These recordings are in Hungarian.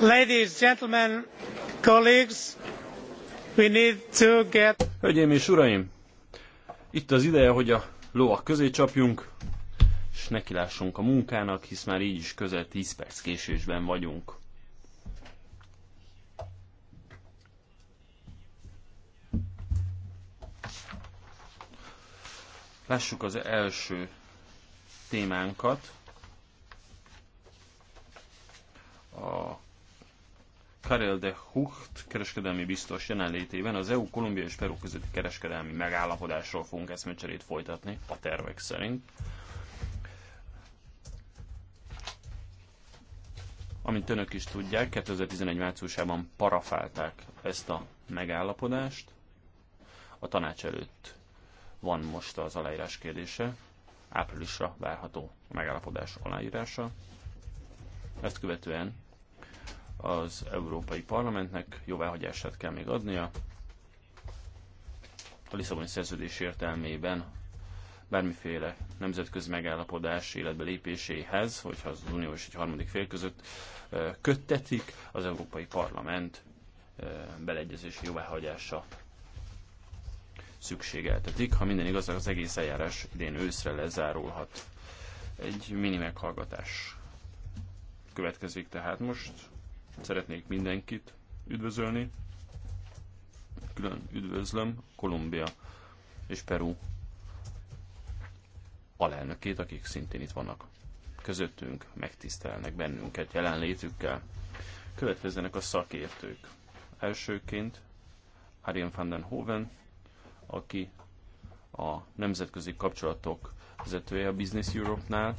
Ladies, gentlemen, colleagues, we need to get... Hölgyeim és uraim, itt az ideje, hogy a lovak közé csapjunk, és nekilássunk a munkának, hisz már így is közel 10 perc késésben vagyunk. Lássuk az első témánkat. A Karel de Hucht kereskedelmi biztos jelenlétében az EU, Kolumbia és Peru közötti kereskedelmi megállapodásról fogunk eszmecserét folytatni, a tervek szerint. Amint önök is tudják, 2011 márciusában parafálták ezt a megállapodást a tanács előtt van most az aláírás kérdése, áprilisra várható a megállapodás aláírása. Ezt követően az Európai Parlamentnek jóváhagyását kell még adnia. A Lisszaboni szerződés értelmében bármiféle nemzetközi megállapodás életbe lépéséhez, hogyha az Unió és egy harmadik fél között köttetik, az Európai Parlament beleegyezési jóváhagyása szükségeltetik, ha minden igaz, az egész eljárás idén őszre lezárulhat. Egy mini meghallgatás következik tehát most. Szeretnék mindenkit üdvözölni. Külön üdvözlöm Kolumbia és Peru alelnökét, akik szintén itt vannak közöttünk, megtisztelnek bennünket jelenlétükkel. Következzenek a szakértők. Elsőként Arjen van den Hoven, aki a nemzetközi kapcsolatok vezetője a Business Europe-nál.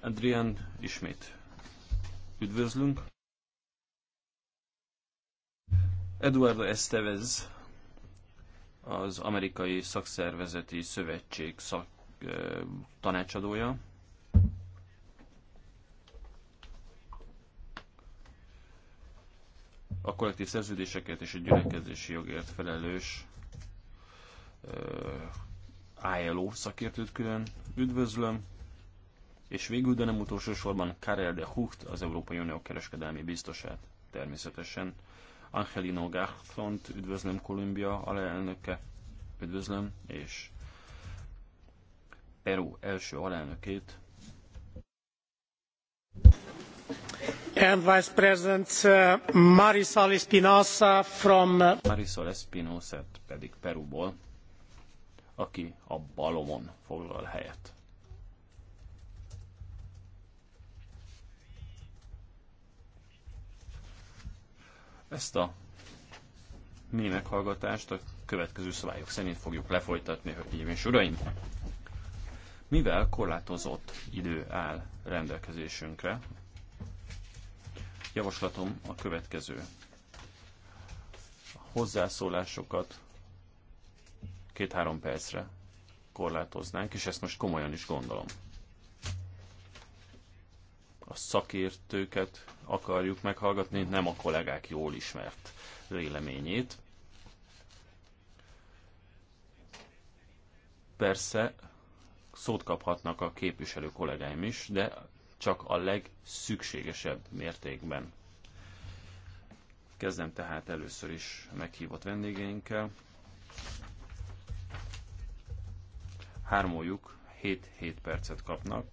Adrian, ismét üdvözlünk. Eduardo Estevez, az Amerikai Szakszervezeti Szövetség szak, tanácsadója, a kollektív szerződéseket és a gyülekezési jogért felelős ILO szakértőt külön üdvözlöm, és végül, de nem utolsó sorban Karel de Hucht, az Európai Unió kereskedelmi biztosát természetesen. Angelino Garfront, üdvözlöm Kolumbia alelnöke, üdvözlöm, és Peru első alelnökét. Vice President uh, Marisol Espinosa from... Uh, Marisol Espinosa pedig peruból aki a balomon foglal helyet. Ezt a mini meghallgatást a következő szabályok szerint fogjuk lefolytatni, hölgyeim és uraim. Mivel korlátozott idő áll rendelkezésünkre, Javaslatom a következő. A hozzászólásokat két-három percre korlátoznánk, és ezt most komolyan is gondolom. A szakértőket akarjuk meghallgatni, nem a kollégák jól ismert véleményét. Persze szót kaphatnak a képviselő kollégáim is, de csak a legszükségesebb mértékben. Kezdem tehát először is meghívott vendégeinkkel. Hármójuk 7-7 percet kapnak.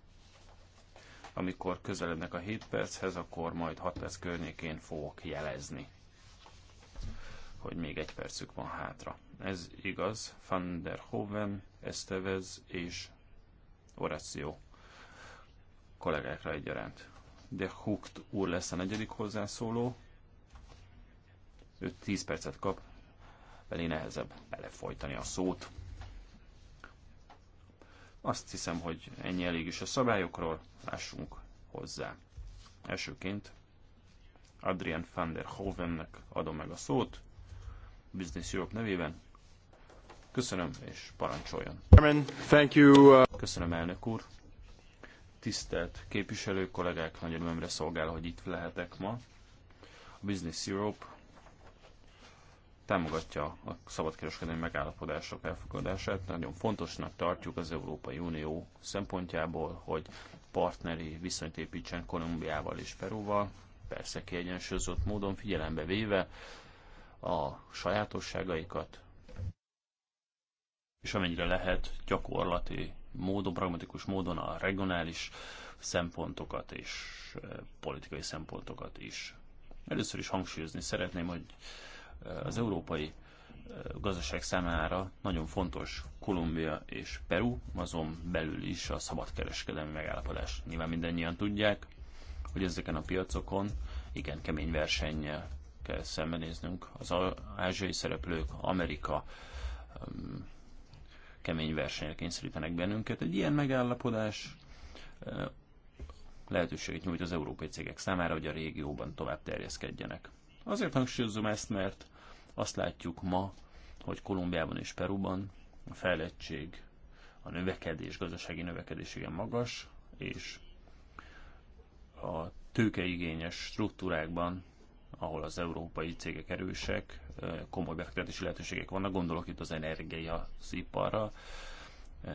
Amikor közelednek a 7 perchez, akkor majd 6 perc környékén fogok jelezni, hogy még egy percük van hátra. Ez igaz, Van der Hoven, Estevez és Horacio kollégákra egyaránt. De Hukt úr lesz a negyedik hozzászóló. Ő 10 percet kap, elé nehezebb belefolytani a szót. Azt hiszem, hogy ennyi elég is a szabályokról, lássunk hozzá. Elsőként Adrian van der Hovennek adom meg a szót, Business Europe nevében. Köszönöm, és parancsoljon. Thank you. Uh, Köszönöm, elnök úr. Tisztelt képviselő kollégák, nagy örömömre szolgál, hogy itt lehetek ma. A Business Europe támogatja a szabadkereskedelmi megállapodások elfogadását. Nagyon fontosnak tartjuk az Európai Unió szempontjából, hogy partneri viszonyt építsen Kolumbiával és Peruval. persze kiegyensúlyozott módon figyelembe véve a sajátosságaikat, és amennyire lehet gyakorlati módon, pragmatikus módon a regionális szempontokat és politikai szempontokat is. Először is hangsúlyozni szeretném, hogy az európai gazdaság számára nagyon fontos Kolumbia és Peru, azon belül is a szabadkereskedelmi megállapodás. Nyilván mindannyian tudják, hogy ezeken a piacokon igen kemény versennyel kell szembenéznünk. Az ázsiai szereplők, Amerika, kemény versenyre kényszerítenek bennünket. Egy ilyen megállapodás lehetőséget nyújt az európai cégek számára, hogy a régióban tovább terjeszkedjenek. Azért hangsúlyozom ezt, mert azt látjuk ma, hogy Kolumbiában és Peruban a fejlettség, a növekedés, gazdasági növekedés igen magas, és a tőkeigényes struktúrákban ahol az európai cégek erősek, komoly befektetési lehetőségek vannak, gondolok itt az energiaiparra,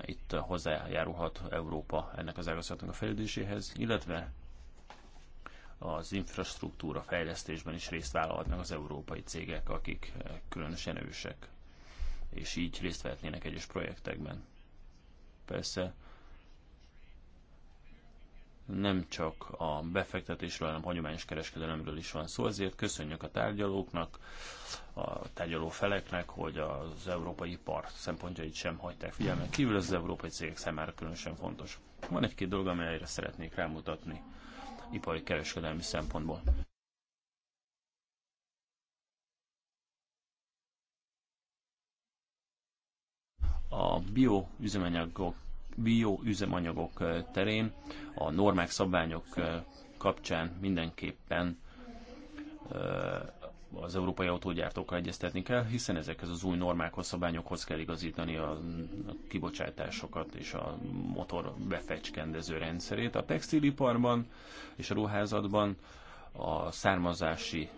itt hozzájárulhat Európa ennek az ágazatnak a fejlődéséhez, illetve az infrastruktúra fejlesztésben is részt vállalhatnak az európai cégek, akik különösen erősek, és így részt vehetnének egyes projektekben. Persze nem csak a befektetésről, hanem hagyományos kereskedelemről is van szó, ezért köszönjük a tárgyalóknak, a tárgyaló feleknek, hogy az európai ipar szempontjait sem hagyták figyelmen kívül, az európai cégek számára különösen fontos. Van egy-két dolog, amelyre szeretnék rámutatni ipari kereskedelmi szempontból. A bioüzemanyagok bioüzemanyagok terén, a normák, szabványok kapcsán mindenképpen az európai autógyártókkal egyeztetni kell, hiszen ezekhez az új normákhoz, szabályokhoz kell igazítani a kibocsátásokat és a motor befecskendező rendszerét. A textiliparban és a ruházatban a származási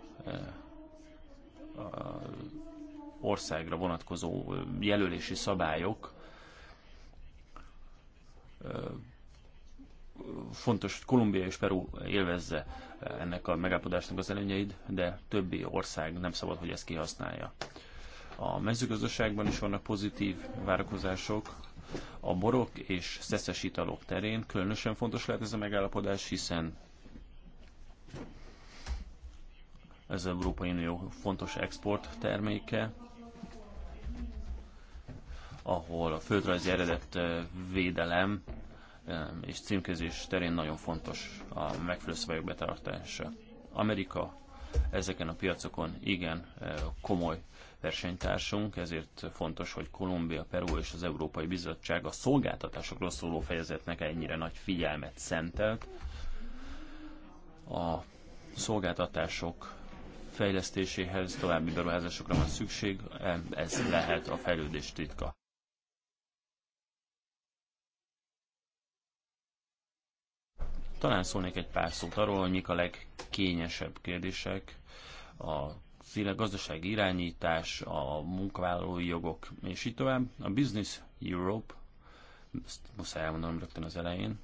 országra vonatkozó jelölési szabályok fontos, hogy Kolumbia és Peru élvezze eh, ennek a megállapodásnak az előnyeid, de többi ország nem szabad, hogy ezt kihasználja. A mezőgazdaságban is vannak pozitív várakozások. A borok és szeszes italok terén különösen fontos lehet ez a megállapodás, hiszen ez az Európai Unió fontos export terméke, ahol a földrajzi eredet védelem és címkézés terén nagyon fontos a megfelelő szabályok betartása. Amerika ezeken a piacokon igen komoly versenytársunk, ezért fontos, hogy Kolumbia, Peru és az Európai Bizottság a szolgáltatásokról szóló fejezetnek ennyire nagy figyelmet szentelt. A szolgáltatások fejlesztéséhez további beruházásokra van szükség, ez lehet a fejlődés titka. Talán szólnék egy pár szót arról, hogy mik a legkényesebb kérdések a gazdasági irányítás, a munkavállalói jogok, és így tovább. A Business Europe, ezt muszáj elmondanom rögtön az elején,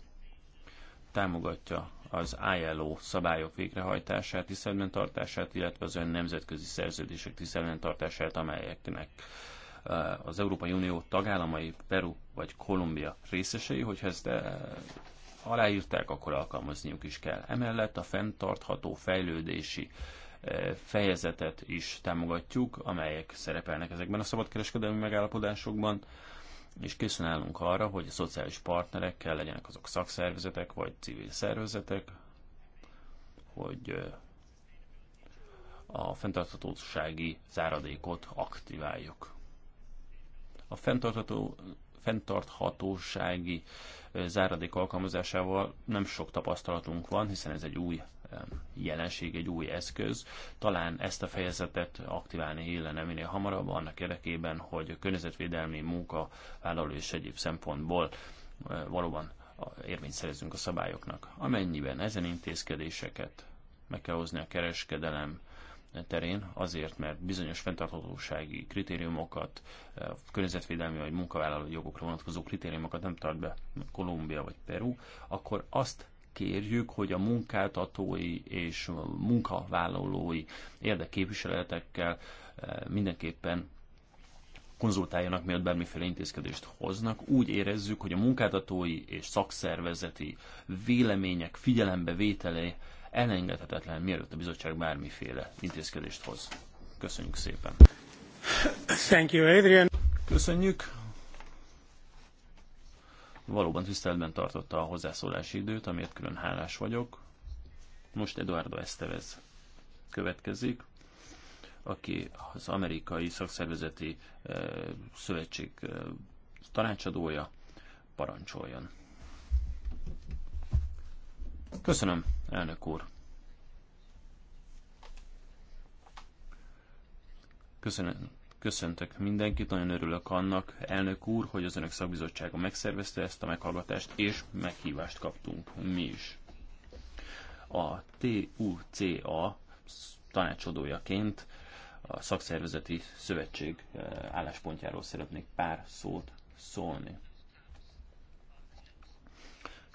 támogatja az ILO szabályok végrehajtását, tiszteletben tartását, illetve az olyan nemzetközi szerződések tiszteletben tartását, amelyeknek eh, az Európai Unió tagállamai, Peru vagy Kolumbia részesei, hogyha ezt eh, aláírták, akkor alkalmazniuk is kell. Emellett a fenntartható fejlődési eh, fejezetet is támogatjuk, amelyek szerepelnek ezekben a szabadkereskedelmi megállapodásokban, és készen állunk arra, hogy a szociális partnerekkel legyenek azok szakszervezetek vagy civil szervezetek, hogy eh, a fenntarthatósági záradékot aktiváljuk. A fenntartható fenntarthatósági záradék alkalmazásával nem sok tapasztalatunk van, hiszen ez egy új jelenség, egy új eszköz. Talán ezt a fejezetet aktiválni illene minél hamarabb, annak érdekében, hogy a környezetvédelmi munka vállaló és egyéb szempontból valóban érvényt szerezünk a szabályoknak. Amennyiben ezen intézkedéseket meg kell hozni a kereskedelem terén, azért, mert bizonyos fenntarthatósági kritériumokat, eh, környezetvédelmi vagy munkavállalói jogokra vonatkozó kritériumokat nem tart be Kolumbia vagy Peru, akkor azt kérjük, hogy a munkáltatói és munkavállalói érdekképviseletekkel eh, mindenképpen konzultáljanak, mielőtt bármiféle intézkedést hoznak. Úgy érezzük, hogy a munkáltatói és szakszervezeti vélemények figyelembe vétele elengedhetetlen, mielőtt a bizottság bármiféle intézkedést hoz. Köszönjük szépen! Thank you, Adrian. Köszönjük! Valóban tiszteletben tartotta a hozzászólási időt, amiért külön hálás vagyok. Most Eduardo Estevez következik, aki az amerikai szakszervezeti eh, szövetség eh, tanácsadója, parancsoljon. Köszönöm, elnök úr. Köszönöm. Köszöntök mindenkit, nagyon örülök annak, elnök úr, hogy az önök szakbizottsága megszervezte ezt a meghallgatást, és meghívást kaptunk mi is. A TUCA tanácsadójaként a szakszervezeti szövetség eh, álláspontjáról szeretnék pár szót szólni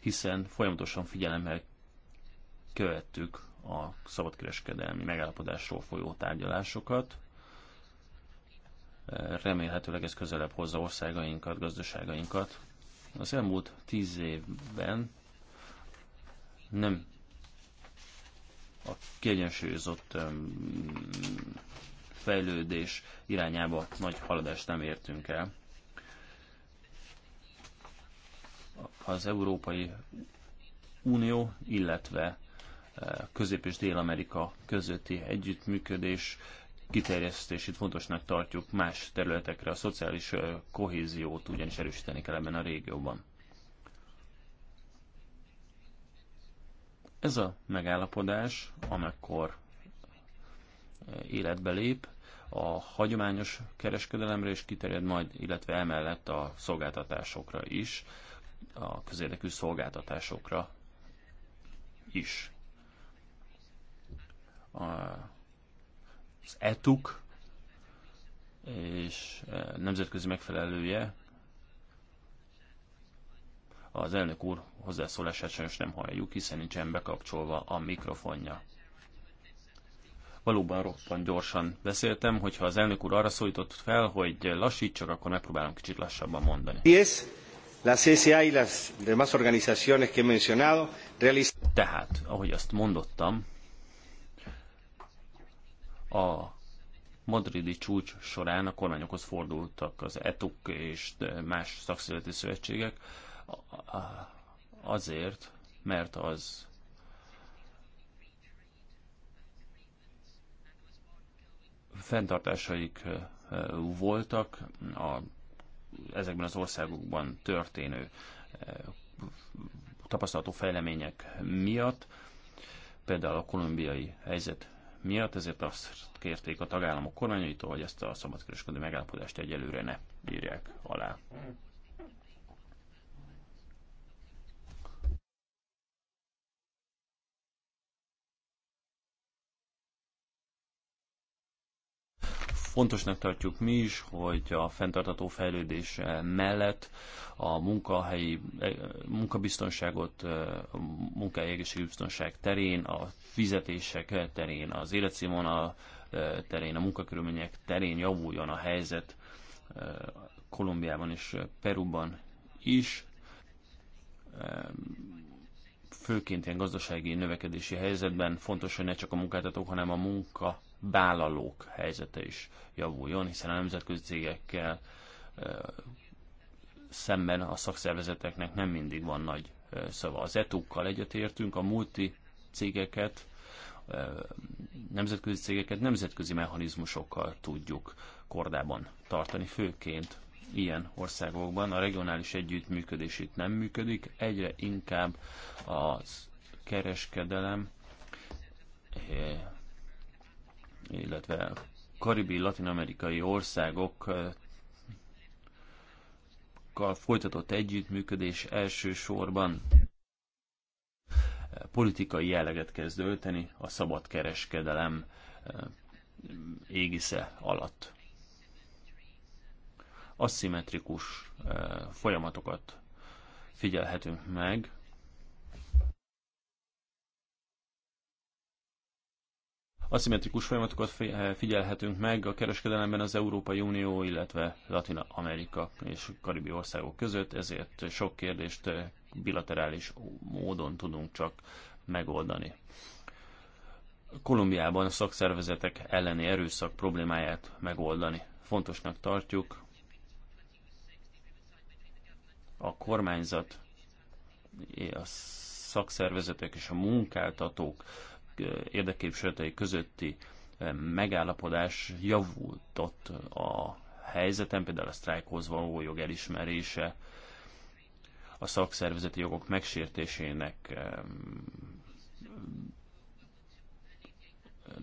hiszen folyamatosan figyelemmel követtük a szabadkereskedelmi megállapodásról folyó tárgyalásokat. Remélhetőleg ez közelebb hozza országainkat, gazdaságainkat. Az elmúlt tíz évben nem a kiegyensúlyozott fejlődés irányába nagy haladást nem értünk el. az Európai Unió, illetve eh, Közép- és Dél-Amerika közötti együttműködés kiterjesztését fontosnak tartjuk más területekre. A szociális eh, kohéziót ugyanis erősíteni kell ebben a régióban. Ez a megállapodás, amikor eh, életbe lép, a hagyományos kereskedelemre is kiterjed majd, illetve emellett a szolgáltatásokra is a közérdekű szolgáltatásokra is. Az ETUK és e, nemzetközi megfelelője az elnök úr hozzászólását sajnos nem halljuk, hiszen nincsen bekapcsolva a mikrofonja. Valóban roppant gyorsan beszéltem, hogyha az elnök úr arra szólított fel, hogy lassítsak, akkor megpróbálom kicsit lassabban mondani. Yes. La y las demás organizaciones que he mencionado realizan... Tehát, ahogy azt mondottam, a madridi csúcs során a kormányokhoz fordultak az ETUK és más szakszereti szövetségek azért, mert az fenntartásaik voltak a ezekben az országokban történő eh, tapasztalható fejlemények miatt, például a kolumbiai helyzet miatt, ezért azt kérték a tagállamok kormányaitól, hogy ezt a szabadkereskedő megállapodást egyelőre ne írják alá. Fontosnak tartjuk mi is, hogy a fenntartató fejlődés mellett a munkahelyi eh, munkabiztonságot, eh, munkahelyi biztonság terén, a fizetések terén, az életszínvonal eh, terén, a munkakörülmények terén javuljon a helyzet Kolumbiában és Peruban is főként ilyen gazdasági növekedési helyzetben fontos, hogy ne csak a munkáltatók, hanem a munka vállalók helyzete is javuljon, hiszen a nemzetközi cégekkel szemben a szakszervezeteknek nem mindig van nagy szava. Az etukkal egyetértünk, a multi cégeket, nemzetközi cégeket nemzetközi mechanizmusokkal tudjuk kordában tartani, főként ilyen országokban. A regionális együttműködés itt nem működik, egyre inkább a kereskedelem illetve karibi latinamerikai országokkal folytatott együttműködés elsősorban politikai jelleget kezd ölteni a szabadkereskedelem égisze alatt. Aszimmetrikus folyamatokat figyelhetünk meg Aszimmetrikus folyamatokat eh, figyelhetünk meg a kereskedelemben az Európai Unió, illetve Latin Amerika és Karibi országok között, ezért sok kérdést eh, bilaterális módon tudunk csak megoldani. Kolumbiában a szakszervezetek elleni erőszak problémáját megoldani. Fontosnak tartjuk a kormányzat, a szakszervezetek és a munkáltatók érdekképviseletei közötti eh, megállapodás javultott a helyzeten, például a sztrájkhoz való jog elismerése, a szakszervezeti jogok megsértésének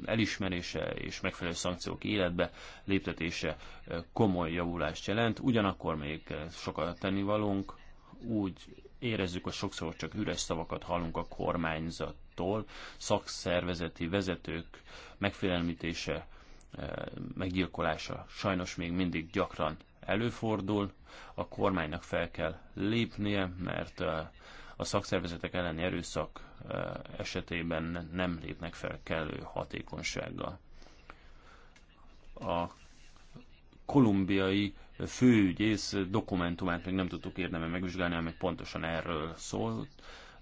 elismerése és megfelelő szankciók életbe léptetése eh, komoly javulást jelent. Ugyanakkor még eh, sokat tennivalunk, úgy érezzük, hogy sokszor csak üres szavakat hallunk a kormányzat erőszaktól, szakszervezeti vezetők megfélemlítése, eh, meggyilkolása sajnos még mindig gyakran előfordul. A kormánynak fel kell lépnie, mert eh, a szakszervezetek elleni erőszak eh, esetében nem lépnek fel kellő hatékonysággal. A kolumbiai főügyész dokumentumát még nem tudtuk érdemben megvizsgálni, amely pontosan erről szólt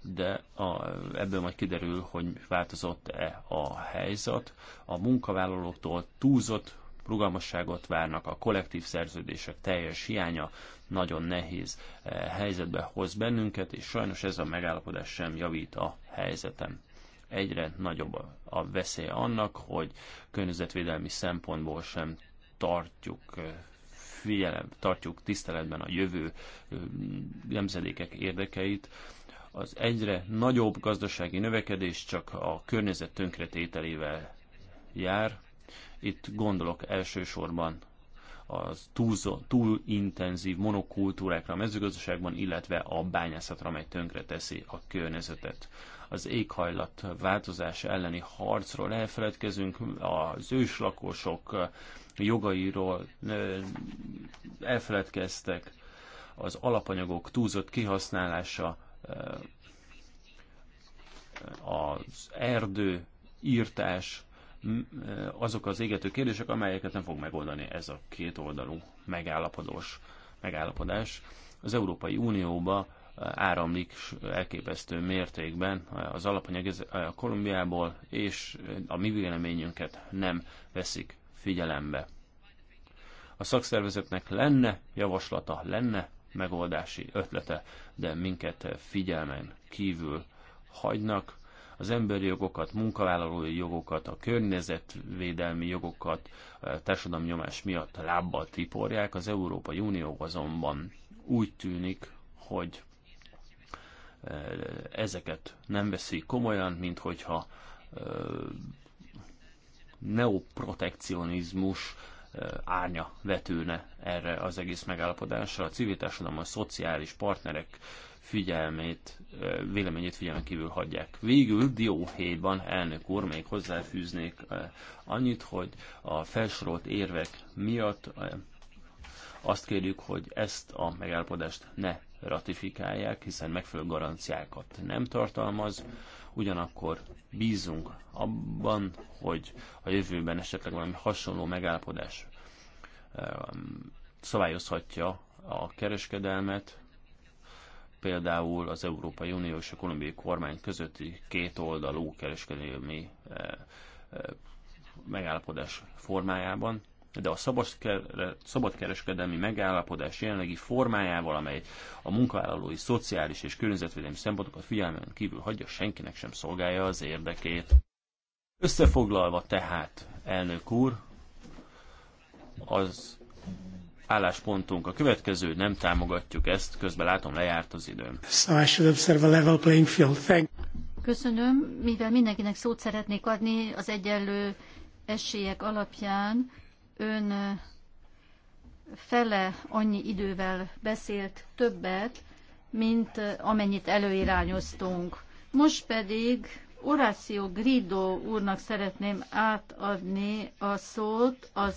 de a, ebből majd kiderül, hogy változott-e a helyzet. A munkavállalóktól túlzott rugalmasságot várnak, a kollektív szerződések teljes hiánya nagyon nehéz eh, helyzetbe hoz bennünket, és sajnos ez a megállapodás sem javít a helyzetem. Egyre nagyobb a veszély annak, hogy környezetvédelmi szempontból sem tartjuk eh, figyelem, tartjuk tiszteletben a jövő eh, nemzedékek érdekeit, az egyre nagyobb gazdasági növekedés csak a környezet tönkretételével jár. Itt gondolok elsősorban az túl, túl intenzív monokultúrákra a mezőgazdaságban, illetve a bányászatra, amely tönkre teszi a környezetet. Az éghajlat változás elleni harcról elfeledkezünk, az őslakosok jogairól elfeledkeztek, az alapanyagok túlzott kihasználása az erdő, írtás, azok az égető kérdések, amelyeket nem fog megoldani ez a két oldalú megállapodós, megállapodás. Az Európai Unióba áramlik elképesztő mértékben az alapanyag a Kolumbiából, és a mi véleményünket nem veszik figyelembe. A szakszervezetnek lenne javaslata, lenne megoldási ötlete, de minket figyelmen kívül hagynak. Az emberi jogokat, munkavállalói jogokat, a környezetvédelmi jogokat társadalmi nyomás miatt lábbal tiporják. Az Európai Unió azonban úgy tűnik, hogy e, ezeket nem veszi komolyan, mint hogyha e, neoprotekcionizmus árnya vetülne erre az egész megállapodásra. A civil társadalom, a szociális partnerek figyelmét, véleményét figyelmen kívül hagyják. Végül dióhéjban elnök úr még hozzáfűznék annyit, hogy a felsorolt érvek miatt azt kérjük, hogy ezt a megállapodást ne ratifikálják, hiszen megfelelő garanciákat nem tartalmaz. Ugyanakkor bízunk abban, hogy a jövőben esetleg valami hasonló megállapodás um, szabályozhatja a kereskedelmet, például az Európai Unió és a kolumbiai kormány közötti kétoldalú kereskedelmi eh, eh, megállapodás formájában, de a szabadkereskedelmi megállapodás jelenlegi formájával, amely a munkavállalói szociális és környezetvédelmi szempontokat figyelmen kívül hagyja, senkinek sem szolgálja az érdekét. Összefoglalva tehát, elnök úr, az álláspontunk a következő, nem támogatjuk ezt, közben látom lejárt az időm. So I should observe a level playing field. Thank Köszönöm, mivel mindenkinek szót szeretnék adni az egyenlő esélyek alapján, ön fele annyi idővel beszélt többet, mint amennyit előirányoztunk. Most pedig Horácio Grido úrnak szeretném átadni a szót az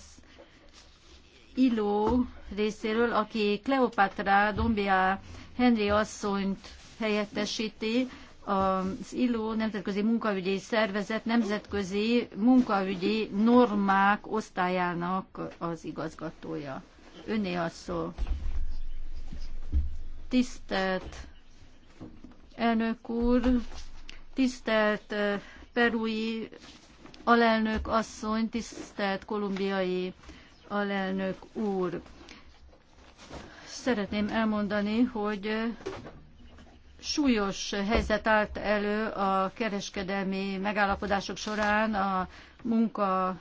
Iló részéről, aki Kleopatra Dombia Henry asszonyt helyettesíti, az ILO Nemzetközi Munkaügyi Szervezet Nemzetközi Munkaügyi Normák Osztályának az igazgatója. Öné a szó. Tisztelt elnök úr, tisztelt eh, perui alelnök asszony, tisztelt kolumbiai alelnök úr. Szeretném elmondani, hogy eh, súlyos helyzet állt elő a kereskedelmi megállapodások során a munka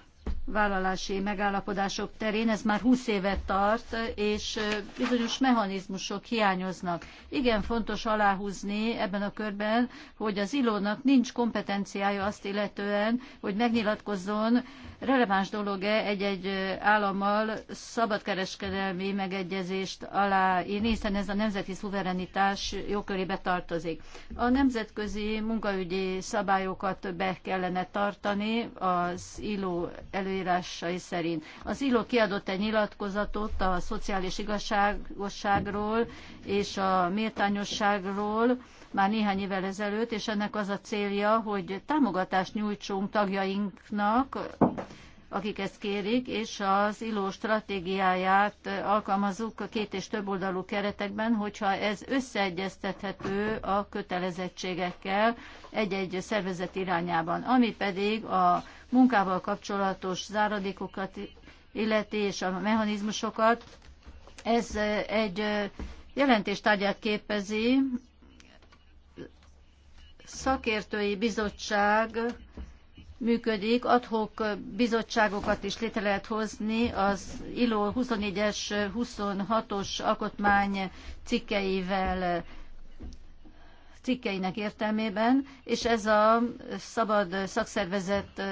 vállalási megállapodások terén, ez már 20 éve tart, és bizonyos mechanizmusok hiányoznak. Igen fontos aláhúzni ebben a körben, hogy az ilónak nincs kompetenciája azt illetően, hogy megnyilatkozzon releváns dolog-e egy-egy állammal szabadkereskedelmi megegyezést aláírni, hiszen ez a nemzeti szuverenitás jogkörébe tartozik. A nemzetközi munkaügyi szabályokat be kellene tartani az iló elő előírásai szerint. Az ILO kiadott egy nyilatkozatot a szociális igazságosságról és a méltányosságról már néhány évvel ezelőtt, és ennek az a célja, hogy támogatást nyújtsunk tagjainknak, akik ezt kérik, és az ILO stratégiáját alkalmazzuk a két és több oldalú keretekben, hogyha ez összeegyeztethető a kötelezettségekkel egy-egy szervezet irányában. Ami pedig a munkával kapcsolatos záradékokat illeti és a mechanizmusokat. Ez egy jelentéstárgyát képezi szakértői bizottság működik, adhok bizottságokat is létre lehet hozni az ILO 24-es, 26-os alkotmány cikkeivel cikkeinek értelmében, és ez a szabad szakszervezet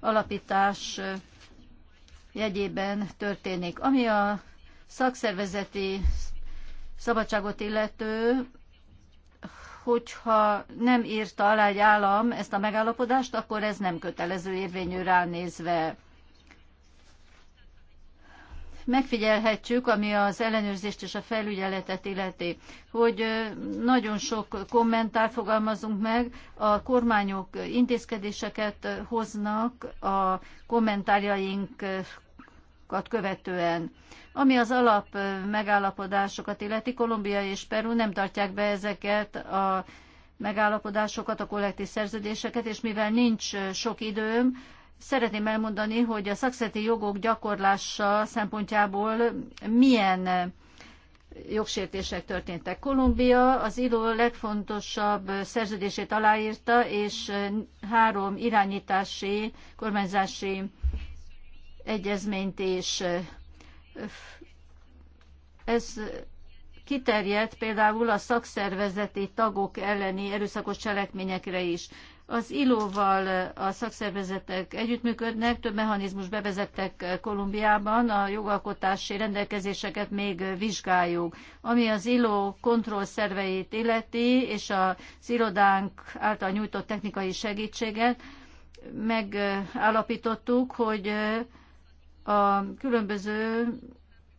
alapítás jegyében történik. Ami a szakszervezeti szabadságot illető, hogyha nem írta alá egy állam ezt a megállapodást, akkor ez nem kötelező érvényű ránézve megfigyelhetjük, ami az ellenőrzést és a felügyeletet illeti, hogy nagyon sok kommentár fogalmazunk meg, a kormányok intézkedéseket hoznak a kommentárjainkat követően. Ami az alap megállapodásokat illeti, Kolumbia és Peru nem tartják be ezeket a megállapodásokat, a kollektív szerződéseket, és mivel nincs sok időm, Szeretném elmondani, hogy a szakszeti jogok gyakorlása szempontjából milyen jogsértések történtek. Kolumbia az ILO legfontosabb szerződését aláírta, és három irányítási, kormányzási egyezményt is. Ez kiterjedt például a szakszervezeti tagok elleni erőszakos cselekményekre is. Az ILO-val a szakszervezetek együttműködnek, több mechanizmus bevezettek Kolumbiában, a jogalkotási rendelkezéseket még vizsgáljuk. Ami az ILO kontrollszerveit illeti, és az irodánk által nyújtott technikai segítséget, megállapítottuk, hogy a különböző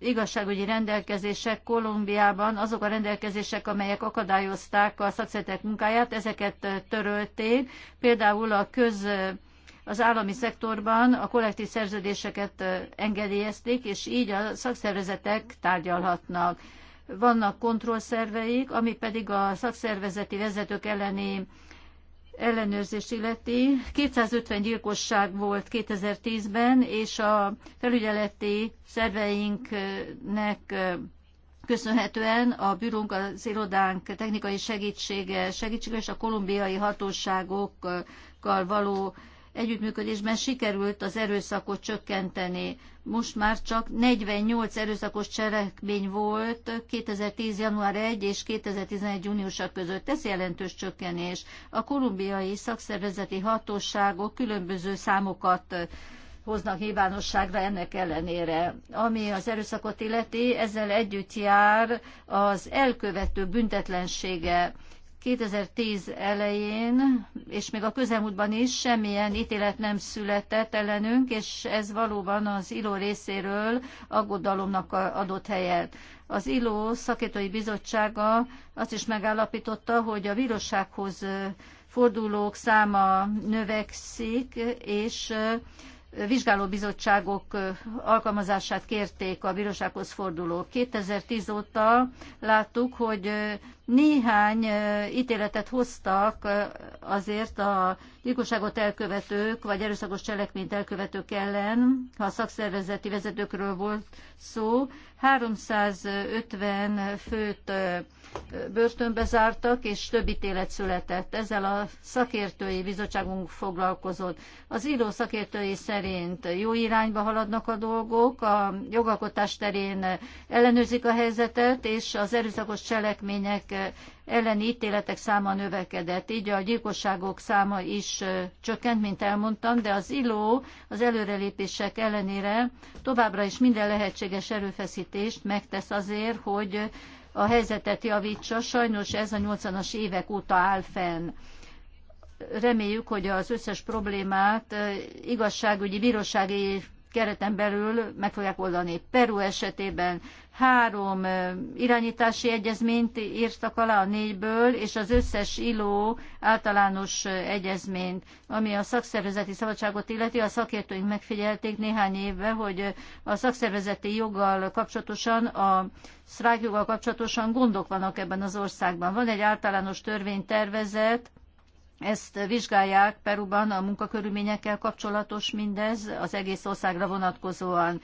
igazságügyi rendelkezések Kolumbiában, azok a rendelkezések, amelyek akadályozták a szakszervezetek munkáját, ezeket törölték, például a köz az állami szektorban a kollektív szerződéseket engedélyezték, és így a szakszervezetek tárgyalhatnak. Vannak kontrollszerveik, ami pedig a szakszervezeti vezetők elleni ellenőrzés illeti. 250 gyilkosság volt 2010-ben, és a felügyeleti szerveinknek köszönhetően a bürónk, az irodánk technikai segítsége, segítsége és a kolumbiai hatóságokkal való együttműködésben sikerült az erőszakot csökkenteni most már csak 48 erőszakos cselekmény volt 2010. január 1 és 2011. júniusa között. Ez jelentős csökkenés. A kolumbiai szakszervezeti hatóságok különböző számokat hoznak nyilvánosságra ennek ellenére. Ami az erőszakot illeti, ezzel együtt jár az elkövető büntetlensége. 2010 elején, és még a közelmúltban is semmilyen ítélet nem született ellenünk, és ez valóban az ILO részéről aggodalomnak adott helyet. Az ILO szakértői bizottsága azt is megállapította, hogy a bírósághoz fordulók száma növekszik, és vizsgálóbizottságok alkalmazását kérték a bírósághoz forduló. 2010 óta láttuk, hogy néhány ítéletet hoztak azért a gyilkosságot elkövetők, vagy erőszakos cselekményt elkövetők ellen, ha a szakszervezeti vezetőkről volt szó. 350 főt börtönbe zártak, és több ítélet született. Ezzel a szakértői bizottságunk foglalkozott. Az író szakértői szerint jó irányba haladnak a dolgok, a jogalkotás terén ellenőrzik a helyzetet, és az erőszakos cselekmények elleni ítéletek száma növekedett, így a gyilkosságok száma is csökkent, mint elmondtam, de az illó az előrelépések ellenére továbbra is minden lehetséges erőfeszítést megtesz azért, hogy a helyzetet javítsa. Sajnos ez a 80-as évek óta áll fenn. Reméljük, hogy az összes problémát eh, igazságügyi bírósági kereten belül meg fogják oldani. Peru esetében három irányítási egyezményt írtak alá a négyből, és az összes iló általános egyezményt, ami a szakszervezeti szabadságot illeti. A szakértőink megfigyelték néhány évve, hogy a szakszervezeti joggal kapcsolatosan, a sztrájkjoggal kapcsolatosan gondok vannak ebben az országban. Van egy általános törvénytervezet, ezt vizsgálják Peruban a munkakörülményekkel kapcsolatos mindez, az egész országra vonatkozóan.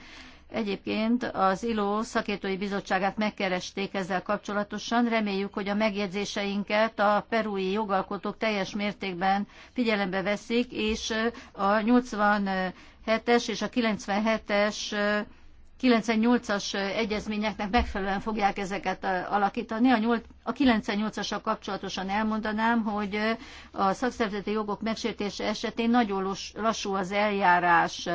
Egyébként az ILO szakértői bizottságát megkeresték ezzel kapcsolatosan. Reméljük, hogy a megjegyzéseinket a perui jogalkotók teljes mértékben figyelembe veszik, és a 87-es és a 97-es 98-as egyezményeknek megfelelően fogják ezeket eh, alaktani. A, ninety a 98 kapcsolatosan elmondanám, hogy eh, a szakszervezeti jogok megsértése esetén nagyon lassú az eljárás.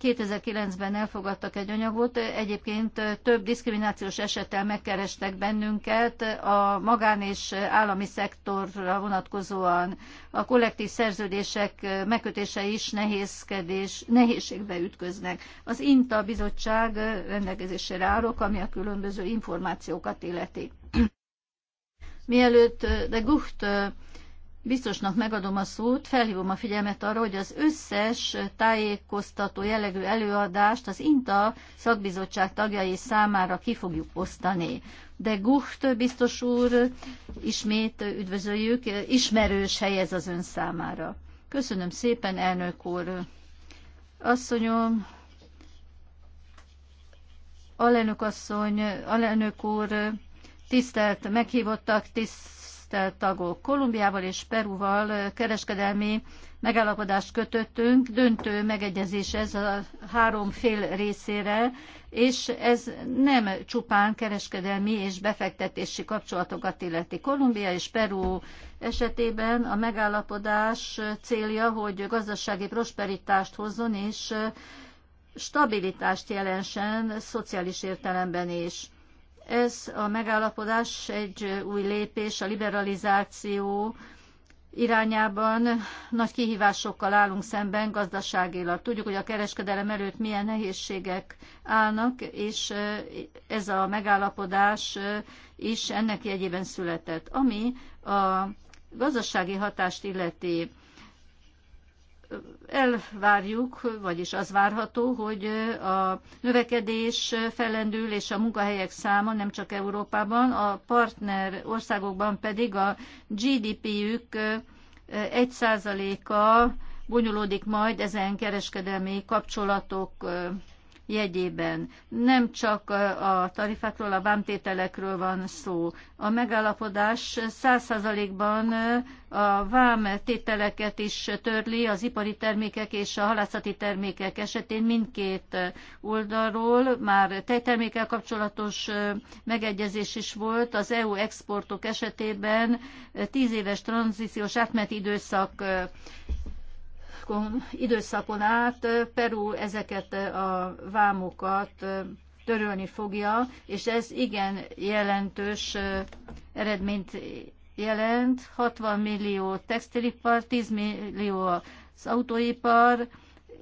2009-ben elfogadtak egy anyagot, egyébként több diszkriminációs esettel megkerestek bennünket a magán és állami szektorra vonatkozóan. A kollektív szerződések megkötése is nehézkedés, nehézségbe ütköznek. Az INTA bizottság rendelkezésére állok, ami a különböző információkat illeti. Mielőtt de Gucht biztosnak megadom a szót, felhívom a figyelmet arra, hogy az összes tájékoztató jellegű előadást az INTA szakbizottság tagjai számára ki fogjuk osztani. De Gucht biztos úr, ismét üdvözöljük, ismerős helyez az ön számára. Köszönöm szépen, elnök úr. Asszonyom, alelnök asszony, alelnök úr, tisztelt meghívottak, tisztelt tisztelt tagok, Kolumbiával és Peruval kereskedelmi megállapodást kötöttünk, döntő megegyezés ez a három fél részére, és ez nem csupán kereskedelmi és befektetési kapcsolatokat illeti. Kolumbia és Peru esetében a megállapodás célja, hogy gazdasági prosperitást hozzon és stabilitást jelensen szociális értelemben is ez a megállapodás egy új lépés a liberalizáció irányában nagy kihívásokkal állunk szemben gazdaságilag. Tudjuk, hogy a kereskedelem előtt milyen nehézségek állnak, és ez a megállapodás is ennek jegyében született. Ami a gazdasági hatást illeti, elvárjuk, vagyis az várható, hogy a növekedés fellendül és a munkahelyek száma nem csak Európában, a partner országokban pedig a gdp ük 1%-a bonyolódik majd ezen kereskedelmi kapcsolatok eh, jegyében. Nem csak a tarifákról, a vámtételekről van szó. A megállapodás 100%-ban a vámtételeket is törli az ipari termékek és a halászati termékek esetén mindkét oldalról. Már tejtermékkel kapcsolatos megegyezés is volt. Az EU exportok esetében 10 éves tranzíciós átmeneti időszak időszakon, időszakon át Peru ezeket a vámokat törölni fogja, és ez igen jelentős eredményt jelent. 60 millió textilipar, 10 millió az autóipar,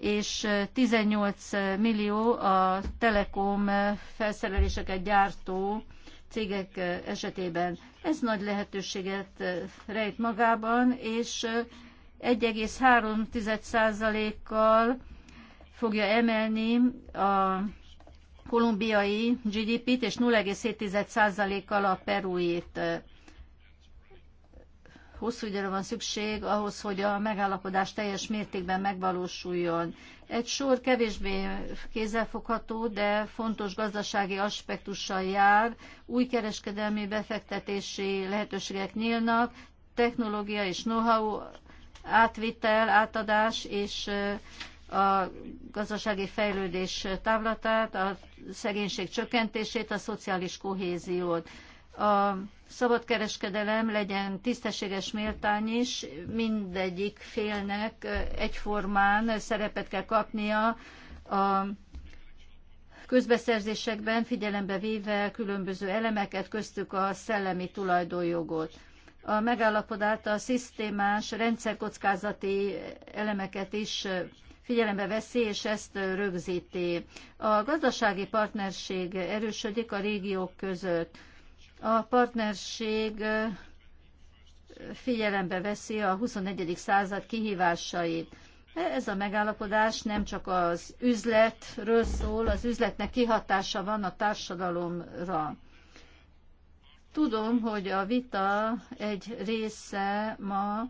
és 18 millió a telekom felszereléseket gyártó cégek esetében. Ez nagy lehetőséget rejt magában, és 1,3%-kal fogja emelni a kolumbiai GDP-t, és 0,7%-kal a perújét. Hosszú időre van szükség ahhoz, hogy a megállapodás teljes mértékben megvalósuljon. Egy sor kevésbé kézzelfogható, de fontos gazdasági aspektussal jár, új kereskedelmi befektetési lehetőségek nyílnak, technológia és know-how átvitel, átadás és a gazdasági fejlődés távlatát, a szegénység csökkentését, a szociális kohéziót. A szabadkereskedelem legyen tisztességes méltány is, mindegyik félnek egyformán szerepet kell kapnia a közbeszerzésekben, figyelembe véve különböző elemeket, köztük a szellemi tulajdonjogot a megállapodát a szisztémás rendszerkockázati elemeket is figyelembe veszi, és ezt rögzíti. A gazdasági partnerség erősödik a régiók között. A partnerség figyelembe veszi a 21. század kihívásait. Ez a megállapodás nem csak az üzletről szól, az üzletnek kihatása van a társadalomra. Tudom, hogy a vita egy része ma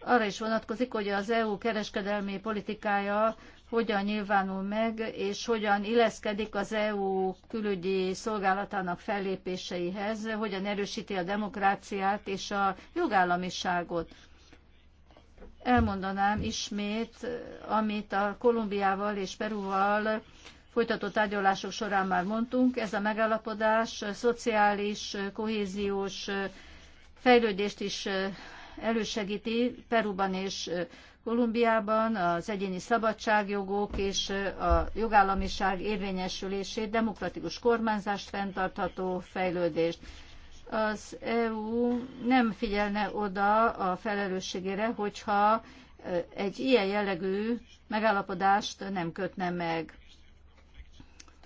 arra is vonatkozik, hogy az EU kereskedelmi politikája hogyan nyilvánul meg, és hogyan illeszkedik az EU külügyi szolgálatának fellépéseihez, hogyan erősíti a demokráciát és a jogállamiságot. Elmondanám ismét, amit a Kolumbiával és Peruval folytatott tárgyalások során már mondtunk, ez a megállapodás szociális, kohéziós fejlődést is elősegíti Peruban és Kolumbiában az egyéni szabadságjogok és a jogállamiság érvényesülését, demokratikus kormányzást, fenntartható fejlődést. Az EU nem figyelne oda a felelősségére, hogyha egy ilyen jellegű megállapodást nem kötne meg.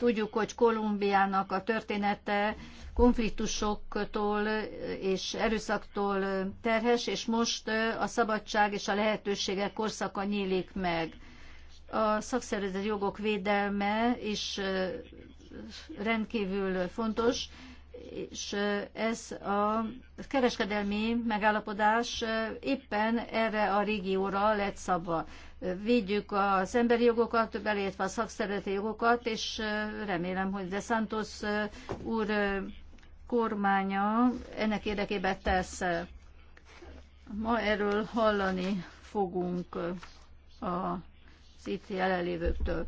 Tudjuk, hogy Kolumbiának a története konfliktusoktól és erőszaktól terhes, és most a szabadság és a lehetőségek korszaka nyílik meg. A szakszervezet jogok védelme is rendkívül fontos, és ez a kereskedelmi megállapodás éppen erre a régióra lett szabva védjük az emberi jogokat, belétve a szakszereti jogokat, és remélem, hogy De Santos úr kormánya ennek érdekében tesz. Ma erről hallani fogunk az itt jelenlévőktől.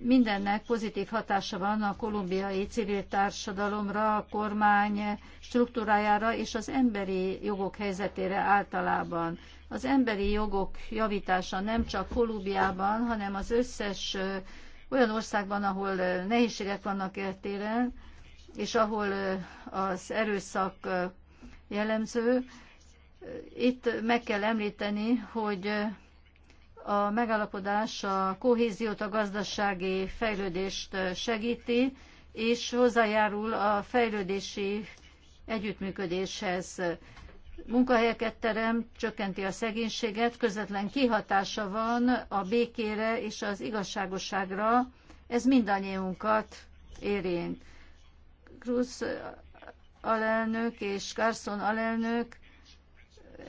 Mindennek pozitív hatása van a kolumbiai civil társadalomra, a kormány struktúrájára és az emberi jogok helyzetére általában. Az emberi jogok javítása nem csak Kolumbiában, hanem az összes olyan országban, ahol nehézségek vannak eltéren, és ahol az erőszak jellemző. Itt meg kell említeni, hogy a megállapodás a kohéziót, a gazdasági fejlődést segíti, és hozzájárul a fejlődési együttműködéshez. Munkahelyeket terem, csökkenti a szegénységet, közvetlen kihatása van a békére és az igazságosságra. Ez mindannyiunkat érint. Cruz alelnök és Carson alelnök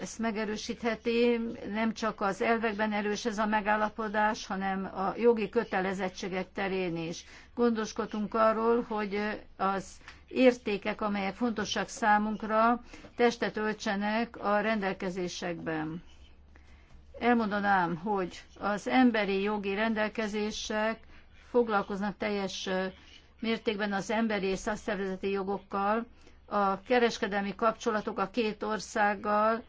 ezt megerősítheti. Nem csak az elvekben erős ez a megállapodás, hanem a jogi kötelezettségek terén is. Gondoskodunk arról, hogy az értékek, amelyek fontosak számunkra, testet öltsenek a rendelkezésekben. Elmondanám, hogy az emberi jogi rendelkezések foglalkoznak teljes mértékben az emberi és szakszervezeti jogokkal, a kereskedelmi kapcsolatok a két országgal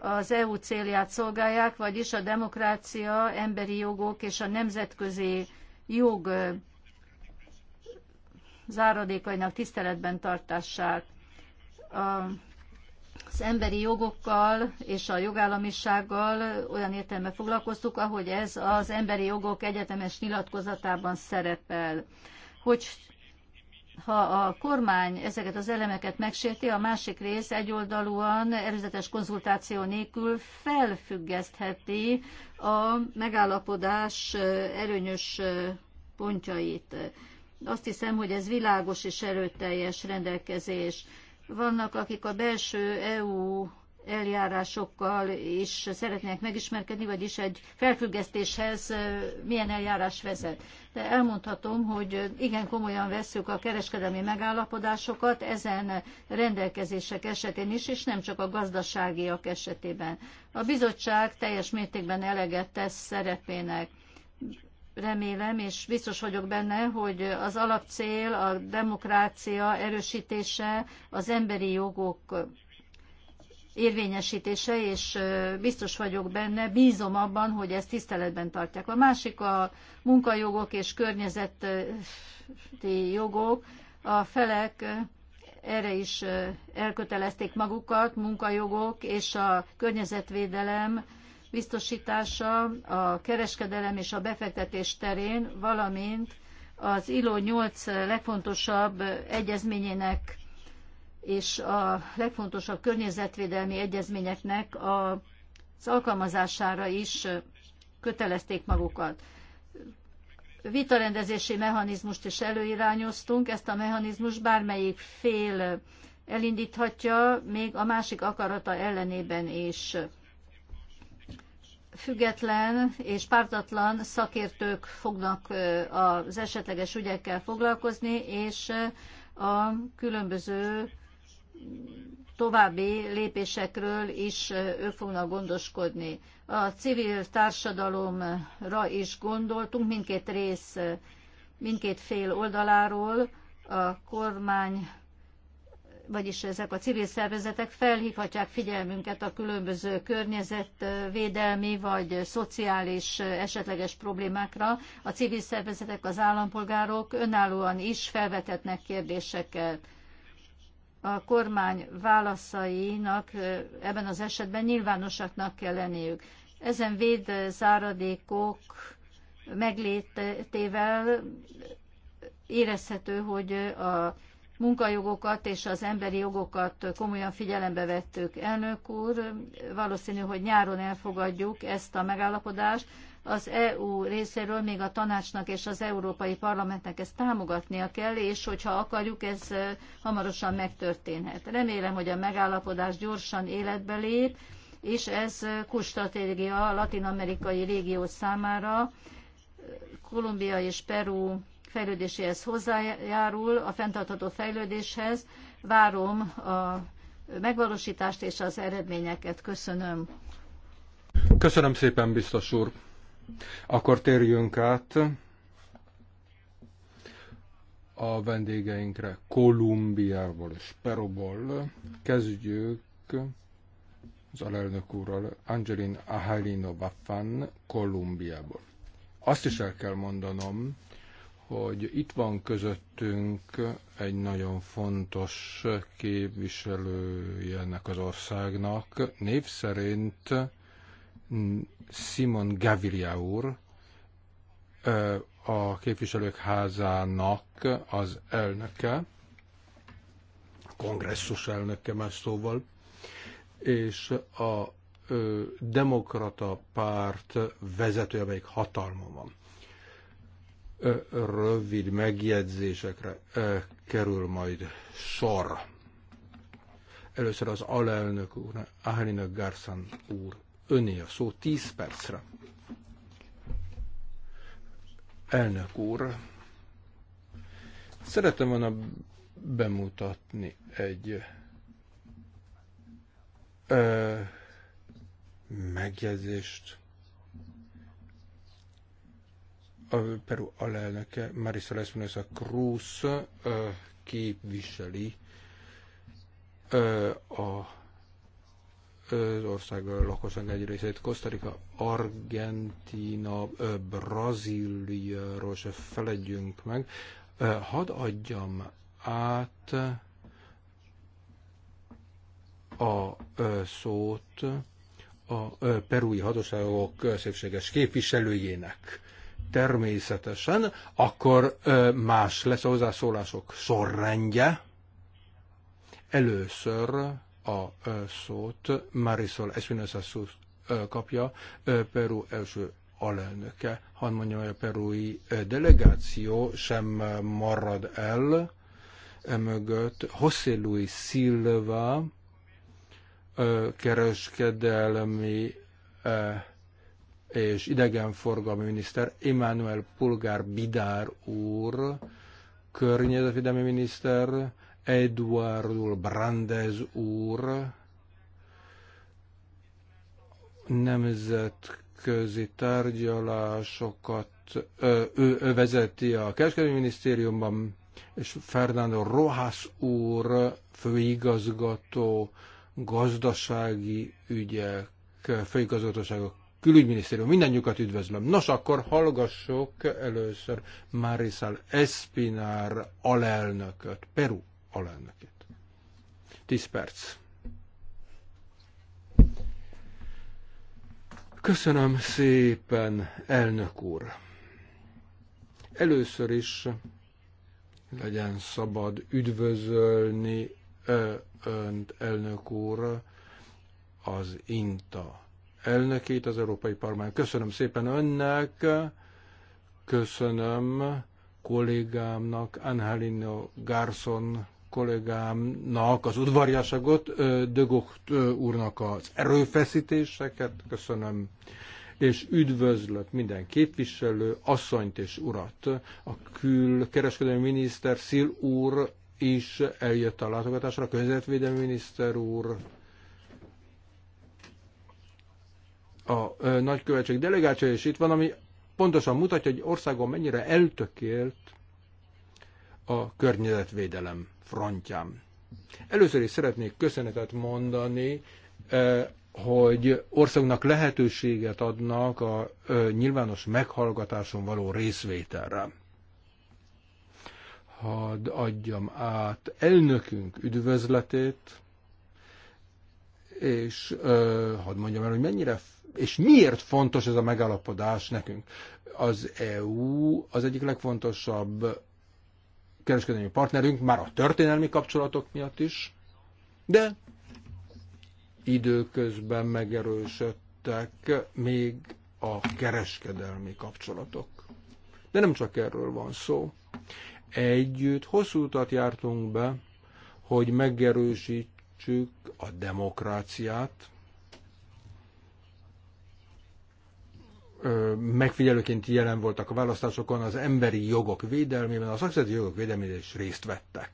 az EU célját szolgálják, vagyis a demokrácia, emberi jogok és a nemzetközi jog záradékainak tiszteletben tartását. Az emberi jogokkal és a jogállamisággal olyan értelemben foglalkoztuk, ahogy ez az emberi jogok egyetemes nyilatkozatában szerepel. Hogy ha a kormány ezeket az elemeket megsérti, a másik rész egyoldalúan előzetes konzultáció nélkül felfüggesztheti a megállapodás előnyös pontjait. Azt hiszem, hogy ez világos és erőteljes rendelkezés. Vannak, akik a belső EU eljárásokkal is szeretnének megismerkedni, vagyis egy felfüggesztéshez milyen eljárás vezet. De elmondhatom, hogy igen komolyan vesszük a kereskedelmi megállapodásokat ezen rendelkezések esetén is, és nem csak a gazdaságiak esetében. A bizottság teljes mértékben eleget tesz szerepének remélem, és biztos vagyok benne, hogy az alapcél a demokrácia erősítése, az emberi jogok érvényesítése, és biztos vagyok benne, bízom abban, hogy ezt tiszteletben tartják. A másik a munkajogok és környezeti jogok. A felek erre is elkötelezték magukat, munkajogok és a környezetvédelem biztosítása a kereskedelem és a befektetés terén, valamint az ILO 8 legfontosabb egyezményének és a legfontosabb környezetvédelmi egyezményeknek az alkalmazására is kötelezték magukat. Vitarendezési mechanizmust is előirányoztunk, ezt a mechanizmus bármelyik fél elindíthatja, még a másik akarata ellenében is. Független és pártatlan szakértők fognak az esetleges ügyekkel foglalkozni, és a különböző további lépésekről is ők fognak gondoskodni. A civil társadalomra is gondoltunk mindkét rész, mindkét fél oldaláról, a kormány, vagyis ezek a civil szervezetek felhívhatják figyelmünket a különböző környezetvédelmi vagy szociális esetleges problémákra. A civil szervezetek, az állampolgárok önállóan is felvetetnek kérdéseket a kormány válaszainak ebben az esetben nyilvánosaknak kell lenniük. Ezen védzáradékok meglétével érezhető, hogy a munkajogokat és az emberi jogokat komolyan figyelembe vettük. Elnök úr, valószínű, hogy nyáron elfogadjuk ezt a megállapodást, az EU részéről még a tanácsnak és az Európai Parlamentnek ezt támogatnia kell, és hogyha akarjuk, ez hamarosan megtörténhet. Remélem, hogy a megállapodás gyorsan életbe lép, és ez kustratégia a latin-amerikai régió számára, Kolumbia és Peru fejlődéséhez hozzájárul, a fenntartható fejlődéshez. Várom a megvalósítást és az eredményeket. Köszönöm. Köszönöm szépen, biztos úr. Akkor térjünk át a vendégeinkre Kolumbiából és Peruból. Kezdjük az alelnök úrral, Angelin Ahalino Baffan Kolumbiából. Azt is el kell mondanom, hogy itt van közöttünk egy nagyon fontos képviselője ennek az országnak. Név szerint Simon Gaviria úr, a képviselők házának az elnöke, kongresszus elnöke más szóval, és a demokrata párt vezetője, amelyik hatalma van. Rövid megjegyzésekre kerül majd sor. Először az alelnök úr, Ahelina Garsan úr öné a szó 10 percre. Elnök úr, szeretem volna bemutatni egy ö, megjegyzést a Peru alelnöke Marisol Espinosa Cruz ö, képviseli ö, a az ország lakosság egy részét. Rica, Argentina, Brazíliáról se feledjünk meg. Hadd adjam át a szót a perui hatóságok szépséges képviselőjének természetesen, akkor más lesz a hozzászólások sorrendje. Először a szót Marisol Espinosa Sus kapja, Peru első alelnöke. Hadd mondjam, hogy a perui delegáció sem marad el, emögött José Luis Silva kereskedelmi és idegenforgalmi miniszter, Emmanuel Pulgár Bidár úr, környezetvédelmi miniszter, Eduardo Brandez úr nemzetközi tárgyalásokat ő, ő vezeti a kereskedelmi minisztériumban, és Fernando Rojas úr főigazgató gazdasági ügyek főigazgatósága külügyminisztérium. Mindennyiukat üdvözlöm. Nos, akkor hallgassuk először Marisal Espinar alelnököt, Peru alelnökét. Tíz perc. Köszönöm szépen, elnök úr. Először is legyen szabad üdvözölni önt, elnök úr, az INTA elnökét, az Európai Parlament. Köszönöm szépen önnek, köszönöm kollégámnak, Angelino Garson kollégámnak az udvariaságot, Dögocht úrnak az erőfeszítéseket, köszönöm, és üdvözlök minden képviselő, asszonyt és urat. A külkereskedelmi miniszter Szil úr is eljött a látogatásra, a közvetvédelmi miniszter úr, a nagykövetség delegáció is itt van, ami pontosan mutatja, hogy országon mennyire eltökélt a környezetvédelem frontján. Először is szeretnék köszönetet mondani, eh, hogy országnak lehetőséget adnak a eh, nyilvános meghallgatáson való részvételre. Hadd adjam át elnökünk üdvözletét, és eh, hadd mondjam el, hogy mennyire és miért fontos ez a megállapodás nekünk. Az EU az egyik legfontosabb kereskedelmi partnerünk, már a történelmi kapcsolatok miatt is, de időközben megerősödtek még a kereskedelmi kapcsolatok. De nem csak erről van szó. Együtt hosszú utat jártunk be, hogy megerősítsük a demokráciát, megfigyelőként jelen voltak a választásokon, az emberi jogok védelmében, a szakszereti jogok védelmében is részt vettek.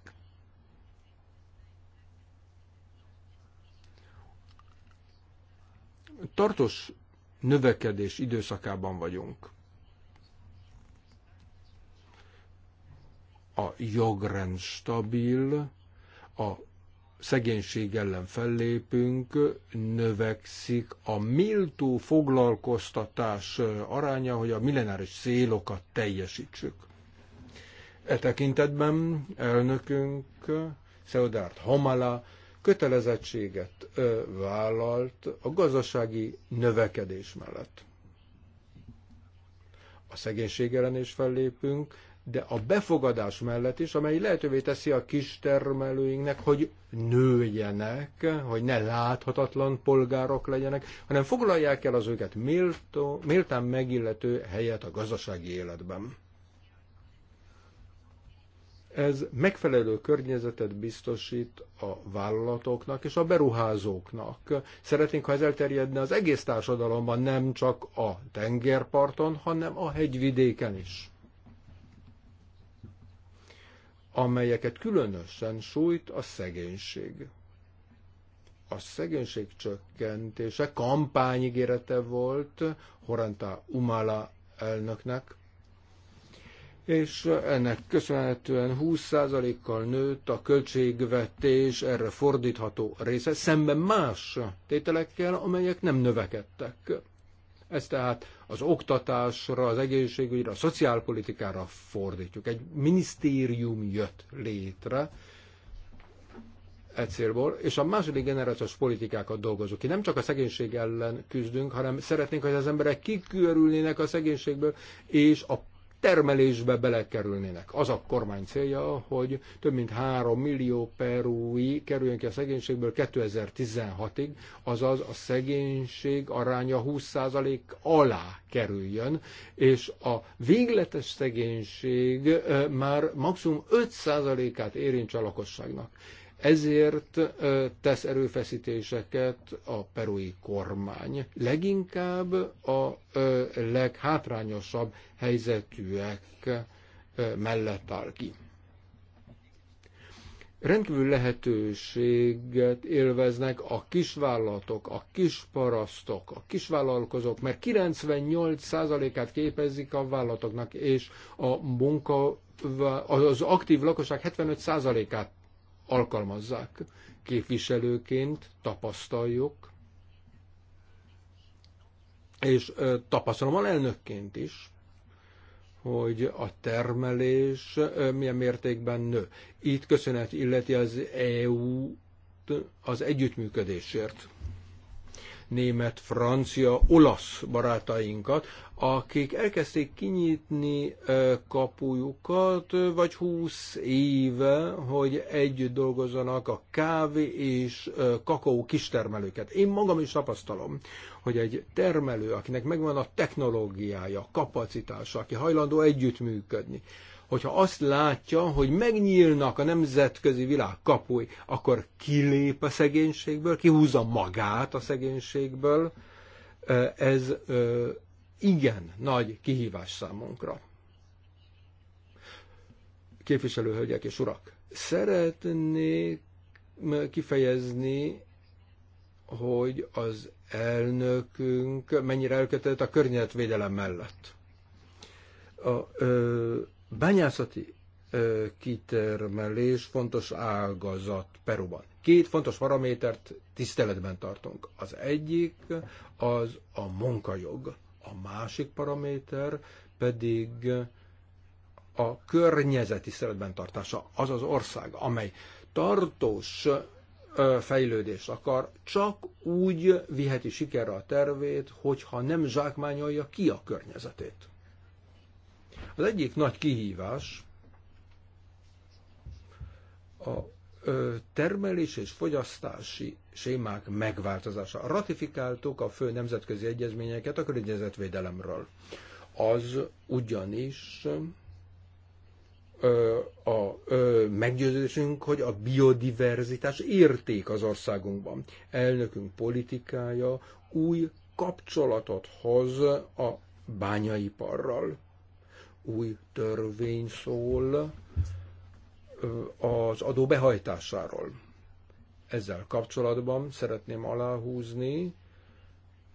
Tartós növekedés időszakában vagyunk. A jogrend stabil, a szegénység ellen fellépünk, növekszik a méltó foglalkoztatás aránya, hogy a millenáris célokat teljesítsük. E tekintetben elnökünk Szeodárt Hamala kötelezettséget vállalt a gazdasági növekedés mellett. A szegénység ellen is fellépünk, de a befogadás mellett is, amely lehetővé teszi a kis termelőinknek, hogy nőjenek, hogy ne láthatatlan polgárok legyenek, hanem foglalják el az őket méltó, méltán megillető helyet a gazdasági életben. Ez megfelelő környezetet biztosít a vállalatoknak és a beruházóknak. Szeretnénk, ha ez elterjedne az egész társadalomban, nem csak a tengerparton, hanem a hegyvidéken is amelyeket különösen sújt a szegénység. A szegénység csökkentése kampányigérete volt Horanta Umala elnöknek, és ennek köszönhetően 20%-kal nőtt a költségvetés erre fordítható része, szemben más tételekkel, amelyek nem növekedtek. Ezt tehát az oktatásra, az egészségügyre, a szociálpolitikára fordítjuk. Egy minisztérium jött létre e célból, és a második generációs politikákat dolgozunk ki. Nem csak a szegénység ellen küzdünk, hanem szeretnénk, hogy az emberek kikörülnének a szegénységből, és a termelésbe belekerülnének. Az a kormány célja, hogy több mint 3 millió perúi kerüljön ki a szegénységből 2016-ig, azaz a szegénység aránya 20% alá kerüljön, és a végletes szegénység már maximum 5%-át érintse a lakosságnak. Ezért tesz erőfeszítéseket a perui kormány, leginkább a leghátrányosabb helyzetűek mellett áll ki. Rendkívül lehetőséget élveznek a kisvállalatok, a kisparasztok, a kisvállalkozók, mert 98%-át képezik a vállalatoknak, és a munka az aktív lakosság 75%-át alkalmazzák. Képviselőként tapasztaljuk, és tapasztalom alelnökként is, hogy a termelés milyen mértékben nő. Itt köszönet illeti az EU az együttműködésért német, francia, olasz barátainkat, akik elkezdték kinyitni kapujukat, vagy 20 éve, hogy együtt dolgozzanak a kávé és kakaó kistermelőket. Én magam is tapasztalom, hogy egy termelő, akinek megvan a technológiája, kapacitása, aki hajlandó együttműködni, hogyha azt látja, hogy megnyílnak a nemzetközi világ kapui, akkor kilép a szegénységből, kihúzza magát a szegénységből, ez igen nagy kihívás számunkra. Képviselőhölgyek és urak, szeretnék kifejezni, hogy az elnökünk mennyire elkötelezett a környezetvédelem mellett. A ö, bányászati ö, kitermelés fontos ágazat Peruban. Két fontos paramétert tiszteletben tartunk. Az egyik az a munkajog. A másik paraméter pedig a környezeti szeretben tartása, az az ország, amely tartós fejlődést akar, csak úgy viheti sikerre a tervét, hogyha nem zsákmányolja ki a környezetét. Az egyik nagy kihívás a termelés és fogyasztási sémák megváltozása. Ratifikáltuk a fő nemzetközi egyezményeket a környezetvédelemről. Az ugyanis a meggyőződésünk, hogy a biodiverzitás érték az országunkban. Elnökünk politikája új kapcsolatot hoz a bányaiparral. Új törvény szól az adó behajtásáról. Ezzel kapcsolatban szeretném aláhúzni,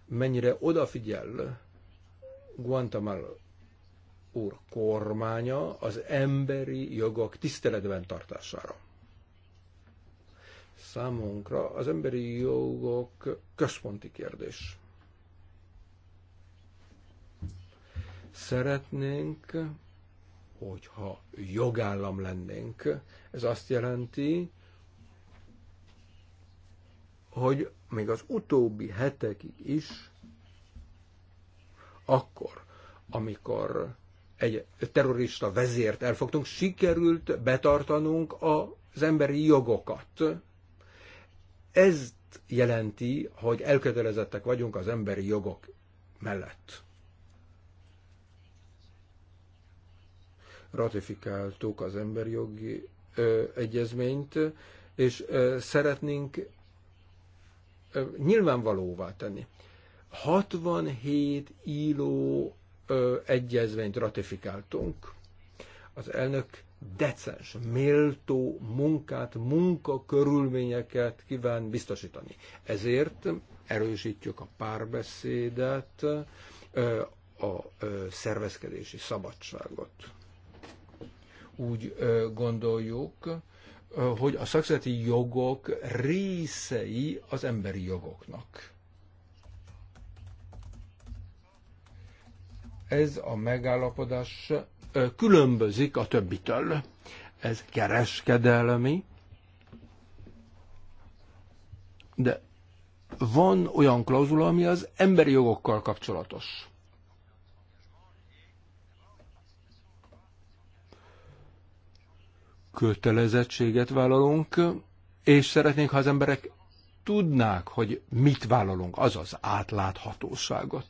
mennyire odafigyel Guantamal úr kormánya az emberi jogok tiszteletben tartására. Számunkra az emberi jogok központi kérdés. Szeretnénk hogyha jogállam lennénk. Ez azt jelenti, hogy még az utóbbi hetekig is, akkor, amikor egy terrorista vezért elfogtunk, sikerült betartanunk az emberi jogokat. Ez jelenti, hogy elkötelezettek vagyunk az emberi jogok mellett. ratifikáltuk az emberi jogi egyezményt, és szeretnénk nyilvánvalóvá tenni. 67 író egyezményt ratifikáltunk. Az elnök decens, méltó munkát, munkakörülményeket kíván biztosítani. Ezért erősítjük a párbeszédet, a szervezkedési szabadságot úgy gondoljuk, hogy a szakszereti jogok részei az emberi jogoknak. Ez a megállapodás különbözik a többitől. Ez kereskedelmi, de van olyan klauzula, ami az emberi jogokkal kapcsolatos. kötelezettséget vállalunk, és szeretnénk, ha az emberek tudnák, hogy mit vállalunk, azaz átláthatóságot.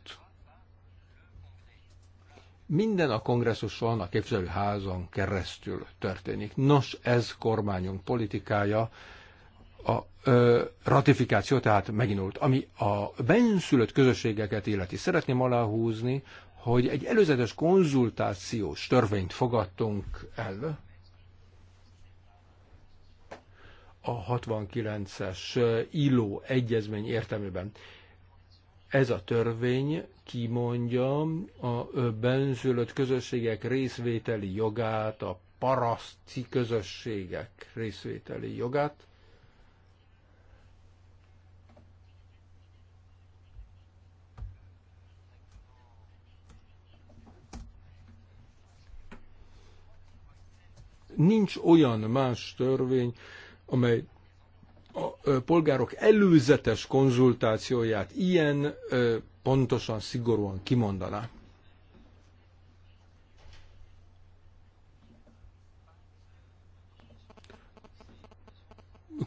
Minden a kongresszuson, a képzelőházon keresztül történik. Nos, ez kormányunk politikája, a ö, ratifikáció tehát meginult. Ami a benszülött közösségeket illeti, szeretném aláhúzni, hogy egy előzetes konzultációs törvényt fogadtunk el, a 69-es ILO egyezmény értelmében. Ez a törvény kimondja a benzülött közösségek részvételi jogát, a paraszti közösségek részvételi jogát, nincs olyan más törvény, amely a polgárok előzetes konzultációját ilyen pontosan, szigorúan kimondaná.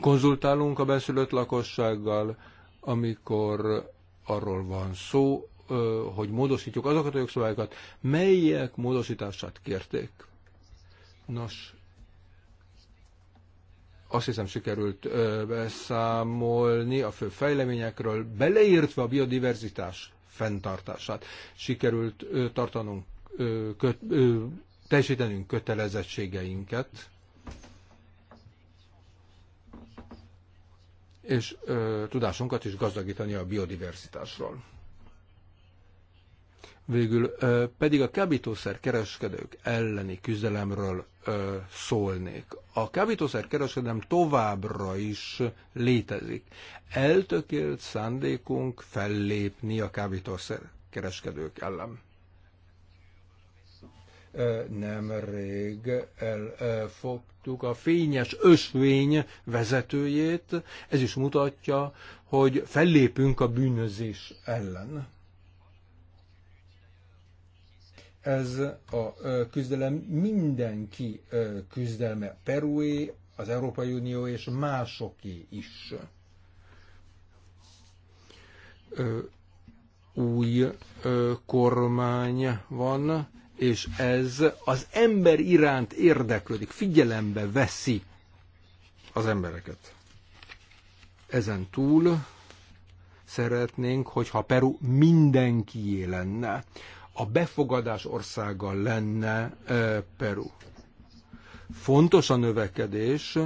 Konzultálunk a beszülött lakossággal, amikor arról van szó, hogy módosítjuk azokat a jogszabályokat, melyek módosítását kérték. Nos, azt hiszem sikerült beszámolni a fő fejleményekről, beleértve a biodiverzitás fenntartását. Sikerült tartanunk, ö, teljesítenünk kötelezettségeinket, és tudásunkat is gazdagítani a biodiverzitásról. Végül pedig a kábítószer kereskedők elleni küzdelemről szólnék. A kábítószer kereskedelem továbbra is létezik. Eltökélt szándékunk fellépni a kábítószer kereskedők ellen nemrég elfogtuk a fényes ösvény vezetőjét. Ez is mutatja, hogy fellépünk a bűnözés ellen. Ez a küzdelem mindenki küzdelme, Perué, az Európai Unió és másoké is. Új kormány van, és ez az ember iránt érdeklődik, figyelembe veszi az embereket. Ezen túl szeretnénk, hogyha Peru mindenkié lenne a befogadás országa lenne Peru. Fontos a növekedés,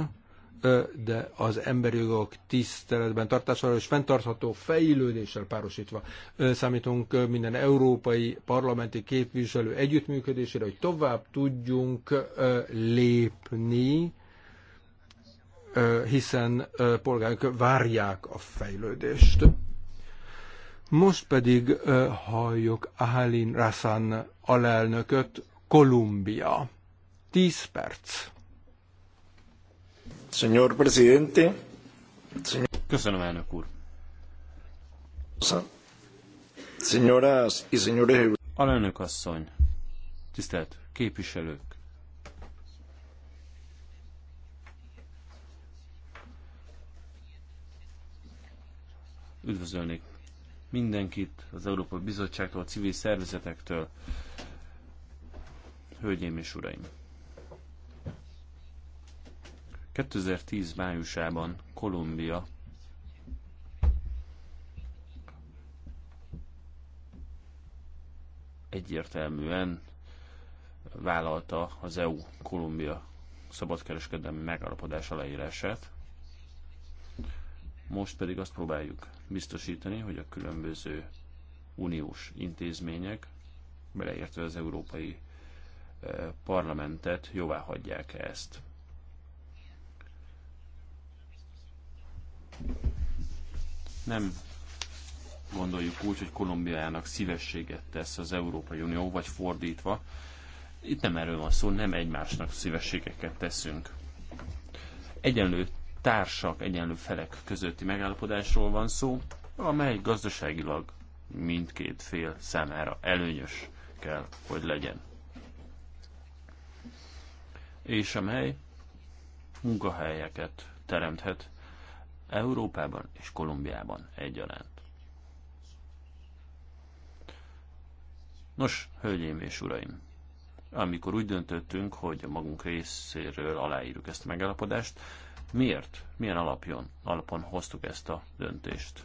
de az emberi jogok tiszteletben tartására és fenntartható fejlődéssel párosítva számítunk minden európai parlamenti képviselő együttműködésére, hogy tovább tudjunk lépni, hiszen polgárok várják a fejlődést. Most pedig halljuk Ahalin rasan alelnököt, Kolumbia. Tíz perc. Señor presidente. Señor... Köszönöm, elnök úr. Señoras y señores... Alelnök asszony, tisztelt képviselők, üdvözölnék mindenkit, az Európai Bizottságtól, a civil szervezetektől. Hölgyeim és Uraim! 2010 májusában Kolumbia egyértelműen vállalta az EU-Kolumbia szabadkereskedelmi megállapodás aláírását, most pedig azt próbáljuk biztosítani, hogy a különböző uniós intézmények, beleértve az Európai eh, Parlamentet, jóvá hagyják -e ezt. Nem gondoljuk úgy, hogy Kolumbiának szívességet tesz az Európai Unió, vagy fordítva. Itt nem erről van szó, nem egymásnak szívességeket teszünk. Egyenlő társak, egyenlő felek közötti megállapodásról van szó, amely gazdaságilag mindkét fél számára előnyös kell, hogy legyen. És amely munkahelyeket teremthet Európában és Kolumbiában egyaránt. Nos, hölgyeim és uraim, amikor úgy döntöttünk, hogy a magunk részéről aláírjuk ezt a megállapodást, Miért? Milyen alapjon, alapon hoztuk ezt a döntést?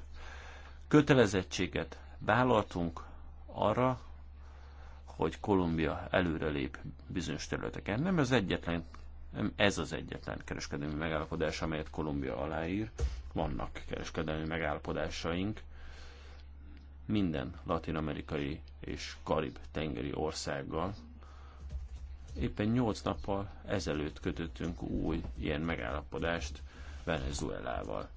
Kötelezettséget vállaltunk arra, hogy Kolumbia előrelép bizonyos területeken. Nem az egyetlen, nem ez az egyetlen kereskedelmi megállapodás, amelyet Kolumbia aláír. Vannak kereskedelmi megállapodásaink minden latin-amerikai és karib tengeri országgal, Éppen 8 nappal ezelőtt kötöttünk új ilyen megállapodást Venezuelával.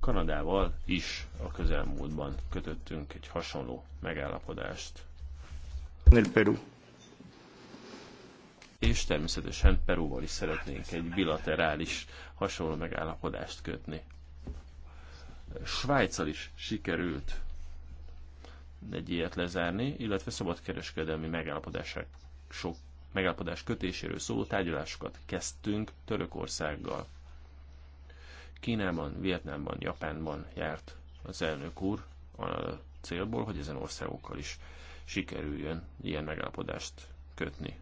Kanadával is a közelmúltban kötöttünk egy hasonló megállapodást. El Peru. És természetesen Perúval is szeretnénk egy bilaterális hasonló megállapodást kötni. Svájccal is sikerült egy ilyet lezárni, illetve szabadkereskedelmi megállapodások sok megállapodás kötéséről szóló tárgyalásokat kezdtünk Törökországgal. Kínában, Vietnámban, Japánban járt az elnök úr a célból, hogy ezen országokkal is sikerüljön ilyen megállapodást kötni.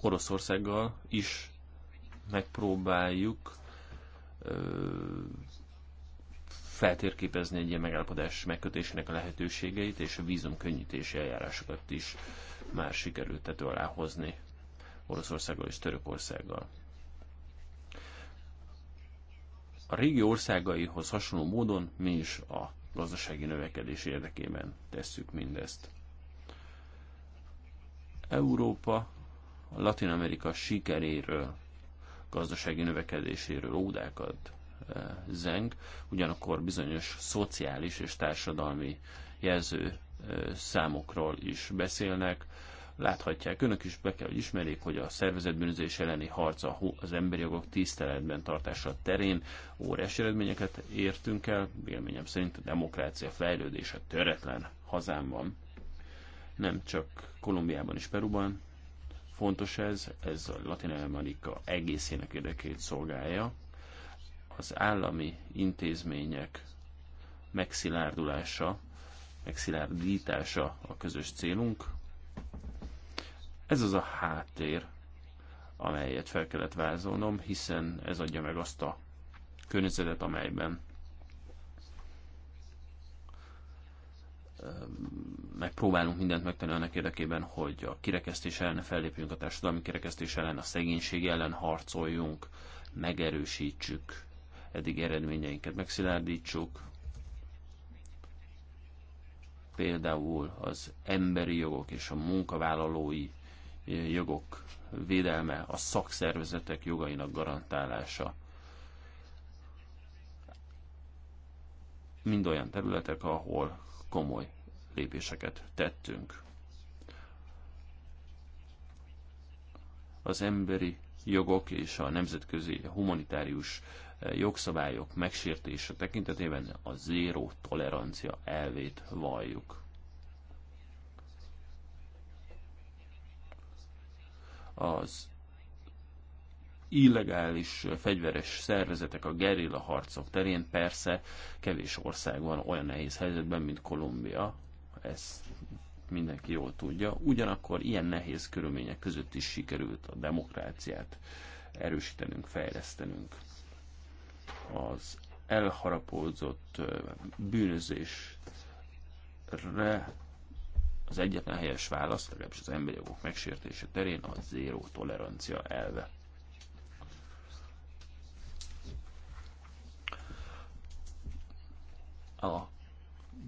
Oroszországgal is megpróbáljuk feltérképezni egy ilyen megállapodás megkötésének a lehetőségeit, és a vízum könnyítési eljárásokat is már sikerült tető alá hozni Oroszországgal és Törökországgal. A régi országaihoz hasonló módon mi is a gazdasági növekedés érdekében tesszük mindezt. Európa a Latin Amerika sikeréről gazdasági növekedéséről ódákat eh, zeng, ugyanakkor bizonyos szociális és társadalmi jelző eh, számokról is beszélnek. Láthatják önök is, be kell, hogy ismerjék, hogy a szervezetbűnözés elleni harc az emberi jogok tiszteletben tartása terén óriási eredményeket értünk el. Véleményem szerint a demokrácia fejlődése töretlen hazámban. Nem csak Kolumbiában és Peruban, Fontos ez, ez a Latin Amerika egészének érdekét szolgálja. Az állami intézmények megszilárdulása, megszilárdítása a közös célunk. Ez az a háttér, amelyet fel kellett vázolnom, hiszen ez adja meg azt a környezetet, amelyben megpróbálunk mindent megtenni annak érdekében, hogy a kirekesztés ellen fellépjünk, a társadalmi kirekesztés ellen, a szegénység ellen harcoljunk, megerősítsük eddig eredményeinket, megszilárdítsuk. Például az emberi jogok és a munkavállalói eh, jogok védelme, a szakszervezetek jogainak garantálása. Mind olyan területek, ahol komoly lépéseket tettünk. Az emberi jogok és a nemzetközi humanitárius eh, jogszabályok megsértése tekintetében a zéró tolerancia elvét valljuk. Az illegális fegyveres szervezetek a gerilla harcok terén persze kevés ország van olyan nehéz helyzetben, mint Kolumbia. Ezt mindenki jól tudja. Ugyanakkor ilyen nehéz körülmények között is sikerült a demokráciát erősítenünk, fejlesztenünk. Az elharapódzott bűnözésre az egyetlen helyes válasz, legalábbis az emberi jogok megsértése terén a zéró tolerancia elve. a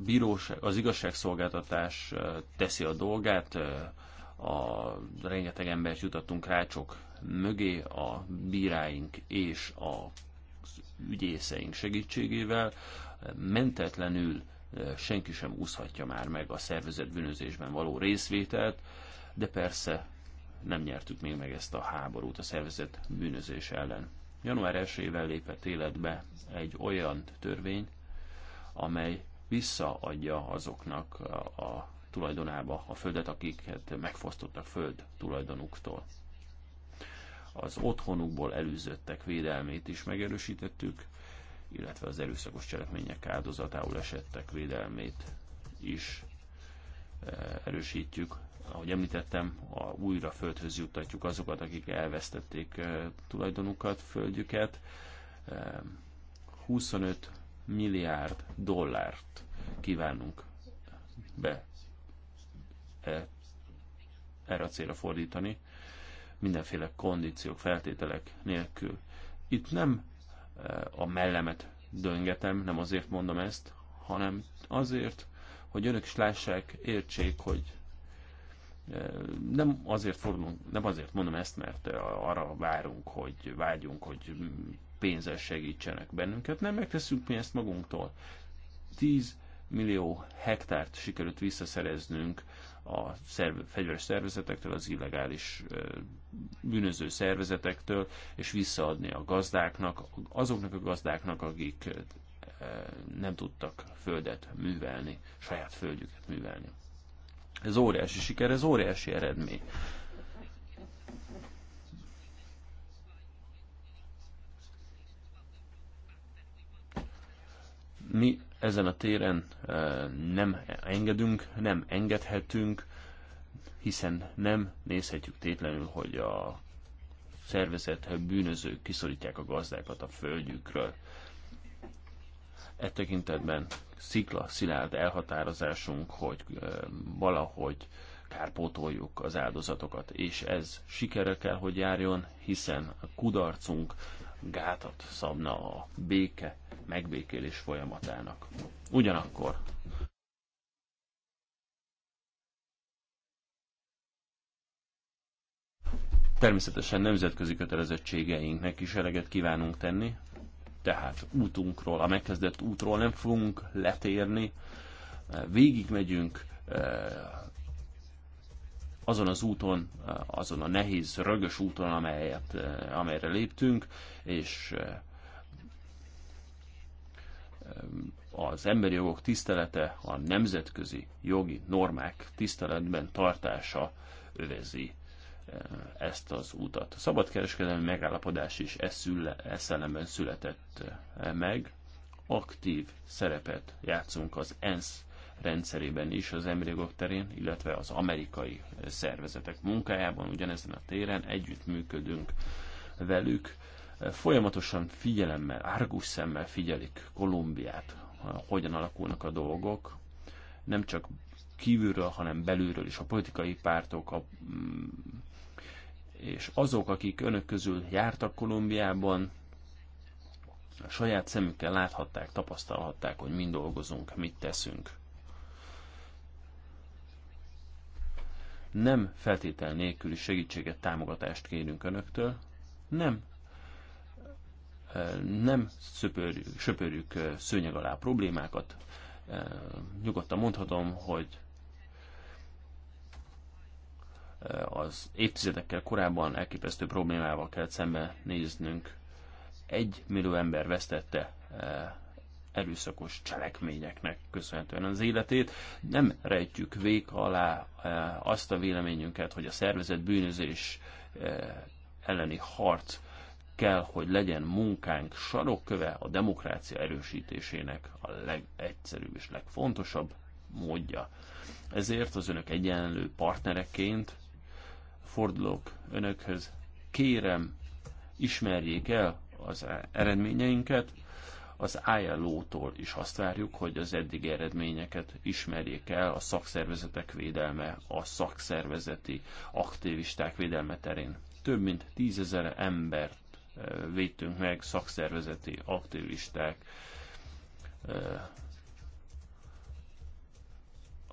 bíróság, az igazságszolgáltatás teszi a dolgát, a rengeteg embert jutottunk rácsok mögé, a bíráink és a ügyészeink segítségével mentetlenül senki sem úszhatja már meg a szervezett bűnözésben való részvételt, de persze nem nyertük még meg ezt a háborút a szervezett bűnözés ellen. Január 1 lépett életbe egy olyan törvény, amely visszaadja azoknak a tulajdonába a földet, akiket megfosztottak föld tulajdonuktól. Az otthonukból előzöttek védelmét is megerősítettük, illetve az erőszakos cselekmények áldozatául esettek védelmét is eh, erősítjük. Ahogy említettem, a újra földhöz juttatjuk azokat, akik elvesztették eh, tulajdonukat, földjüket. 25 eh, milliárd dollárt kívánunk be e, erre a célra fordítani, mindenféle kondíciók, feltételek nélkül. Itt nem e, a mellemet döngetem, nem azért mondom ezt, hanem azért, hogy önök is lássák, értsék, hogy e, nem azért, fordulunk, nem azért mondom ezt, mert arra várunk, hogy vágyunk, hogy pénzzel segítsenek bennünket. Nem megteszünk mi ezt magunktól. 10 millió hektárt sikerült visszaszereznünk a szerv, fegyveres szervezetektől, az illegális bűnöző szervezetektől, és visszaadni a gazdáknak, azoknak a gazdáknak, akik nem tudtak földet művelni, saját földjüket művelni. Ez óriási siker, ez óriási eredmény. Mi ezen a téren e, nem engedünk, nem engedhetünk, hiszen nem nézhetjük tétlenül, hogy a szervezet bűnözők kiszorítják a gazdákat a földjükről. E tekintetben szikla, szilárd elhatározásunk, hogy e, valahogy kárpótoljuk az áldozatokat, és ez sikere kell, hogy járjon, hiszen a kudarcunk gátat szabna a béke megbékélés folyamatának. Ugyanakkor természetesen nemzetközi kötelezettségeinknek is eleget kívánunk tenni, tehát útunkról, a megkezdett útról nem fogunk letérni, végigmegyünk, eh, azon az úton, azon a nehéz, rögös úton, amelyet, amelyre léptünk, és eh, az emberi jogok tisztelete, a nemzetközi jogi normák tiszteletben tartása övezi eh, ezt az utat. A szabadkereskedelmi megállapodás is e, e szellemben született eh, meg. Aktív szerepet játszunk az ENSZ rendszerében is az emberi jogok terén, illetve az amerikai szervezetek munkájában ugyanezen a téren együttműködünk velük. Folyamatosan figyelemmel, árgus szemmel figyelik Kolumbiát, hogyan alakulnak a dolgok, nem csak kívülről, hanem belülről is. A politikai pártok a, mm, és azok, akik önök közül jártak Kolumbiában, a saját szemükkel láthatták, tapasztalhatták, hogy mind dolgozunk, mit teszünk. nem feltétel nélküli segítséget, támogatást kérünk önöktől, nem nem szöpörjük, söpörjük szőnyeg alá problémákat. Nyugodtan mondhatom, hogy az évtizedekkel korábban elképesztő problémával kellett szembe néznünk. Egy millió ember vesztette erőszakos cselekményeknek köszönhetően az életét. Nem rejtjük vék alá eh, azt a véleményünket, hogy a szervezet bűnözés eh, elleni harc kell, hogy legyen munkánk sarokköve a demokrácia erősítésének a legegyszerűbb és legfontosabb módja. Ezért az önök egyenlő partnereként fordulok önökhöz, kérem, ismerjék el az eredményeinket, az ILO-tól is azt várjuk, hogy az eddigi eredményeket ismerjék el a szakszervezetek védelme, a szakszervezeti aktivisták védelme terén. Több mint tízezer embert védtünk meg szakszervezeti aktivisták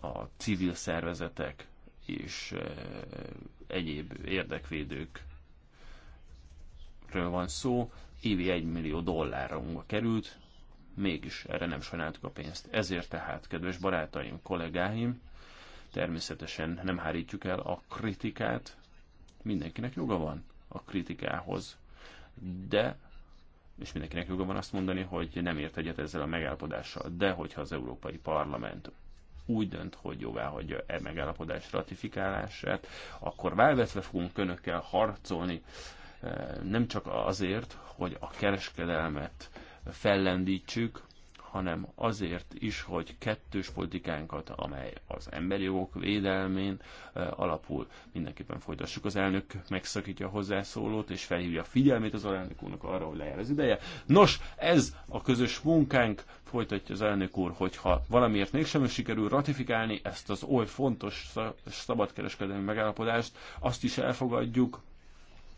a civil szervezetek és egyéb érdekvédőkről van szó évi 1 millió dollárunkba került, mégis erre nem sajnáltuk a pénzt. Ezért tehát, kedves barátaim, kollégáim, természetesen nem hárítjuk el a kritikát, mindenkinek joga van a kritikához, de és mindenkinek joga van azt mondani, hogy nem ért egyet ezzel a megállapodással, de hogyha az Európai Parlament úgy dönt, hogy jóvá hagyja e megállapodás ratifikálását, akkor válvetve fogunk önökkel harcolni nem csak azért, hogy a kereskedelmet fellendítsük, hanem azért is, hogy kettős politikánkat, amely az emberi jogok védelmén alapul, mindenképpen folytassuk. Az elnök megszakítja a hozzászólót, és felhívja a figyelmét az elnök úrnak arra, hogy lejár az ideje. Nos, ez a közös munkánk, folytatja az elnök úr, hogyha valamiért mégsem sikerül ratifikálni ezt az oly fontos szabadkereskedelmi megállapodást, azt is elfogadjuk,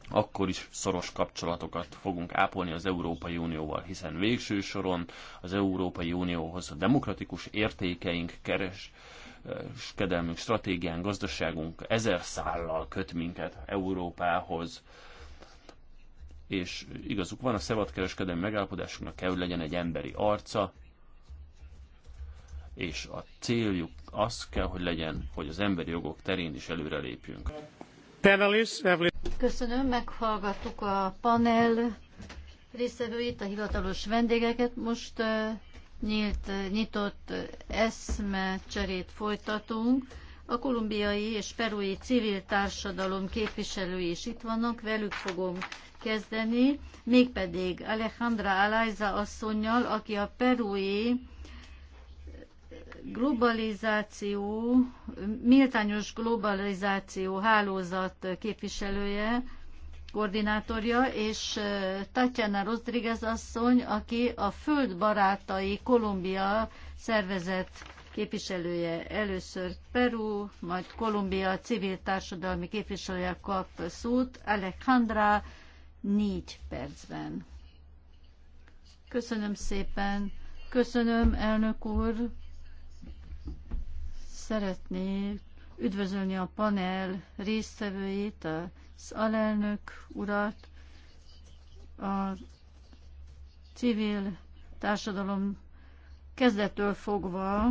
akkor is szoros kapcsolatokat fogunk ápolni az Európai Unióval, hiszen végső soron az Európai Unióhoz a demokratikus értékeink, eh, kereskedelmünk, stratégiánk, gazdaságunk ezer szállal köt minket Európához, és igazuk van, a szabadkereskedelmi megállapodásunknak kell, hogy legyen egy emberi arca, és a céljuk az kell, hogy legyen, hogy az emberi jogok terén is előrelépjünk. Köszönöm, meghallgattuk a panel részevőit, a hivatalos vendégeket. Most nyílt, nyitott eszme cserét folytatunk. A kolumbiai és perui civil társadalom képviselői is itt vannak, velük fogom kezdeni, mégpedig Alejandra Alájza asszonynal, aki a perui globalizáció, méltányos globalizáció hálózat képviselője, koordinátorja, és Tatjana Rodriguez asszony, aki a Földbarátai Kolumbia szervezet képviselője. Először Peru, majd Kolumbia civil társadalmi képviselője kap szót, Alejandra négy percben. Köszönöm szépen. Köszönöm, elnök úr szeretné üdvözölni a panel résztvevőit, az alelnök urat, a civil társadalom kezdettől fogva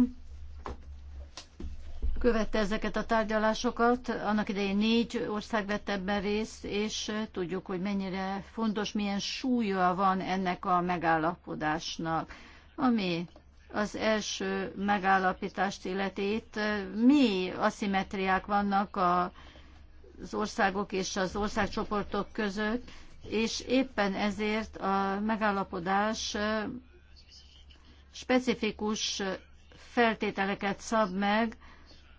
követte ezeket a tárgyalásokat. Annak idején négy ország vett ebben részt, és tudjuk, hogy mennyire fontos, milyen súlya van ennek a megállapodásnak, ami az első megállapítást illeti. Itt mi aszimetriák vannak a, az országok és az országcsoportok között, és éppen ezért a megállapodás specifikus feltételeket szab meg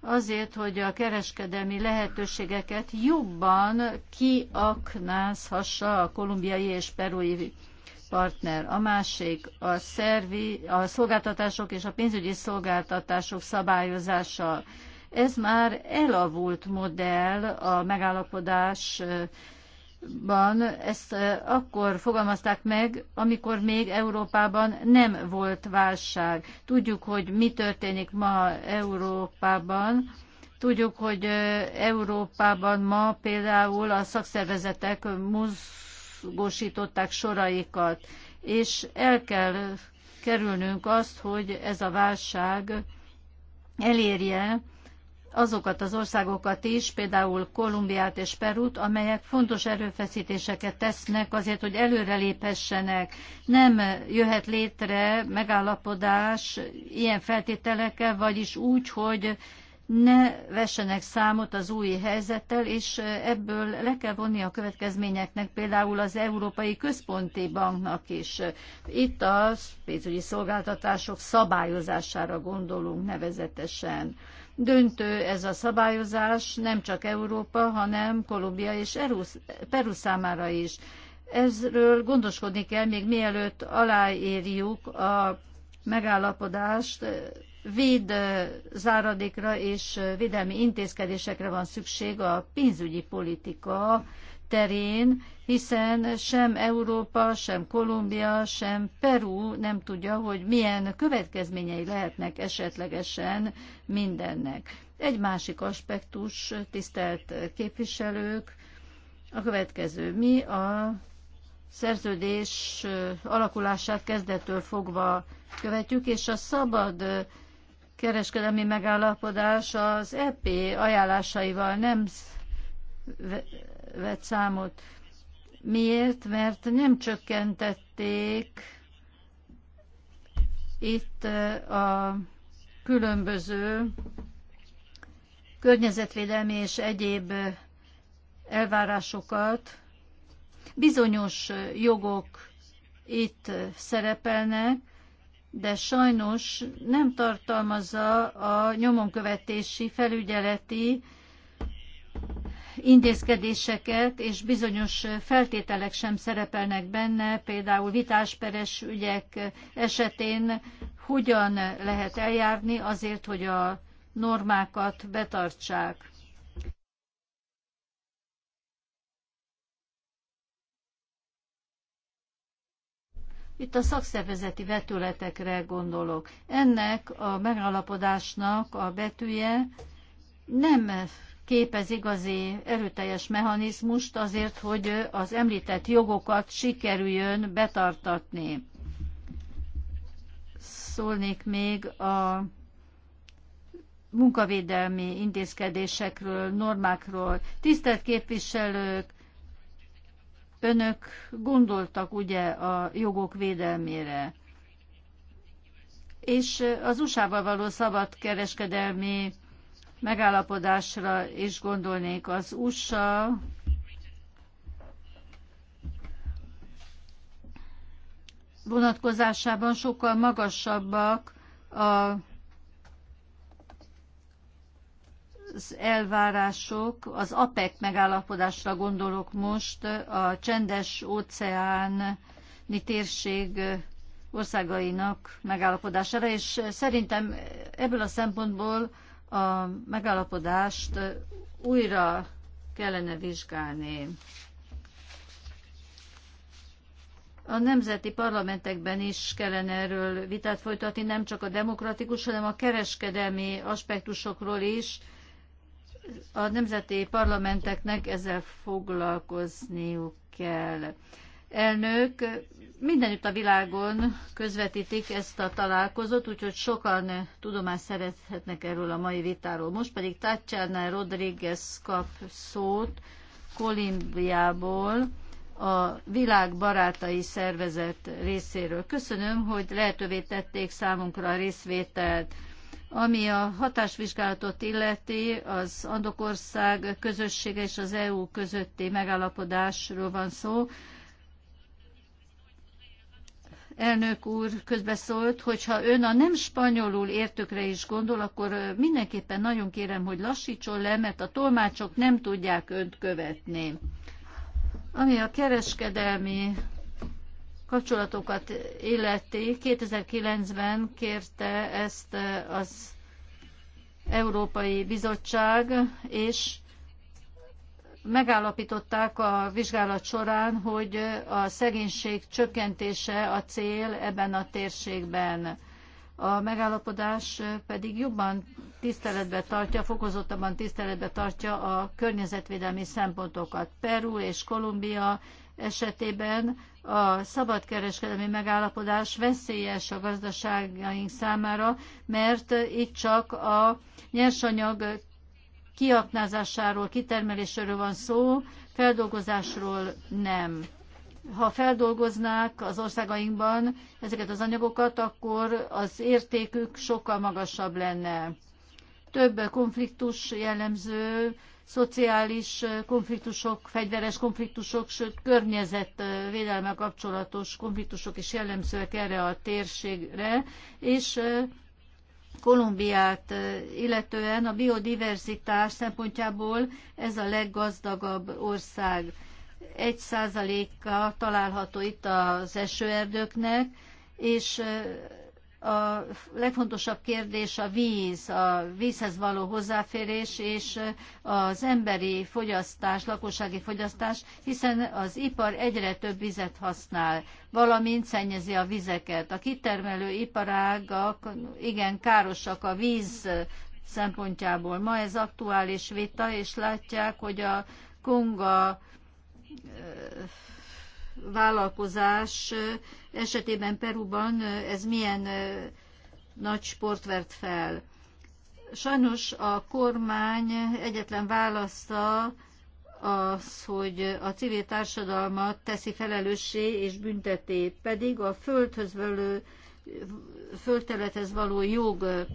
azért, hogy a kereskedelmi lehetőségeket jobban kiaknázhassa a kolumbiai és perui partner. A másik a, szervi, a szolgáltatások és a pénzügyi szolgáltatások szabályozása. Ez már elavult modell a megállapodás Ban, ezt eh, akkor fogalmazták meg, amikor még Európában nem volt válság. Tudjuk, hogy mi történik ma Európában. Tudjuk, hogy eh, Európában ma például a szakszervezetek muz mozgósították soraikat, és el kell kerülnünk azt, hogy ez a válság elérje azokat az országokat is, például Kolumbiát és Perut, amelyek fontos erőfeszítéseket tesznek azért, hogy előreléphessenek. Nem jöhet létre megállapodás ilyen feltételekkel, vagyis úgy, hogy ne vessenek számot az új helyzettel, és ebből le kell vonni a következményeknek például az Európai Központi Banknak is. Itt a pénzügyi szolgáltatások szabályozására gondolunk nevezetesen. Döntő ez a szabályozás nem csak Európa, hanem Kolumbia és Peru számára is. Ezről gondoskodni kell, még mielőtt aláírjuk a megállapodást véd záradékra és védelmi intézkedésekre van szükség a pénzügyi politika terén, hiszen sem Európa, sem Kolumbia, sem Peru nem tudja, hogy milyen következményei lehetnek esetlegesen mindennek. Egy másik aspektus, tisztelt képviselők, a következő. Mi a szerződés alakulását kezdettől fogva követjük, és a szabad kereskedelmi megállapodás az EP ajánlásaival nem vett számot. Miért? Mert nem csökkentették itt a különböző környezetvédelmi és egyéb elvárásokat. Bizonyos jogok itt szerepelnek, de sajnos nem tartalmazza a nyomonkövetési, felügyeleti intézkedéseket, és bizonyos feltételek sem szerepelnek benne, például vitásperes ügyek esetén hogyan lehet eljárni azért, hogy a normákat betartsák. Itt a szakszervezeti vetületekre gondolok. Ennek a megalapodásnak a betűje nem képez igazi erőteljes mechanizmust azért, hogy az említett jogokat sikerüljön betartatni. Szólnék még a munkavédelmi intézkedésekről, normákról. Tisztelt képviselők, Önök gondoltak ugye a jogok védelmére, és az USA-val való szabad kereskedelmi megállapodásra is gondolnék. Az USA vonatkozásában sokkal magasabbak a az elvárások, az APEC megállapodásra gondolok most, a csendes óceáni térség országainak megállapodására, és szerintem ebből a szempontból a megállapodást újra kellene vizsgálni. A nemzeti parlamentekben is kellene erről vitát folytatni, nem csak a demokratikus, hanem a kereskedelmi aspektusokról is, a nemzeti parlamenteknek ezzel foglalkozniuk kell. Elnök, mindenütt a világon közvetítik ezt a találkozót, úgyhogy sokan tudomást szerezhetnek erről a mai vitáról. Most pedig Tatjana Rodriguez kap szót Kolumbiából a Világ Barátai Szervezet részéről. Köszönöm, hogy lehetővé tették számunkra a részvételt. Ami a hatásvizsgálatot illeti, az Andokország közössége és az EU közötti megállapodásról van szó. Elnök úr közbeszólt, hogyha ön a nem spanyolul értőkre is gondol, akkor mindenképpen nagyon kérem, hogy lassítson le, mert a tolmácsok nem tudják önt követni. Ami a kereskedelmi kapcsolatokat illeti, 2009-ben kérte ezt eh, az Európai Bizottság, és megállapították a vizsgálat során, hogy a szegénység csökkentése a cél ebben a térségben. A megállapodás pedig jobban tiszteletbe tartja, fokozottabban tiszteletbe tartja a környezetvédelmi szempontokat. Peru és Kolumbia esetében a szabadkereskedelmi megállapodás veszélyes a gazdaságaink számára, mert itt csak a nyersanyag kiaknázásáról, kitermeléséről van szó, feldolgozásról nem. Ha feldolgoznák az országainkban ezeket az anyagokat, akkor az értékük sokkal magasabb lenne. Több konfliktus jellemző szociális konfliktusok, fegyveres konfliktusok, sőt környezetvédelme kapcsolatos konfliktusok is jellemzőek erre a térségre, és Kolumbiát illetően a biodiverzitás szempontjából ez a leggazdagabb ország. Egy százaléka található itt az esőerdőknek, és a legfontosabb kérdés a víz, a vízhez való hozzáférés és az emberi fogyasztás, lakossági fogyasztás, hiszen az ipar egyre több vizet használ, valamint szennyezi a vizeket. A kitermelő iparágak igen károsak a víz szempontjából. Ma ez aktuális vita, és látják, hogy a Konga vállalkozás esetében Peruban ez milyen nagy sport vert fel. Sajnos a kormány egyetlen választa az, hogy a civil társadalmat teszi felelőssé és bünteté, pedig a földhöz való, földterülethez való jog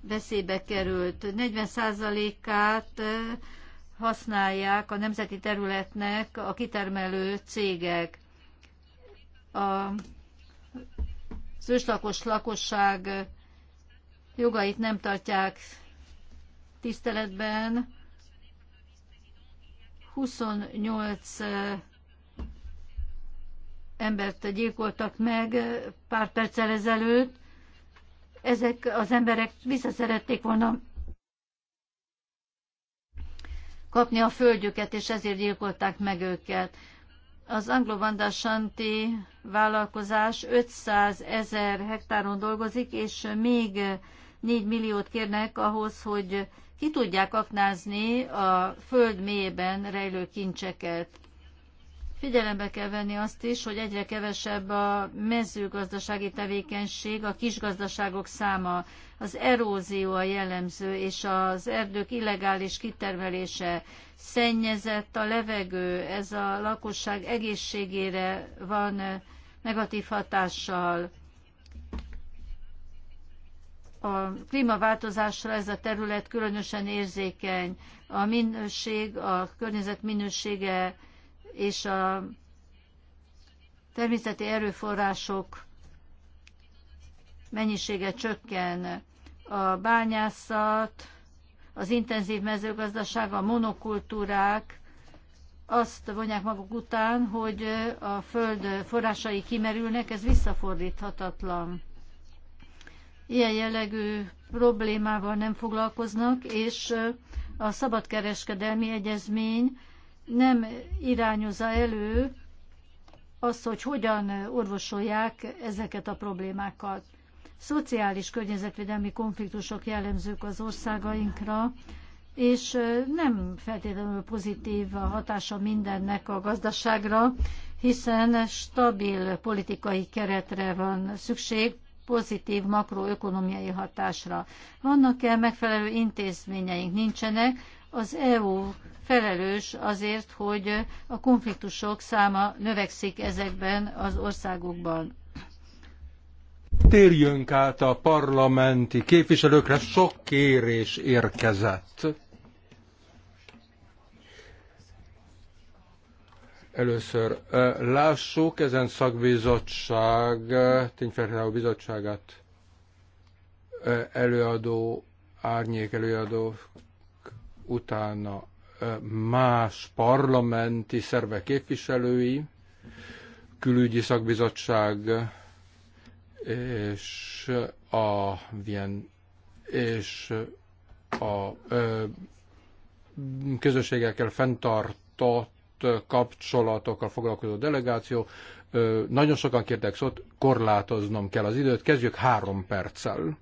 veszélybe került. 40%-át használják a nemzeti területnek a kitermelő cégek a az őslakos lakosság jogait nem tartják tiszteletben. 28 embert gyilkoltak meg pár perccel ezelőtt. Ezek az emberek visszaszerették volna kapni a földjüket, és ezért gyilkolták meg őket. Az anglo vállalkozás 500 ezer hektáron dolgozik, és még 4 milliót kérnek ahhoz, hogy ki tudják aknázni a föld mélyében rejlő kincseket. Figyelembe kell venni azt is, hogy egyre kevesebb a mezőgazdasági tevékenység, a kisgazdaságok száma, az erózió a jellemző, és az erdők illegális kitermelése, szennyezett a levegő, ez a lakosság egészségére van negatív hatással. A klímaváltozásra ez a terület különösen érzékeny. A minőség, a környezet minősége és a természeti erőforrások mennyisége csökken. A bányászat, az intenzív mezőgazdaság, a monokultúrák azt vonják maguk után, hogy a föld forrásai kimerülnek, ez visszafordíthatatlan. Ilyen jellegű problémával nem foglalkoznak, és a szabadkereskedelmi egyezmény nem irányozza elő azt, hogy hogyan orvosolják ezeket a problémákat. Szociális környezetvédelmi konfliktusok jellemzők az országainkra, és nem feltétlenül pozitív a hatása mindennek a gazdaságra, hiszen stabil politikai keretre van szükség, pozitív makroökonomiai hatásra. Vannak-e megfelelő intézményeink? Nincsenek. Az EU felelős azért, hogy a konfliktusok száma növekszik ezekben az országokban. Térjünk át a parlamenti képviselőkre, sok kérés érkezett. Először lássuk ezen szakbizottság, tényfelhívó bizottságát előadó, árnyék előadó utána más parlamenti szervek képviselői, külügyi szakbizottság és a Vien és a ö, közösségekkel fenntartott kapcsolatokkal foglalkozó delegáció. Ö, nagyon sokan kértek szót, korlátoznom kell az időt. Kezdjük három perccel.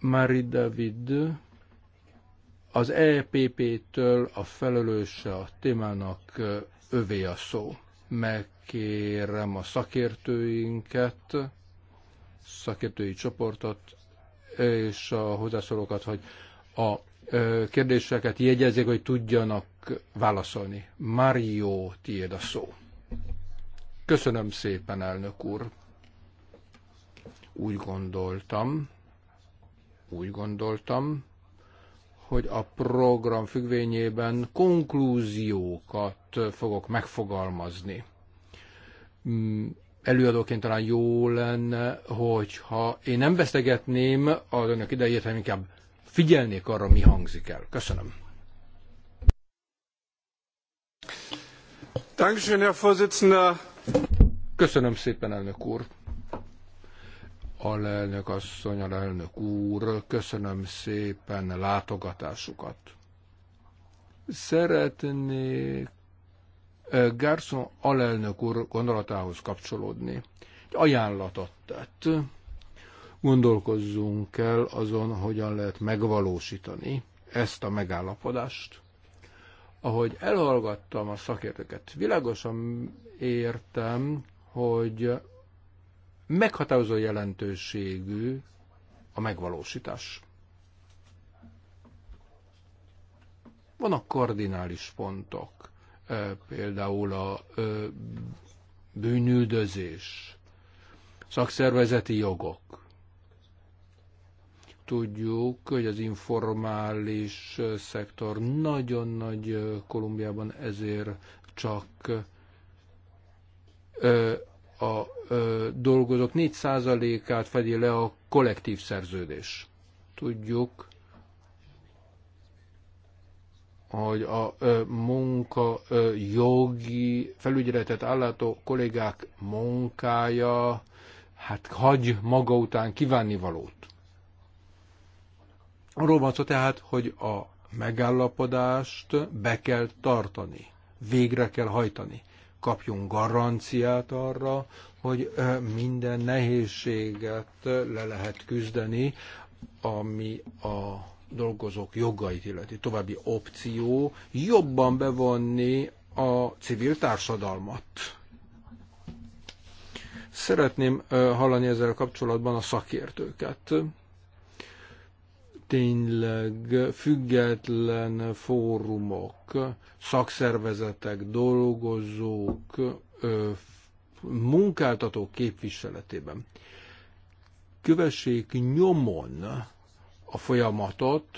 Marie David. Az EPP-től a felelőse a témának övé a szó. Megkérem a szakértőinket, szakértői csoportot és a hozzászólókat, hogy a kérdéseket jegyezzék, hogy tudjanak válaszolni. Mario, tiéd a szó. Köszönöm szépen, elnök úr. Úgy gondoltam, úgy gondoltam, hogy a program függvényében konklúziókat fogok megfogalmazni. Mm, előadóként talán jó lenne, hogyha én nem vesztegetném az önök idejét, hanem inkább figyelnék arra, mi hangzik el. Köszönöm. Köszönöm szépen, elnök úr alelnök asszony, alelnök úr, köszönöm szépen látogatásukat. Szeretnék Gerson alelnök úr gondolatához kapcsolódni. Egy ajánlatot tett. Gondolkozzunk el azon, hogyan lehet megvalósítani ezt a megállapodást. Ahogy elhallgattam a szakértőket, világosan értem, hogy meghatározó jelentőségű a megvalósítás. Vannak kardinális pontok, például a bűnüldözés, szakszervezeti jogok. Tudjuk, hogy az informális szektor nagyon nagy Kolumbiában, ezért csak a dolgozók 4%-át fedi le a kollektív szerződés. Tudjuk, hogy a munka jogi felügyeletet állátó kollégák munkája hát hagy maga után kívánni valót. Arról van szó tehát, hogy a megállapodást be kell tartani, végre kell hajtani kapjunk garanciát arra, hogy minden nehézséget le lehet küzdeni, ami a dolgozók jogait illeti. További opció jobban bevonni a civil társadalmat. Szeretném hallani ezzel kapcsolatban a szakértőket tényleg független fórumok, szakszervezetek, dolgozók, munkáltatók képviseletében. Kövessék nyomon a folyamatot,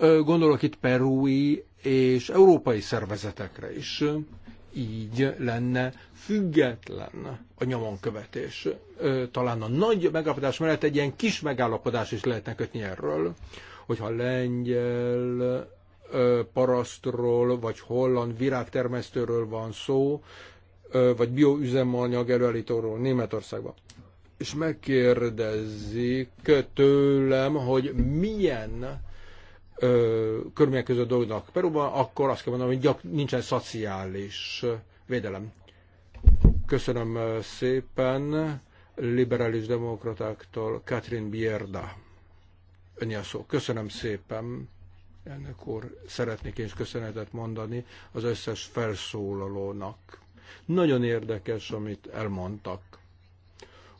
gondolok itt perui és európai szervezetekre is, így lenne független a nyomonkövetés. Talán a nagy megállapodás mellett egy ilyen kis megállapodás is lehetne kötni erről hogyha lengyel parasztról, vagy holland virágtermesztőről van szó, vagy bioüzemanyag előállítóról Németországban. És megkérdezik tőlem, hogy milyen ö, körülmények között dolgoznak Peruban, akkor azt kell mondanom, hogy gyak, nincsen szociális védelem. Köszönöm szépen liberális demokratáktól Katrin Bierda. Önni a szó. Köszönöm szépen, elnök úr. Szeretnék én is köszönetet mondani az összes felszólalónak. Nagyon érdekes, amit elmondtak.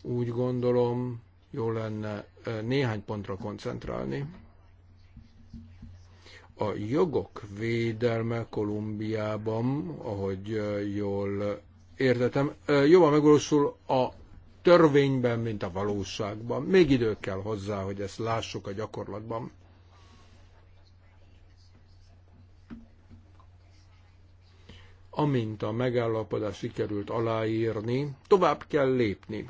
Úgy gondolom, jó lenne néhány pontra koncentrálni. A jogok védelme Kolumbiában, ahogy jól értetem, jobban megvalósul a törvényben, mint a valóságban. Még idő kell hozzá, hogy ezt lássuk a gyakorlatban. Amint a megállapodás sikerült aláírni, tovább kell lépni.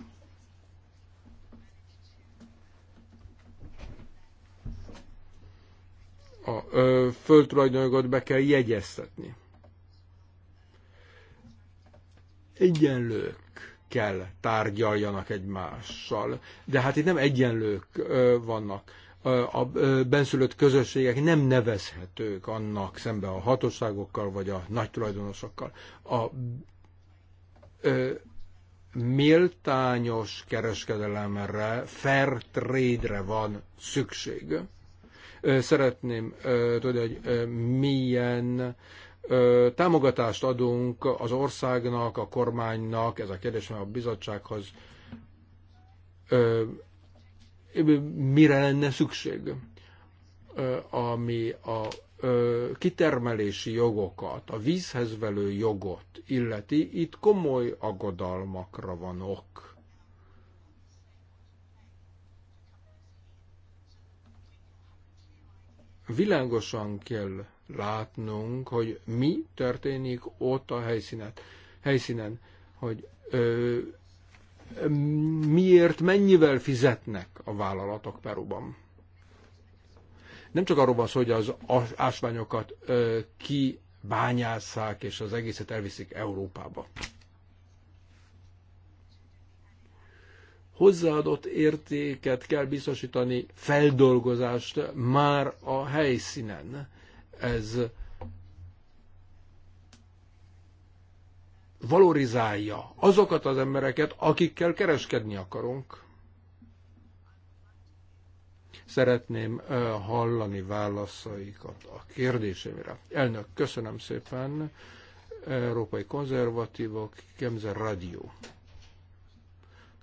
A földtulajdonjogot be kell jegyeztetni. Egyenlők kell tárgyaljanak egymással. De hát itt nem egyenlők vannak. A benszülött közösségek nem nevezhetők annak szemben a hatóságokkal vagy a nagy tulajdonosokkal. A méltányos kereskedelemre, fair trade-re van szükség. Szeretném tudni, hogy milyen támogatást adunk az országnak, a kormánynak, ez a kérdés a bizottsághoz, mire lenne szükség, ami a kitermelési jogokat, a vízhez velő jogot illeti, itt komoly aggodalmakra van ok. Világosan kell látnunk, hogy mi történik ott a helyszínet, helyszínen, hogy ö, miért, mennyivel fizetnek a vállalatok Peruban. Nem csak arról van szó, hogy az ásványokat ö, kibányásszák, és az egészet elviszik Európába. hozzáadott értéket kell biztosítani, feldolgozást már a helyszínen ez valorizálja azokat az embereket, akikkel kereskedni akarunk. Szeretném hallani válaszaikat a kérdésemre. Elnök, köszönöm szépen. Európai Konzervatívok, Kemzer Rádió.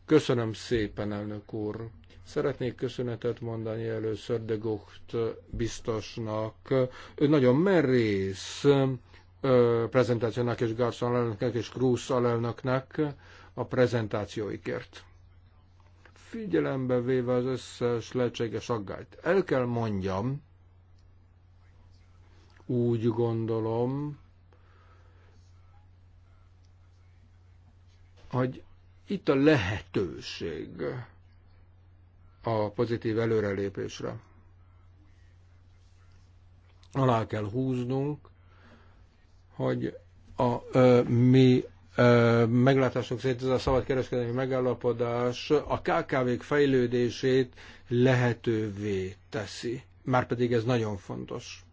Köszönöm szépen, elnök úr. Szeretnék köszönetet mondani először de Gucht biztosnak. Ő nagyon merész prezentációnak és Garson alelnöknek és Krusz alelnöknek a prezentációikért. Figyelembe véve az összes lehetséges aggályt. El kell mondjam, úgy gondolom, hogy itt a lehetőség a pozitív előrelépésre. Alá kell húznunk, hogy a ö, mi ö, meglátásunk szerint ez a szabadkereskedelmi megállapodás a KKV-k fejlődését lehetővé teszi. Márpedig ez nagyon fontos.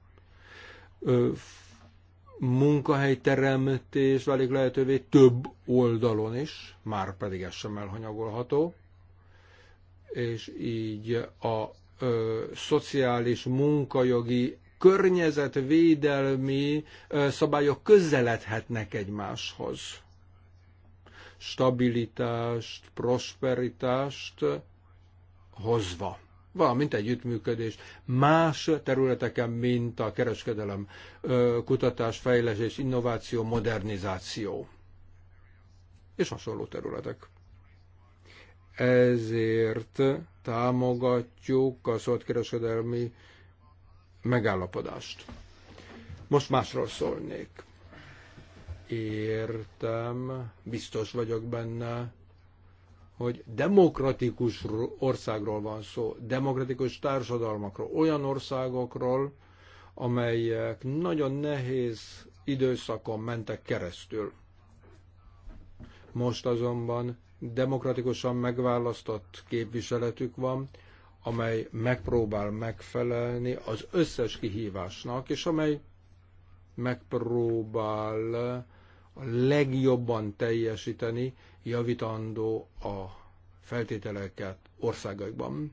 Ö, munkahelyteremtés válik lehetővé több oldalon is, már pedig ez sem elhanyagolható és így a ö, szociális, munkajogi, környezetvédelmi ö, szabályok közeledhetnek egymáshoz. Stabilitást, prosperitást hozva valamint együttműködés más területeken, mint a kereskedelem, kutatás, fejlesztés, innováció, modernizáció és hasonló területek. Ezért támogatjuk a szabadkereskedelmi megállapodást. Most másról szólnék. Értem, biztos vagyok benne, hogy demokratikus országról van szó, demokratikus társadalmakról, olyan országokról, amelyek nagyon nehéz időszakon mentek keresztül. Most azonban demokratikusan megválasztott képviseletük van, amely megpróbál megfelelni az összes kihívásnak, és amely megpróbál a legjobban teljesíteni, javítandó a feltételeket országaikban.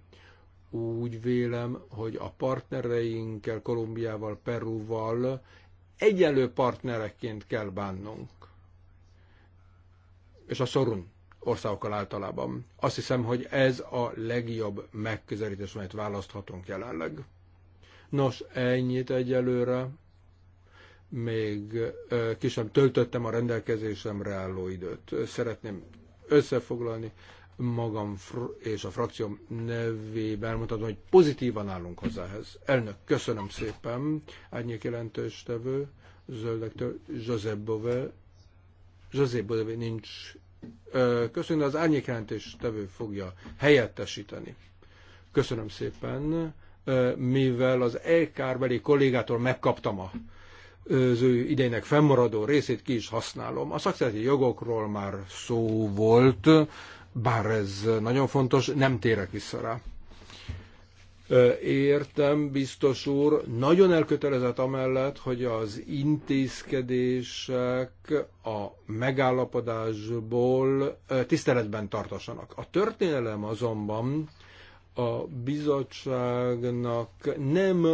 Úgy vélem, hogy a partnereinkkel, Kolumbiával, Perúval egyenlő partnerekként kell bánnunk. És a szorunk országokkal általában. Azt hiszem, hogy ez a legjobb megközelítés, amelyet választhatunk jelenleg. Nos, ennyit egyelőre. Még kisem töltöttem a rendelkezésemre álló időt. Szeretném összefoglalni magam és a frakcióm nevében mutatom, hogy pozitívan állunk hozzá ehhez. Elnök, köszönöm szépen. Ennyi jelentős tevő, zöldektől, José Bové. José Bové nincs Köszönöm, az árnyékjelentés tevő fogja helyettesíteni. Köszönöm szépen, mivel az elkárbeli kollégától megkaptam a az ő idejének fennmaradó részét ki is használom. A szakszereti jogokról már szó volt, bár ez nagyon fontos, nem térek vissza rá. Értem, biztos úr, nagyon elkötelezett amellett, hogy az intézkedések a megállapodásból tiszteletben tartassanak. A történelem azonban a bizottságnak nem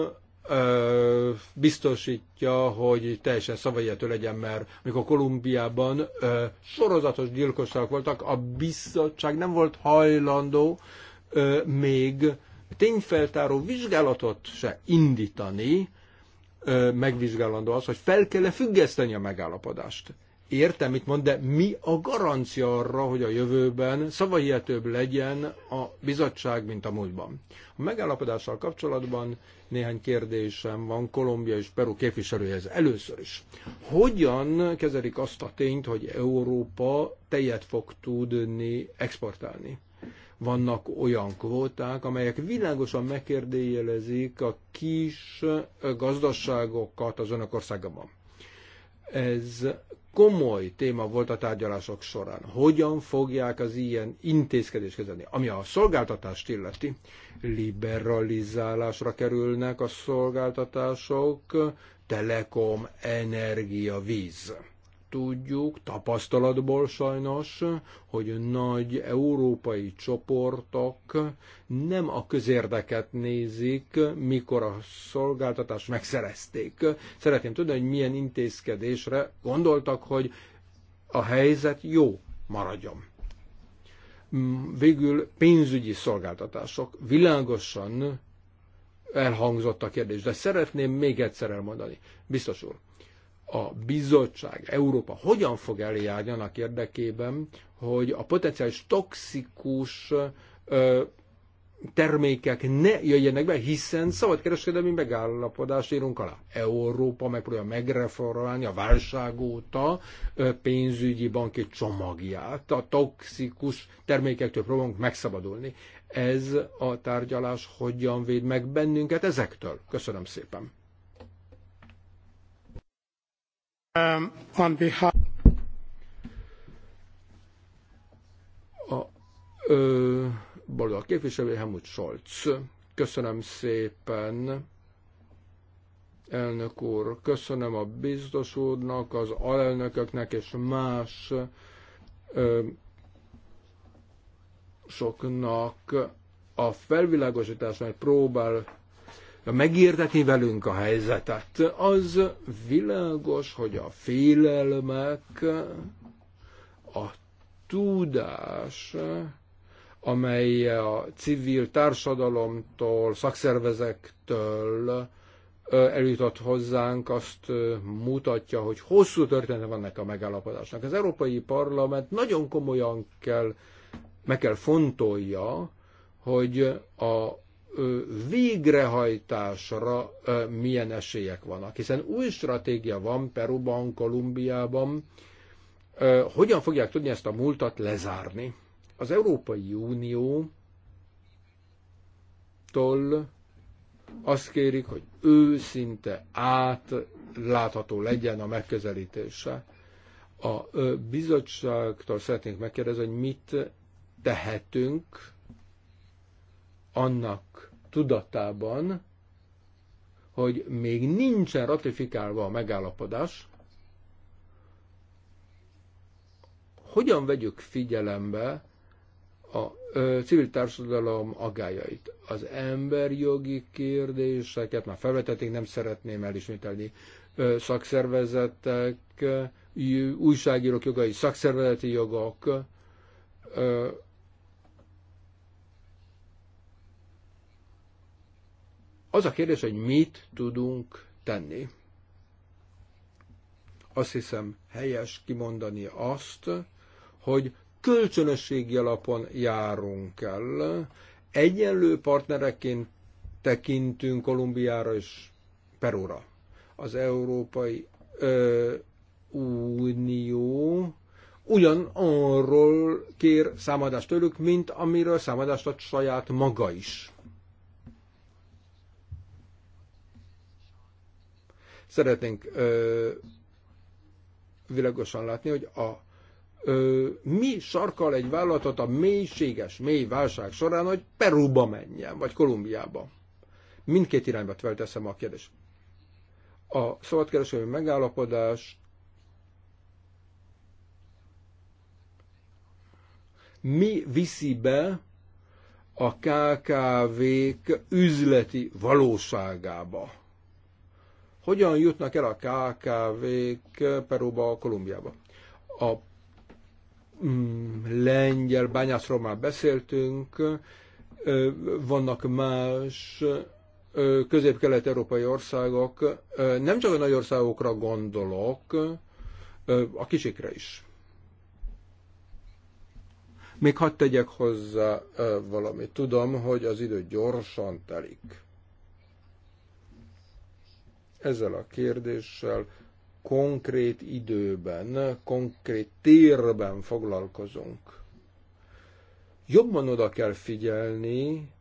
biztosítja, hogy teljesen szavajető legyen, mert mikor Kolumbiában sorozatos gyilkosságok voltak, a bizottság nem volt hajlandó még tényfeltáró vizsgálatot se indítani, megvizsgálandó az, hogy fel kell-e függeszteni a megállapodást. Értem, mit mond, de mi a garancia arra, hogy a jövőben szavahihetőbb legyen a bizottság, mint a múltban? A megállapodással kapcsolatban néhány kérdésem van Kolumbia és Peru képviselőhez. Először is, hogyan kezelik azt a tényt, hogy Európa tejet fog tudni exportálni? vannak olyan kvóták, amelyek világosan megkérdőjelezik a kis gazdaságokat az önök országában. Ez komoly téma volt a tárgyalások során. Hogyan fogják az ilyen intézkedést kezelni? Ami a szolgáltatást illeti, liberalizálásra kerülnek a szolgáltatások, telekom, energia, víz tudjuk tapasztalatból sajnos, hogy nagy európai csoportok nem a közérdeket nézik, mikor a szolgáltatást megszerezték. Szeretném tudni, hogy milyen intézkedésre gondoltak, hogy a helyzet jó maradjon. Végül pénzügyi szolgáltatások világosan elhangzott a kérdés, de szeretném még egyszer elmondani. Biztos úr, a bizottság, Európa hogyan fog eljárni annak érdekében, hogy a potenciális toxikus ö, termékek ne jöjjenek be, hiszen szabadkereskedelmi megállapodást írunk alá. Európa megpróbálja megreformálni a válság óta pénzügyi banki csomagját, a toxikus termékektől próbálunk megszabadulni. Ez a tárgyalás hogyan véd meg bennünket ezektől? Köszönöm szépen. Um, on behalf... A ö, baloldal képviselő Helmut Scholz. Köszönöm szépen. Elnök úr, köszönöm a biztos úrnak, az alelnököknek és más ö, soknak a felvilágosítás, mert próbál megérteti velünk a helyzetet. Az világos, hogy a félelmek, a tudás, amely a civil társadalomtól, szakszervezektől eljutott hozzánk, azt mutatja, hogy hosszú története van ennek a megállapodásnak. Az Európai Parlament nagyon komolyan kell, meg kell fontolja, hogy a végrehajtásra milyen esélyek vannak. Hiszen új stratégia van Peruban, Kolumbiában. Hogyan fogják tudni ezt a múltat lezárni? Az Európai Uniótól azt kérik, hogy őszinte átlátható legyen a megközelítése. A bizottságtól szeretnénk megkérdezni, hogy mit tehetünk annak tudatában, hogy még nincsen ratifikálva a megállapodás, hogyan vegyük figyelembe a ö, civil társadalom agájait. Az emberjogi kérdéseket már felvetették, nem szeretném elismételni. Ö, szakszervezetek, ö, újságírók jogai, szakszervezeti jogok, ö, Az a kérdés, hogy mit tudunk tenni. Azt hiszem helyes kimondani azt, hogy kölcsönösségi alapon járunk el, egyenlő partnereként tekintünk Kolumbiára és Perúra. Az Európai ö, Unió arról kér számadást tőlük, mint amiről számadást ad saját maga is. Szeretnénk ö, világosan látni, hogy a ö, mi sarkal egy vállalatot a mélységes, mély válság során, hogy Perúba menjen, vagy Kolumbiába. Mindkét irányba felteszem a kérdést. A szabadkereskedelmi megállapodás mi viszi be a KKV-k üzleti valóságába. Hogyan jutnak el a KKV-k Peróba, Kolumbiába? A mm, lengyel bányászról már beszéltünk, vannak más közép-kelet-európai országok, nem csak a nagy országokra gondolok, a kicsikre is. Még hadd tegyek hozzá valamit. Tudom, hogy az idő gyorsan telik ezzel a kérdéssel konkrét időben, konkrét térben foglalkozunk. Jobban oda kell figyelni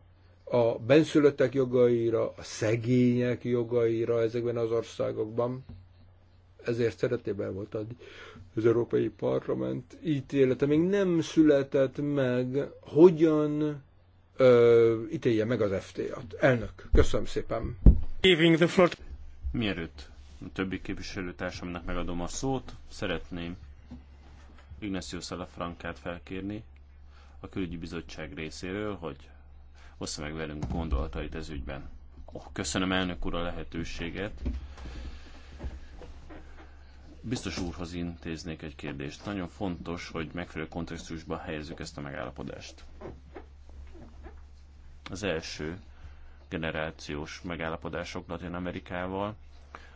a benszülöttek jogaira, a szegények jogaira ezekben az országokban. Ezért szeretében volt az Európai Parlament ítélete. Még nem született meg, hogyan ö, ítélje meg az FTA-t. Elnök, köszönöm szépen. Mielőtt a többi képviselőtársamnak megadom a szót, szeretném Ignacio Salafrancát felkérni a külügyi bizottság részéről, hogy ossza meg velünk gondolatait ez ügyben. Oh, köszönöm elnök úr a lehetőséget. Biztos úrhoz intéznék egy kérdést. Nagyon fontos, hogy megfelelő kontextusban helyezzük ezt a megállapodást. Az első generációs megállapodások Latin Amerikával,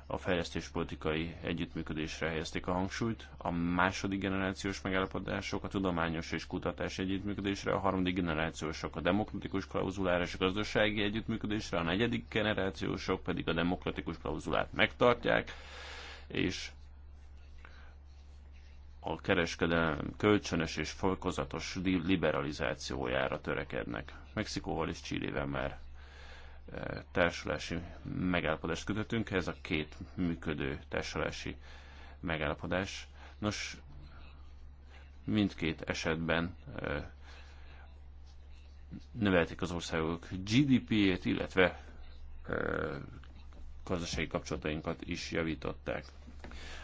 a fejlesztéspolitikai együttműködésre helyezték a hangsúlyt, a második generációs megállapodások a tudományos és kutatás együttműködésre, a harmadik generációsok a demokratikus klauzulára és a gazdasági együttműködésre, a negyedik generációsok pedig a demokratikus klauzulát megtartják, és a kereskedelem kölcsönös és fokozatos liberalizációjára törekednek. Mexikóval és Csillével már társulási megállapodást kötöttünk, ez a két működő társulási megállapodás. Nos, mindkét esetben növelték az országok GDP-ét, illetve gazdasági kapcsolatainkat is javították.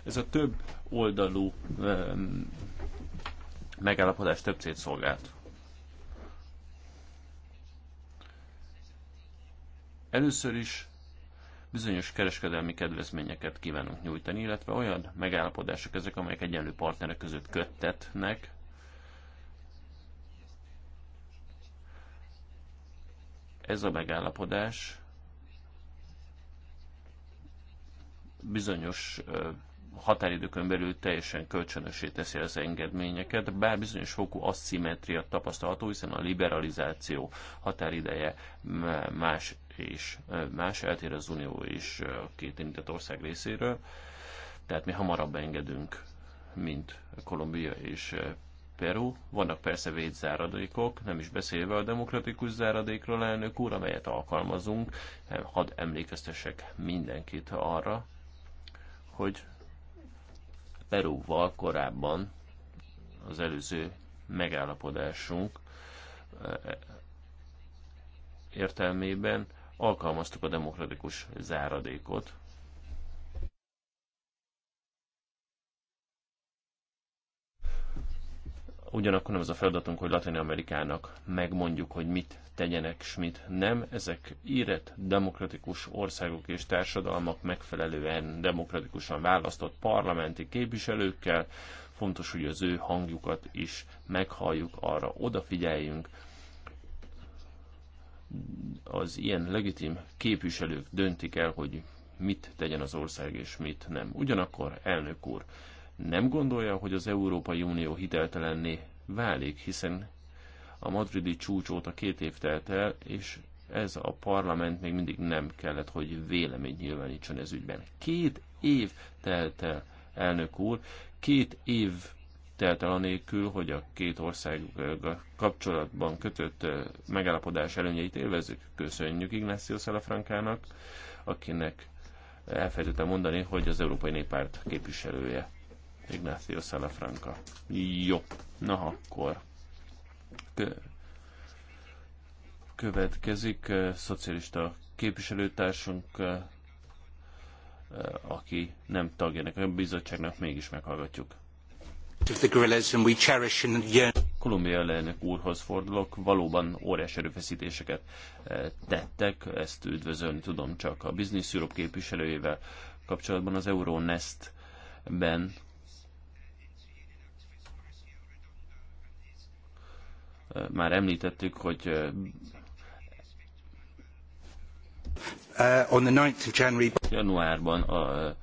Ez a több oldalú megállapodás több célt szolgált. Először is bizonyos kereskedelmi kedvezményeket kívánunk nyújtani, illetve olyan megállapodások ezek, amelyek egyenlő partnerek között köttetnek. Ez a megállapodás bizonyos határidőkön belül teljesen kölcsönösé teszi az engedményeket, bár bizonyos fokú asszimetria tapasztalható, hiszen a liberalizáció határideje más is más, eltér az Unió is a két érintett ország részéről, tehát mi hamarabb engedünk, mint Kolumbia és Peru. Vannak persze védzáradékok, nem is beszélve a demokratikus záradékról, elnök úr, amelyet alkalmazunk. Hadd emlékeztessek mindenkit arra, hogy Peruval korábban az előző megállapodásunk értelmében alkalmaztuk a demokratikus záradékot. Ugyanakkor nem az a feladatunk, hogy Latin Amerikának megmondjuk, hogy mit tegyenek, s mit nem. Ezek írett demokratikus országok és társadalmak megfelelően demokratikusan választott parlamenti képviselőkkel. Fontos, hogy az ő hangjukat is meghalljuk, arra odafigyeljünk, az ilyen legitim képviselők döntik el, hogy mit tegyen az ország és mit nem. Ugyanakkor, elnök úr, nem gondolja, hogy az Európai Unió hiteltelenné válik, hiszen a madridi csúcs óta két év telt el, és ez a parlament még mindig nem kellett, hogy véleményt nyilvánítson ez ügyben. Két év telt el, elnök úr, két év telt el anélkül, hogy a két ország kapcsolatban kötött eh, megállapodás előnyeit élvezzük. Köszönjük Ignacio Salafrancának, akinek elfelejtettem mondani, hogy az Európai Néppárt képviselője. Ignacio Salafranca. Jó, na akkor. Kö- következik eh, szocialista képviselőtársunk, eh, aki nem tagjának a bizottságnak, mégis meghallgatjuk. Kolumbia elnök úrhoz fordulok, valóban óriási erőfeszítéseket eh, tettek, ezt üdvözölni tudom csak a Business Europe képviselőjével kapcsolatban az Euronest-ben eh, már említettük, hogy eh, on the 9th of January. januárban a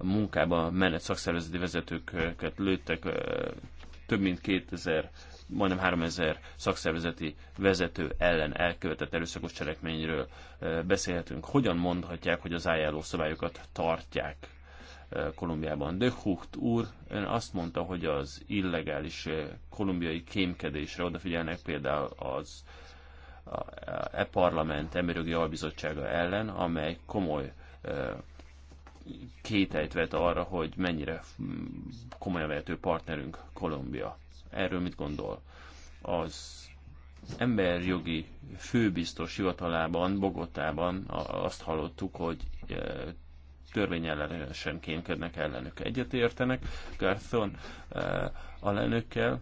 a munkába menet szakszervezeti vezetőket lőttek több mint 2000 majdnem 3000 szakszervezeti vezető ellen elkövetett erőszakos cselekményről beszélhetünk. Hogyan mondhatják, hogy az ILO szabályokat tartják Kolumbiában? De Hucht úr ön azt mondta, hogy az illegális kolumbiai kémkedésre odafigyelnek például az e parlament emberjogi albizottsága ellen, amely komoly kétejtvet arra, hogy mennyire komolyan vehető partnerünk Kolumbia. Erről mit gondol? Az emberjogi főbiztos hivatalában, Bogotában azt hallottuk, hogy e, törvényellenesen kémkednek ellenük. Egyet értenek Garthon e, alelnökkel,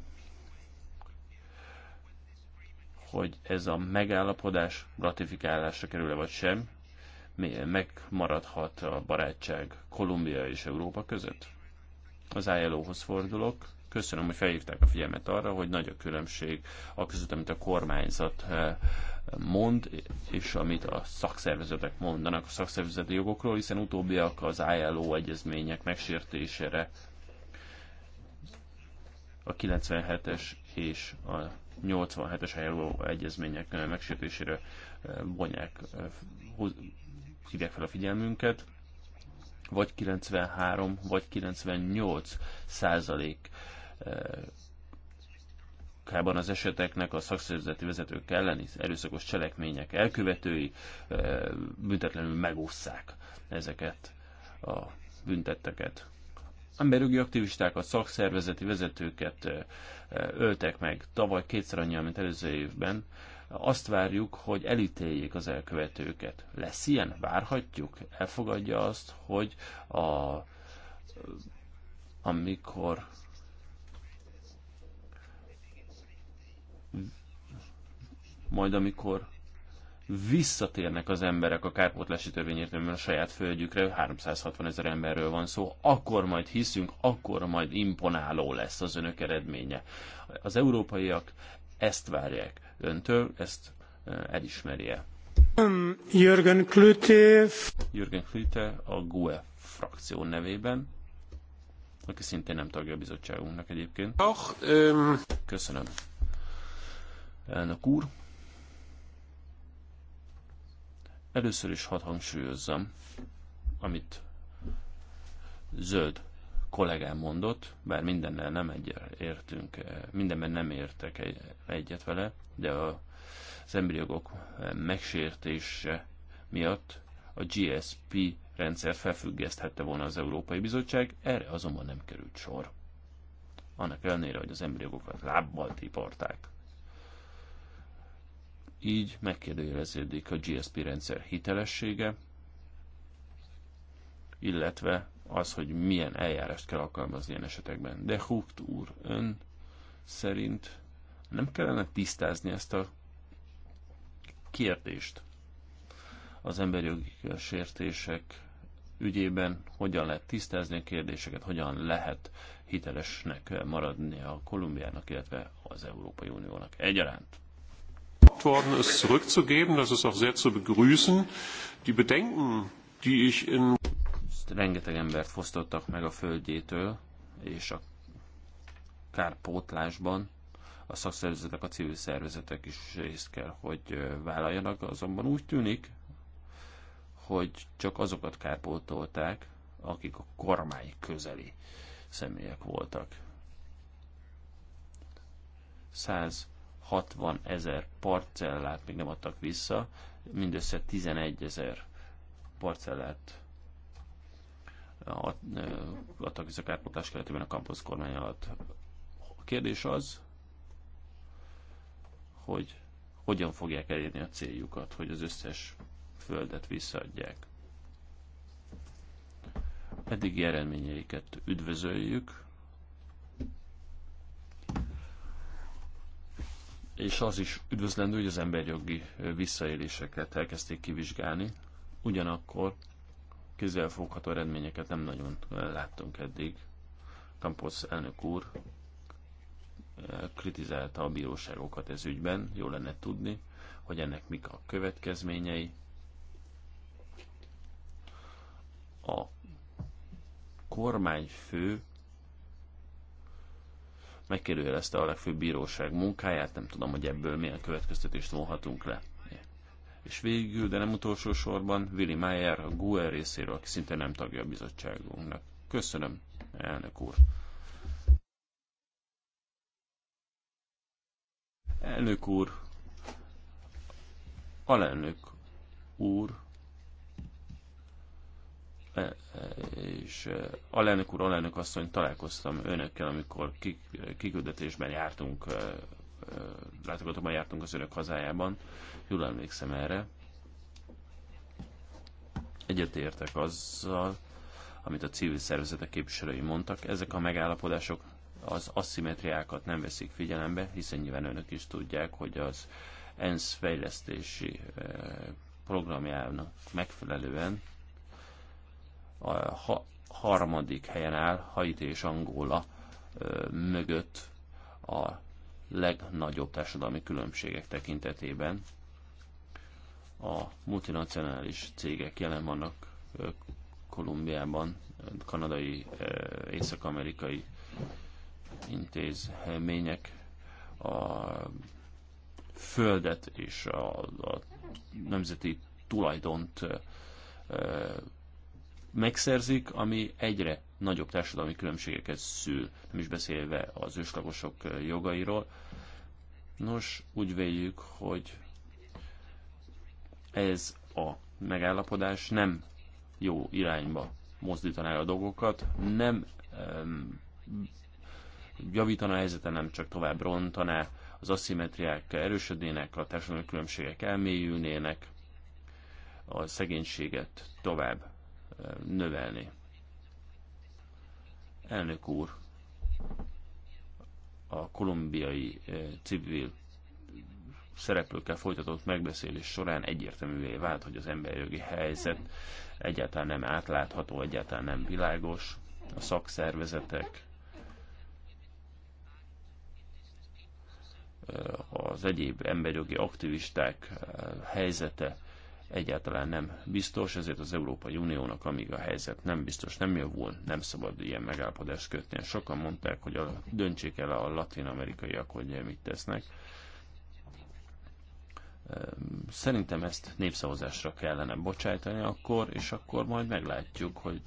hogy ez a megállapodás ratifikálásra kerül-e vagy sem, megmaradhat a barátság Kolumbia és Európa között? Az ILO-hoz fordulok. Köszönöm, hogy felhívták a figyelmet arra, hogy nagy a különbség a között, amit a kormányzat eh, mond, és amit a szakszervezetek mondanak a szakszervezeti jogokról, hiszen utóbbiak az ILO egyezmények megsértésére a 97-es és a 87-es ILO egyezmények eh, megsértésére eh, vonják, hívják fel a figyelmünket, vagy 93, vagy 98 százalék eh, Kában az eseteknek a szakszervezeti vezetők elleni erőszakos cselekmények elkövetői eh, büntetlenül megúszszák ezeket a büntetteket. Emberjogi aktivistákat, szakszervezeti vezetőket eh, öltek meg tavaly kétszer annyian, mint előző évben azt várjuk, hogy elítéljék az elkövetőket. Lesz ilyen? Várhatjuk? Elfogadja azt, hogy a, amikor majd amikor visszatérnek az emberek a kárpótlási törvény értelmében a saját földjükre, 360 ezer emberről van szó, akkor majd hiszünk, akkor majd imponáló lesz az önök eredménye. Az európaiak ezt várják öntől, ezt elismerje. Um, Jürgen Klüte. Jürgen Klüte a GUE frakció nevében, aki szintén nem tagja a bizottságunknak egyébként. Ach, um... Ähm, Köszönöm. Elnök úr. Először is hadd hangsúlyozzam, amit zöld kollégám mondott, bár mindennel nem egyel értünk, eh, mindenben nem értek egyet vele, de a, az emberi jogok eh, megsértése miatt a GSP rendszer felfüggeszthette volna az Európai Bizottság, erre azonban nem került sor. Annak ellenére, hogy az emberi jogokat lábbal tiporták. Így megkérdőjeleződik a GSP rendszer hitelessége, illetve az, hogy milyen eljárást kell alkalmazni ilyen esetekben. De Hucht úr, ön szerint nem kellene tisztázni ezt a kérdést az emberi jogi sértések ügyében, hogyan lehet tisztázni a kérdéseket, hogyan lehet hitelesnek maradni a Kolumbiának, illetve az Európai Uniónak egyaránt worden ist, zurückzugeben. Das ist auch sehr zu begrüßen. Die Bedenken, die ich in rengeteg embert fosztottak meg a földjétől, és a kárpótlásban a szakszervezetek, a civil szervezetek is részt kell, hogy vállaljanak, azonban úgy tűnik, hogy csak azokat kárpótolták, akik a kormány közeli személyek voltak. 160 ezer parcellát még nem adtak vissza, mindössze 11 ezer parcellát a, a tagvizek keretében a kampusz kormány alatt. A kérdés az, hogy hogyan fogják elérni a céljukat, hogy az összes földet visszaadják. Eddigi eredményeiket üdvözöljük, és az is üdvözlendő, hogy az emberjogi visszaéléseket elkezdték kivizsgálni, ugyanakkor kézzelfogható eredményeket nem nagyon láttunk eddig. Campos elnök úr kritizálta a bíróságokat ez ügyben, jó lenne tudni, hogy ennek mik a következményei. A kormányfő megkérdőjelezte a legfőbb bíróság munkáját, nem tudom, hogy ebből milyen következtetést vonhatunk le. És végül, de nem utolsó sorban, Willy Mayer a GUE részéről, aki szinte nem tagja a bizottságunknak. Köszönöm, elnök úr. Elnök úr, alelnök úr, e, e, és e, alelnök úr, alelnök asszony, találkoztam önökkel, amikor kiküldetésben jártunk, látogatóban jártunk az önök hazájában, jól emlékszem erre. Egyetértek azzal, amit a civil szervezetek képviselői mondtak, ezek a megállapodások az asszimetriákat nem veszik figyelembe, hiszen nyilván önök is tudják, hogy az ENSZ fejlesztési eh, programjának megfelelően a harmadik helyen áll Haiti és Angola eh, mögött a legnagyobb társadalmi különbségek tekintetében a multinacionális cégek jelen vannak Kolumbiában, kanadai, észak-amerikai intézmények a földet és a, a nemzeti tulajdont megszerzik, ami egyre nagyobb társadalmi különbségeket szül, nem is beszélve az őslagosok jogairól. Nos, úgy véljük, hogy ez a megállapodás nem jó irányba mozdítaná a dolgokat, nem um, javítaná a helyzeten, nem csak tovább rontaná, az aszimetriák erősödnének, a társadalmi különbségek elmélyülnének, a szegénységet tovább növelni. Elnök úr, a kolumbiai civil szereplőkkel folytatott megbeszélés során egyértelművé vált, hogy az jogi helyzet egyáltalán nem átlátható, egyáltalán nem világos. A szakszervezetek, az egyéb emberi jogi aktivisták helyzete egyáltalán nem biztos, ezért az Európai Uniónak, amíg a helyzet nem biztos, nem javul, nem szabad ilyen megállapodást kötni. Sokan mondták, hogy a, döntsék el a latin-amerikaiak, hogy mit tesznek. Szerintem ezt népszavazásra kellene bocsájtani akkor, és akkor majd meglátjuk, hogy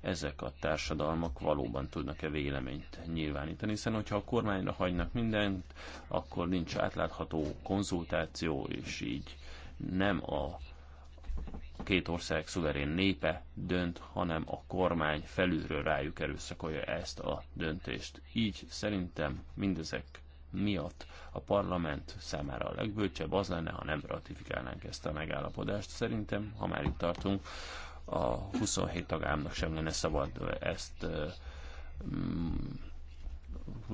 ezek a társadalmak valóban tudnak-e véleményt nyilvánítani, hiszen hogyha a kormányra hagynak mindent, akkor nincs átlátható konzultáció, és így nem a két ország szuverén népe dönt, hanem a kormány felülről rájuk erőszakolja ezt a döntést. Így szerintem mindezek miatt a parlament számára a legbölcsebb az lenne, ha nem ratifikálnánk ezt a megállapodást. Szerintem, ha már itt tartunk, a 27 tagállamnak sem lenne szabad ezt mm,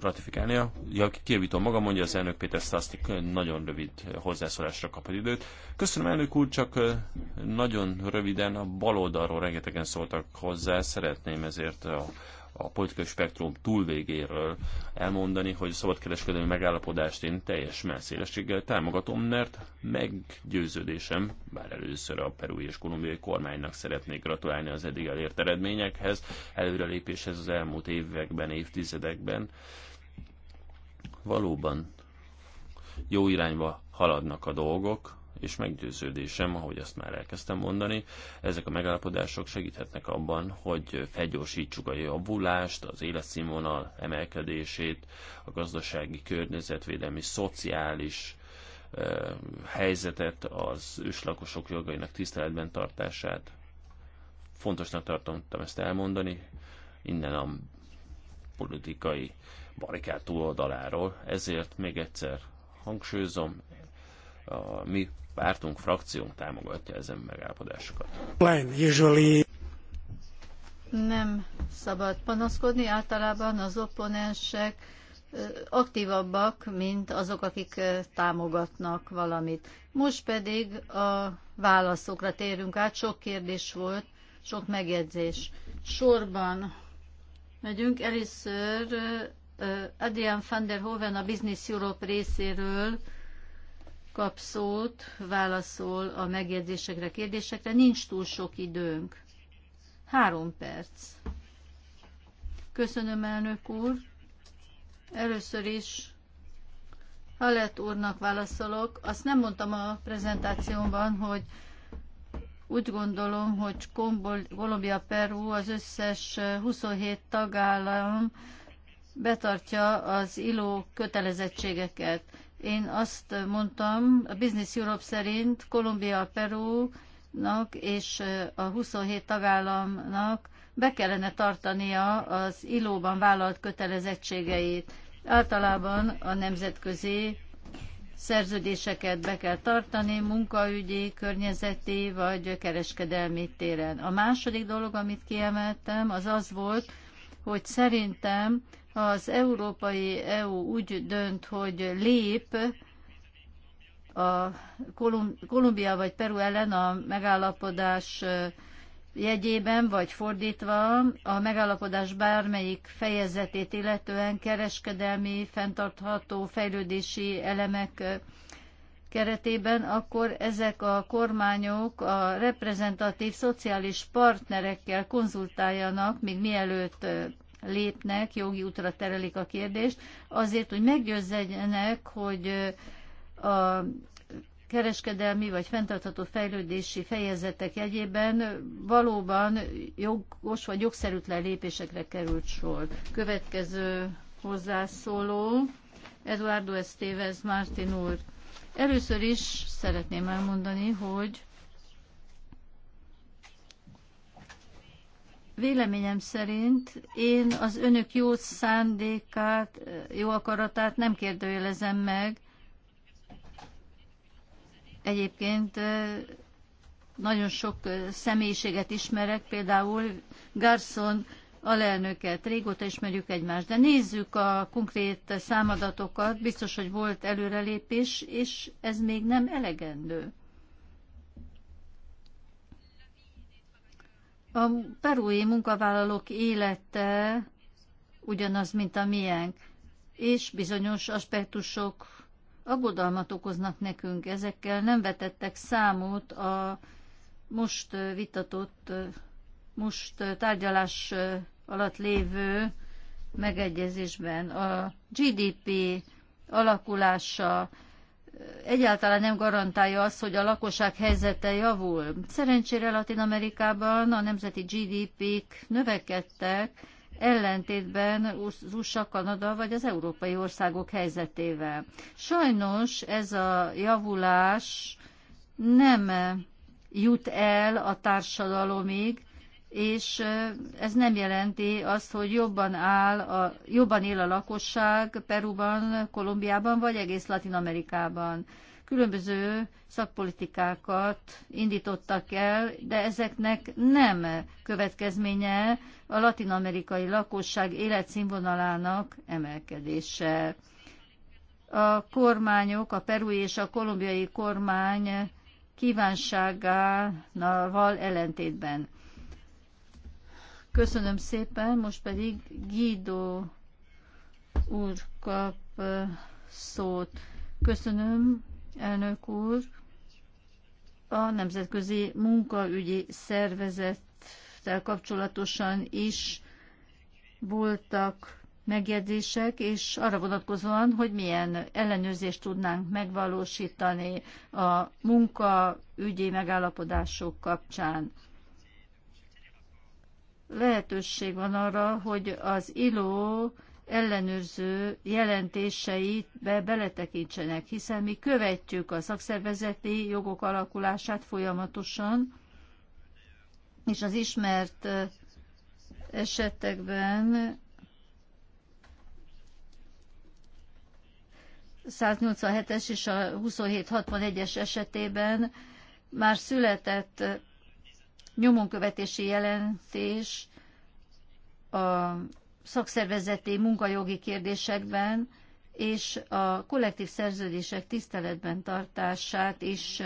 ratifikálnia. Ja, kijavítom magam, mondja az elnök Péter Szasztik, nagyon rövid hozzászólásra kapott időt. Köszönöm elnök úr, csak nagyon röviden a baloldalról rengetegen szóltak hozzá, szeretném ezért a a politikai spektrum túlvégéről elmondani, hogy a szabadkereskedelmi megállapodást én teljes messzélességgel támogatom, mert meggyőződésem, bár először a perui és kolumbiai kormánynak szeretnék gratulálni az eddig elért eredményekhez, előrelépéshez az elmúlt években, évtizedekben, valóban jó irányba haladnak a dolgok, és meggyőződésem, ahogy azt már elkezdtem mondani, ezek a megállapodások segíthetnek abban, hogy felgyorsítsuk a javulást, az életszínvonal emelkedését, a gazdasági környezetvédelmi, szociális eh, helyzetet, az őslakosok jogainak tiszteletben tartását. Fontosnak tartottam ezt elmondani, innen a politikai barikát túloldaláról, ezért még egyszer hangsúlyozom, a mi pártunk, frakciónk támogatja ezen megállapodásokat. Nem szabad panaszkodni, általában az opponensek aktívabbak, mint azok, akik támogatnak valamit. Most pedig a válaszokra térünk át, sok kérdés volt, sok megjegyzés. Sorban megyünk először Adrian van der Hoven a Business Europe részéről, kap szót, válaszol a megjegyzésekre, kérdésekre. Nincs túl sok időnk. Három perc. Köszönöm, elnök úr. Először is Hallett úrnak válaszolok. Azt nem mondtam a prezentációmban, hogy úgy gondolom, hogy Kolumbia, Peru, az összes 27 tagállam betartja az ILO kötelezettségeket. Én azt mondtam, a Business Europe szerint Kolumbia, Peru és a 27 tagállamnak be kellene tartania az ilóban vállalt kötelezettségeit. Általában a nemzetközi szerződéseket be kell tartani munkaügyi, környezeti vagy kereskedelmi téren. A második dolog, amit kiemeltem, az az volt, hogy szerintem az Európai EU úgy dönt, hogy lép a Kolumbia vagy Peru ellen a megállapodás jegyében, vagy fordítva, a megállapodás bármelyik fejezetét illetően kereskedelmi, fenntartható fejlődési elemek keretében, akkor ezek a kormányok a reprezentatív szociális partnerekkel konzultáljanak, még mielőtt lépnek, jogi útra terelik a kérdést, azért, hogy meggyőzzenek, hogy a kereskedelmi vagy fenntartható fejlődési fejezetek jegyében valóban jogos vagy jogszerűtlen lépésekre került sor. Következő hozzászóló, Eduardo Estevez Martin úr. Először is szeretném elmondani, hogy Véleményem szerint én az önök jó szándékát, jó akaratát nem kérdőjelezem meg. Egyébként nagyon sok személyiséget ismerek, például Garson alelnöket, régóta ismerjük egymást, de nézzük a konkrét számadatokat, biztos, hogy volt előrelépés, és ez még nem elegendő. A perui munkavállalók élete ugyanaz, mint a miénk, és bizonyos aspektusok aggodalmat okoznak nekünk. Ezekkel nem vetettek számot a most vitatott, most tárgyalás alatt lévő megegyezésben. A GDP alakulása, egyáltalán nem garantálja azt, hogy a lakosság helyzete javul. Szerencsére Latin Amerikában a nemzeti GDP-k növekedtek, ellentétben az USA, Kanada vagy az európai országok helyzetével. Sajnos ez a javulás nem jut el a társadalomig, és ez nem jelenti azt, hogy jobban, áll a, jobban él a lakosság Peruban, Kolumbiában vagy egész Latin Amerikában. Különböző szakpolitikákat indítottak el, de ezeknek nem következménye a latin-amerikai lakosság életszínvonalának emelkedése. A kormányok, a perui és a kolumbiai kormány kívánságával ellentétben Köszönöm szépen, most pedig Guido úr kap szót. Köszönöm, elnök úr. A Nemzetközi Munkaügyi Szervezettel kapcsolatosan is voltak megjegyzések, és arra vonatkozóan, hogy milyen ellenőrzést tudnánk megvalósítani a munkaügyi megállapodások kapcsán lehetőség van arra, hogy az ILO ellenőrző jelentéseibe beletekintsenek, hiszen mi követjük a szakszervezeti jogok alakulását folyamatosan, és az ismert esetekben 187-es és a 2761-es esetében már született nyomonkövetési jelentés a szakszervezeti munkajogi kérdésekben és a kollektív szerződések tiszteletben tartását is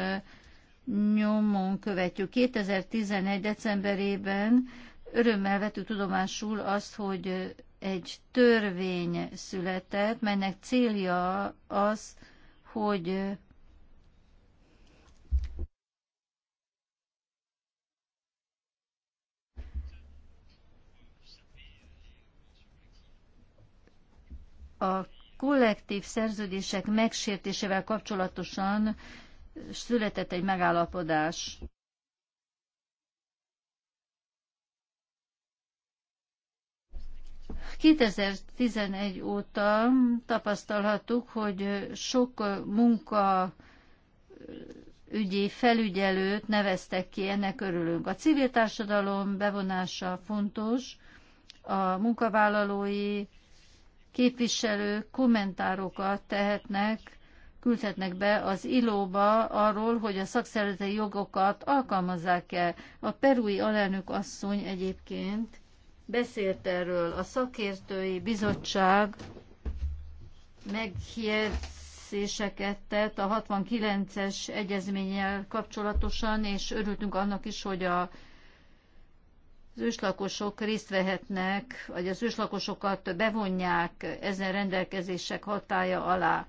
nyomon követjük. 2011. decemberében örömmel vettük tudomásul azt, hogy egy törvény született, melynek célja az, hogy a kollektív szerződések megsértésével kapcsolatosan született egy megállapodás. ...2011 óta tapasztalhattuk, hogy sok munka ügyi felügyelőt neveztek ki, ennek örülünk. A civil társadalom bevonása fontos, a munkavállalói képviselők kommentárokat tehetnek, küldhetnek be az ilóba arról, hogy a szakszervezeti jogokat alkalmazzák-e. A perui alelnök asszony egyébként beszélt erről. A szakértői bizottság megjegyzéseket tett a 69-es egyezménnyel kapcsolatosan, és örültünk annak is, hogy a az őslakosok részt vehetnek, vagy az őslakosokat bevonják ezen rendelkezések hatája alá.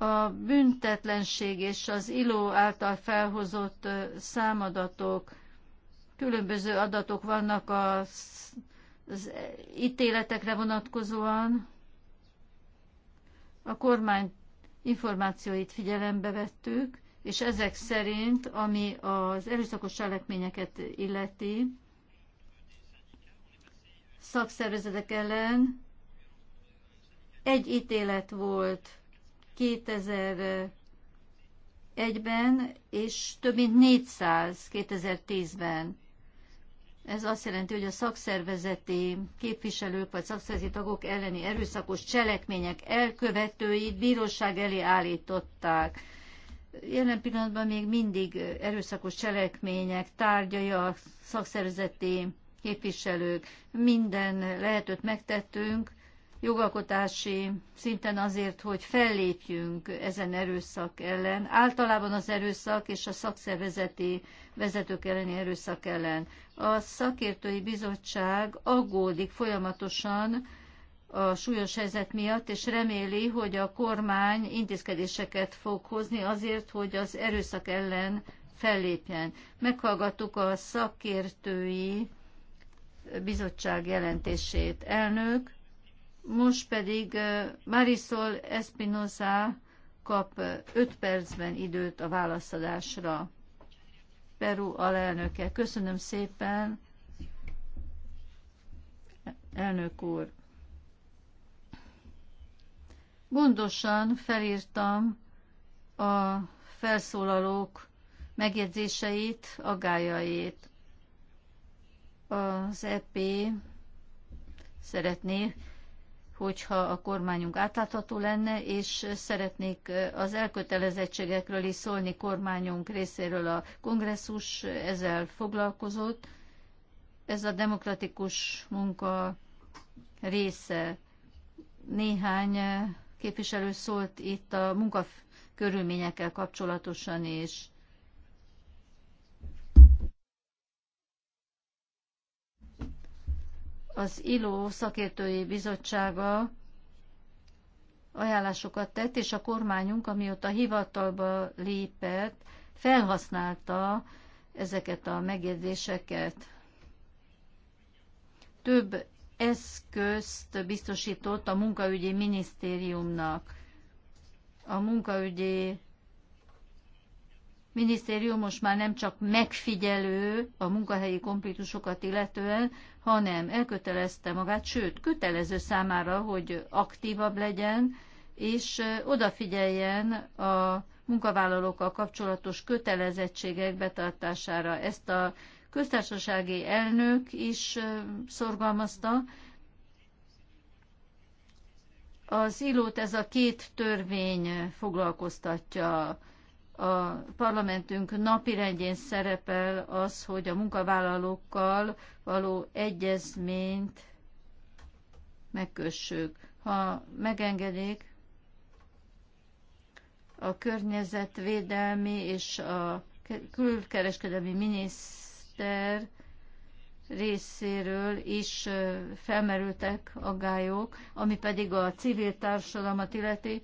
A büntetlenség és az ILO által felhozott számadatok, különböző adatok vannak az, az ítéletekre vonatkozóan, a kormány információit figyelembe vettük, és ezek szerint, ami az erőszakos cselekményeket illeti, szakszervezetek ellen egy ítélet volt 2001-ben, és több mint 400 2010-ben. Ez azt jelenti, hogy a szakszervezeti képviselők vagy szakszervezeti tagok elleni erőszakos cselekmények elkövetőit bíróság elé állították. Jelen pillanatban még mindig erőszakos cselekmények tárgyai a szakszervezeti képviselők. Minden lehetőt megtettünk jogalkotási szinten azért, hogy fellépjünk ezen erőszak ellen, általában az erőszak és a szakszervezeti vezetők elleni erőszak ellen. A szakértői bizottság aggódik folyamatosan a súlyos helyzet miatt, és reméli, hogy a kormány intézkedéseket fog hozni azért, hogy az erőszak ellen fellépjen. Meghallgattuk a szakértői bizottság jelentését. Elnök, most pedig Marisol Espinosa kap 5 percben időt a válaszadásra. Peru alelnöke. Köszönöm szépen, elnök úr. Gondosan felírtam a felszólalók megjegyzéseit, aggájait. Az EP szeretné hogyha a kormányunk átlátható lenne, és szeretnék az elkötelezettségekről is szólni kormányunk részéről. A kongresszus ezzel foglalkozott. Ez a demokratikus munka része. Néhány képviselő szólt itt a munkakörülményekkel kapcsolatosan, és az ILO szakértői bizottsága ajánlásokat tett, és a kormányunk, amióta hivatalba lépett, felhasználta ezeket a megjegyzéseket. Több eszközt biztosított a munkaügyi minisztériumnak. A munkaügyi minisztérium most már nem csak megfigyelő a munkahelyi konfliktusokat illetően, hanem elkötelezte magát, sőt, kötelező számára, hogy aktívabb legyen, és odafigyeljen a munkavállalókkal kapcsolatos kötelezettségek betartására. Ezt a köztársasági elnök is szorgalmazta. Az illót ez a két törvény foglalkoztatja a parlamentünk napirendjén szerepel az, hogy a munkavállalókkal való egyezményt megkössük. Ha megengedik, a környezetvédelmi és a külkereskedelmi miniszter részéről is felmerültek aggályok, ami pedig a civil társadalmat illeti.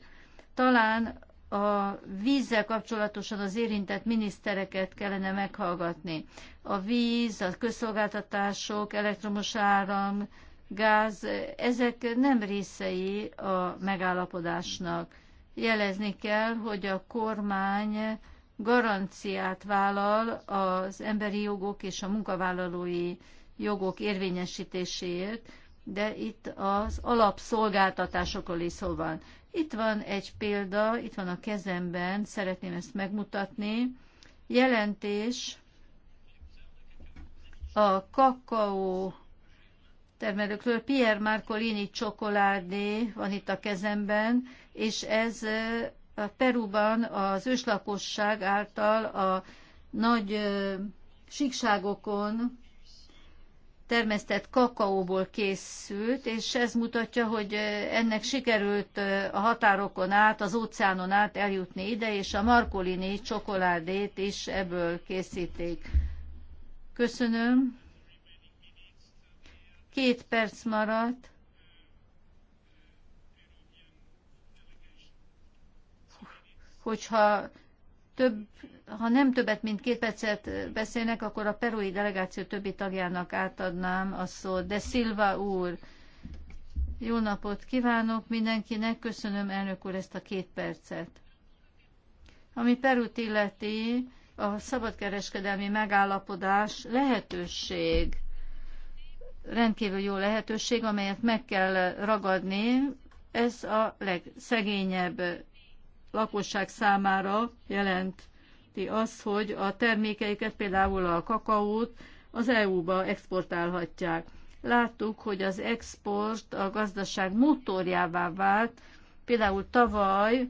Talán a vízzel kapcsolatosan az érintett minisztereket kellene meghallgatni. A víz, a közszolgáltatások, elektromos áram, gáz, ezek nem részei a megállapodásnak. Jelezni kell, hogy a kormány garanciát vállal az emberi jogok és a munkavállalói jogok érvényesítéséért, de itt az alapszolgáltatásokról is szó van. Itt van egy példa, itt van a kezemben, szeretném ezt megmutatni. Jelentés a kakaó termelőkről. Pierre Marcolini csokoládé van itt a kezemben, és ez a Peruban az őslakosság által a nagy síkságokon termesztett kakaóból készült, és ez mutatja, hogy ennek sikerült a határokon át, az óceánon át eljutni ide, és a markolini csokoládét is ebből készíték. Köszönöm. Két perc maradt. Hogyha több ha nem többet, mint két percet beszélnek, akkor a perui delegáció többi tagjának átadnám a szót. De Szilva úr, jó napot kívánok mindenkinek, köszönöm elnök úr ezt a két percet. Ami Perut illeti, a szabadkereskedelmi megállapodás lehetőség, rendkívül jó lehetőség, amelyet meg kell ragadni. Ez a legszegényebb lakosság számára jelent jelenti az, hogy a termékeiket, például a kakaót az EU-ba exportálhatják. Láttuk, hogy az export a gazdaság motorjává vált, például tavaly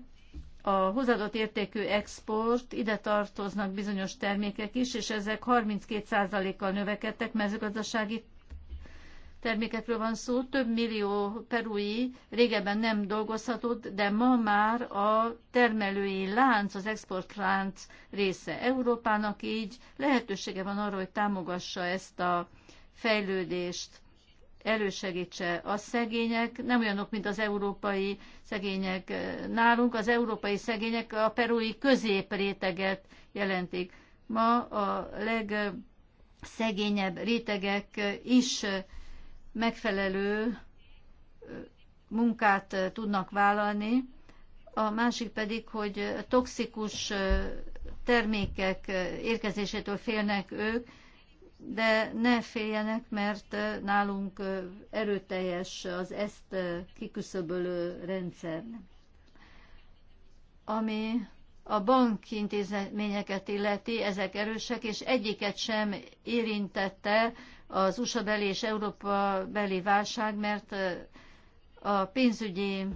a hozadott értékű export, ide tartoznak bizonyos termékek is, és ezek 32%-kal növekedtek, mezőgazdasági termékekről van szó. Több millió perui régebben nem dolgozhatott, de ma már a termelői lánc, az exportlánc része Európának, így lehetősége van arra, hogy támogassa ezt a fejlődést elősegítse a szegények, nem olyanok, mint az európai szegények nálunk, az európai szegények a perui középréteget jelentik. Ma a legszegényebb rétegek is megfelelő munkát tudnak vállalni, a másik pedig, hogy toxikus termékek érkezésétől félnek ők, de ne féljenek, mert nálunk erőteljes az ezt kiküszöbölő rendszer. Ami a banki intézményeket illeti, ezek erősek, és egyiket sem érintette az USA beli és Európa beli válság, mert a pénzügyi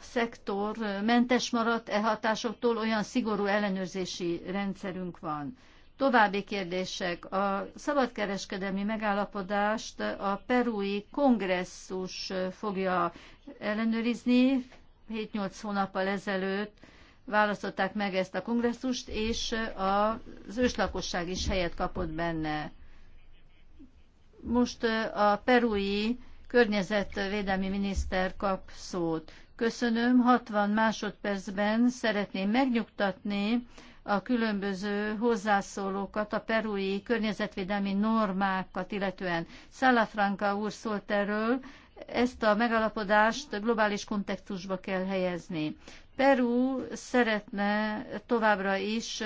szektor mentes maradt e hatásoktól, olyan szigorú ellenőrzési rendszerünk van. További kérdések. A szabadkereskedelmi megállapodást a perui kongresszus fogja ellenőrizni, 7-8 hónappal ezelőtt választották meg ezt a kongresszust, és az őslakosság is helyet kapott benne. Most a perui környezetvédelmi miniszter kap szót. Köszönöm, 60 másodpercben szeretném megnyugtatni a különböző hozzászólókat, a perui környezetvédelmi normákat, illetően Salafranca úr szólt erről, ezt a megállapodást globális kontextusba kell helyezni. Peru szeretne továbbra is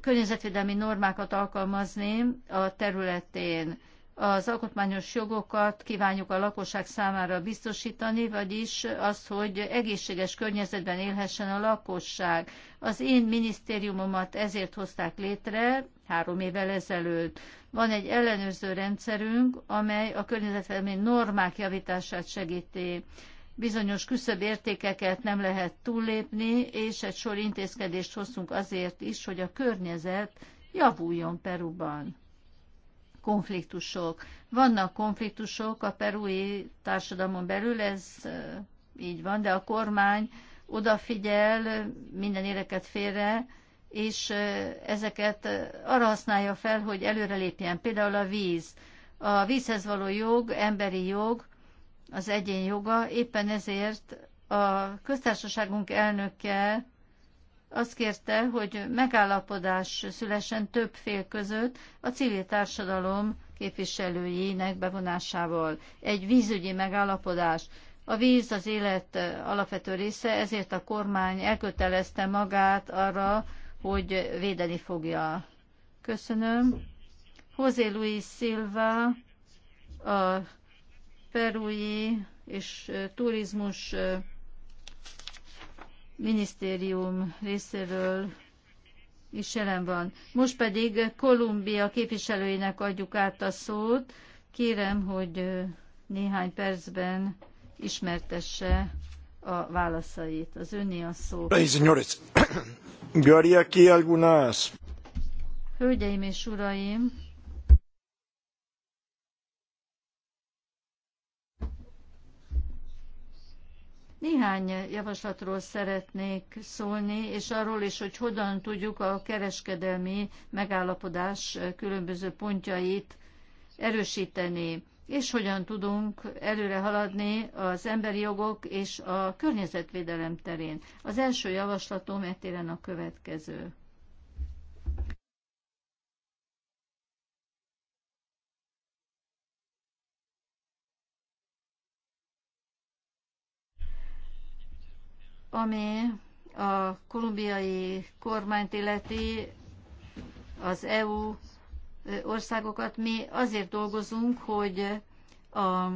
környezetvédelmi normákat alkalmazni a területén az alkotmányos jogokat kívánjuk a lakosság számára biztosítani, vagyis az, hogy egészséges környezetben élhessen a lakosság. Az én minisztériumomat ezért hozták létre három évvel ezelőtt. Van egy ellenőrző rendszerünk, amely a környezetvédelmi normák javítását segíti. Bizonyos küszöbb értékeket nem lehet túllépni, és egy sor intézkedést hoztunk azért is, hogy a környezet javuljon Peruban konfliktusok. Vannak konfliktusok a perui társadalmon belül, ez így van, de a kormány odafigyel, minden éreket félre, és ezeket arra használja fel, hogy előrelépjen. Például a víz. A vízhez való jog, emberi jog, az egyén joga, éppen ezért a köztársaságunk elnöke azt kérte, hogy megállapodás szülesen több fél között a civil társadalom képviselőjének bevonásával. Egy vízügyi megállapodás. A víz az élet alapvető része, ezért a kormány elkötelezte magát arra, hogy védeni fogja. Köszönöm. José Luis Silva, a perui és turizmus minisztérium részéről is jelen van. Most pedig Kolumbia képviselőinek adjuk át a szót. Kérem, hogy néhány percben ismertesse a válaszait. Az öné a szó. Hölgyeim és uraim, Néhány javaslatról szeretnék szólni, és arról is, hogy hogyan tudjuk a kereskedelmi megállapodás különböző pontjait erősíteni, és hogyan tudunk előre haladni az emberi jogok és a környezetvédelem terén. Az első javaslatom etéren a következő. ami a kolumbiai kormányt illeti, az EU országokat. Mi azért dolgozunk, hogy a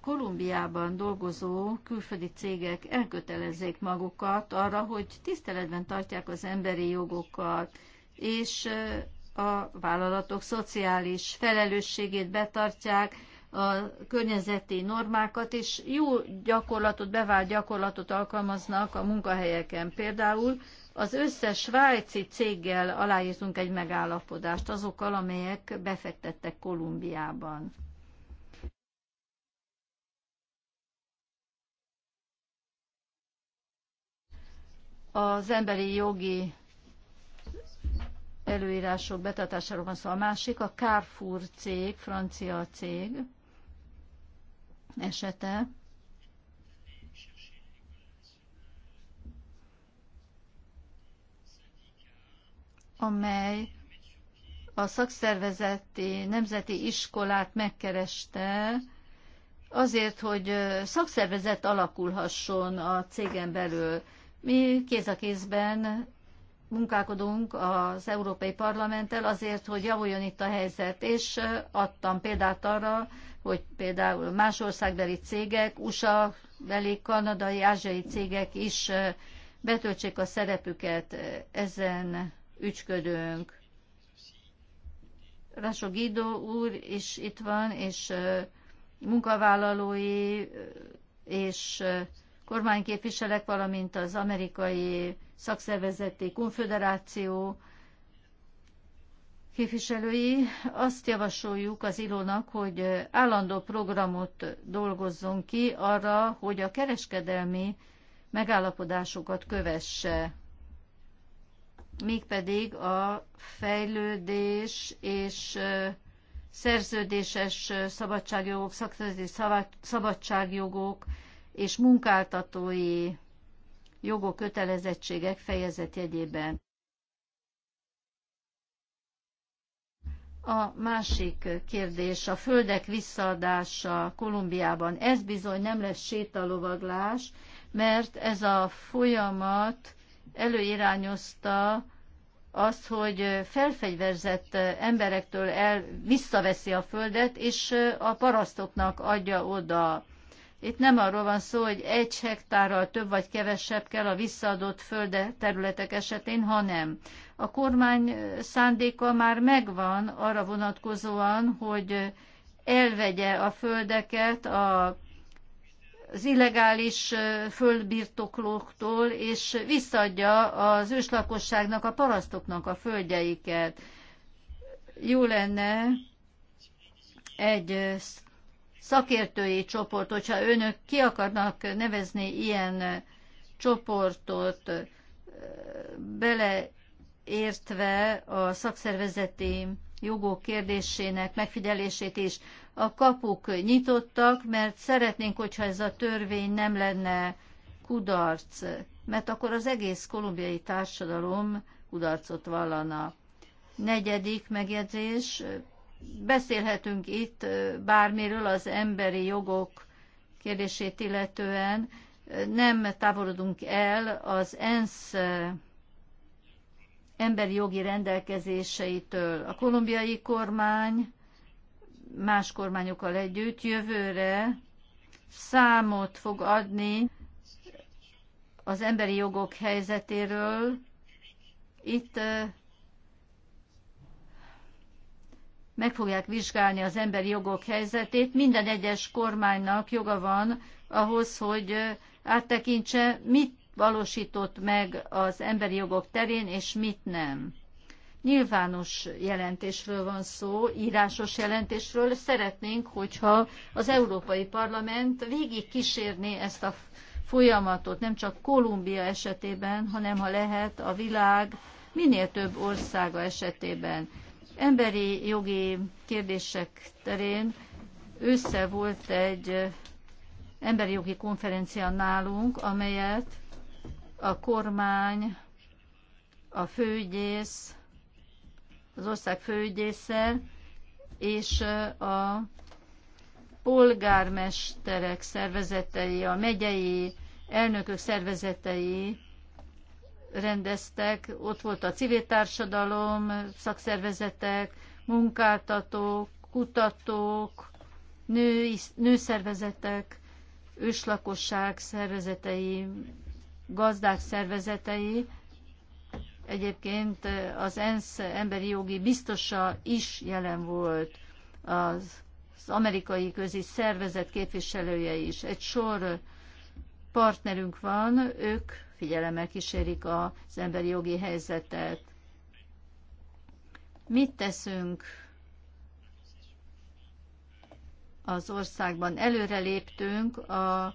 Kolumbiában dolgozó külföldi cégek elkötelezzék magukat arra, hogy tiszteletben tartják az emberi jogokat, és a vállalatok szociális felelősségét betartják, a környezeti normákat, és jó gyakorlatot, bevált gyakorlatot alkalmaznak a munkahelyeken. Például az összes svájci céggel aláírtunk egy megállapodást, azokkal, amelyek befektettek Kolumbiában. Az emberi jogi előírások betartásáról van szó. A másik a Carrefour cég, francia cég, esete. amely a szakszervezeti nemzeti iskolát megkereste azért, hogy szakszervezet alakulhasson a cégen belül. Mi kéz a kézben munkálkodunk az Európai Parlamenttel azért, hogy javuljon itt a helyzet, és adtam példát arra, hogy például más országbeli cégek, USA beli, kanadai, ázsiai cégek is betöltsék a szerepüket, ezen ücsködünk. Raso Guido úr is itt van, és munkavállalói és kormányképviselek, valamint az amerikai szakszervezeti konfederáció képviselői. Azt javasoljuk az Ilónak, hogy állandó programot dolgozzon ki arra, hogy a kereskedelmi megállapodásokat kövesse mégpedig a fejlődés és szerződéses szabadságjogok, szakszerződési szabadságjogok és munkáltatói jogok, kötelezettségek fejezet jegyében. A másik kérdés, a földek visszaadása Kolumbiában. Ez bizony nem lesz sétalovaglás, mert ez a folyamat előirányozta azt, hogy felfegyverzett emberektől el visszaveszi a földet, és a parasztoknak adja oda. Itt nem arról van szó, hogy egy hektárral több vagy kevesebb kell a visszaadott földe területek esetén, hanem a kormány szándéka már megvan arra vonatkozóan, hogy elvegye a földeket a az illegális földbirtoklóktól, és visszaadja az őslakosságnak, a parasztoknak a földjeiket. Jó lenne egy szakértői csoport, hogyha önök ki akarnak nevezni ilyen csoportot, beleértve a szakszervezeti jogok kérdésének megfigyelését is. A kapuk nyitottak, mert szeretnénk, hogyha ez a törvény nem lenne kudarc, mert akkor az egész kolumbiai társadalom kudarcot vallana. Negyedik megjegyzés, beszélhetünk itt bármiről az emberi jogok kérdését illetően, nem távolodunk el az ENSZ emberi jogi rendelkezéseitől. A kolumbiai kormány más kormányokkal együtt jövőre számot fog adni az emberi jogok helyzetéről. Itt meg fogják vizsgálni az emberi jogok helyzetét. Minden egyes kormánynak joga van ahhoz, hogy áttekintse, mit valósított meg az emberi jogok terén, és mit nem. Nyilvános jelentésről van szó, írásos jelentésről. Szeretnénk, hogyha az Európai Parlament végig kísérné ezt a folyamatot, nem csak Kolumbia esetében, hanem ha lehet a világ minél több országa esetében emberi jogi kérdések terén össze volt egy emberi jogi konferencia nálunk, amelyet a kormány, a főügyész, az ország főügyésze és a polgármesterek szervezetei, a megyei elnökök szervezetei rendeztek, ott volt a civil társadalom, szakszervezetek, munkáltatók, kutatók, női, nőszervezetek, őslakosság szervezetei, gazdák szervezetei. Egyébként az ENSZ emberi jogi biztosa is jelen volt az, az amerikai közi szervezet képviselője is. Egy sor partnerünk van, ők figyelemmel kísérik az emberi jogi helyzetet. Mit teszünk az országban? Előre léptünk az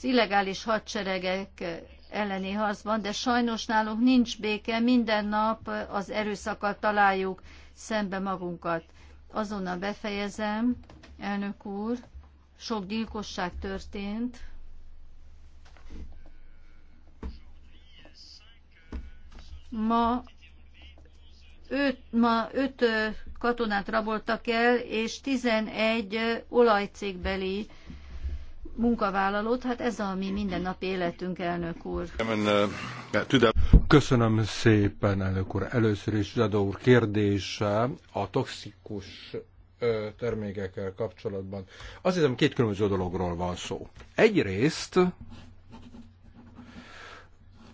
illegális hadseregek elleni harcban, de sajnos nálunk nincs béke, minden nap az erőszakkal találjuk szembe magunkat. Azonnal befejezem, elnök úr, sok gyilkosság történt, Ma öt, ma öt katonát raboltak el, és 11 olajcégbeli munkavállalót. Hát ez a mi mindennapi életünk, elnök úr. Köszönöm szépen, elnök úr. Először is Zsadó úr kérdése a toxikus termékekkel kapcsolatban. Azt hiszem, két különböző dologról van szó. Egyrészt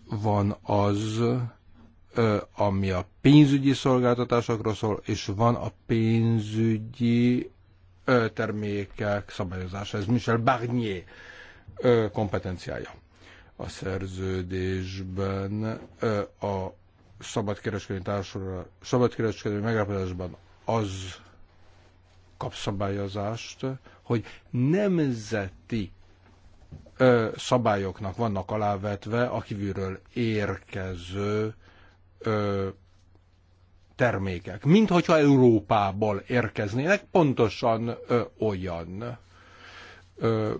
van az, ami a pénzügyi szolgáltatásokról szól, és van a pénzügyi termékek szabályozása. Ez Michel Barnier kompetenciája. A szerződésben a szabadkereskedelmi társadalmi, szabadkereskedelmi megállapodásban az kapszabályozást, hogy nemzeti ö, szabályoknak vannak alávetve a kívülről érkező ö, termékek, mint hogyha Európából érkeznének, pontosan ö, olyan ö,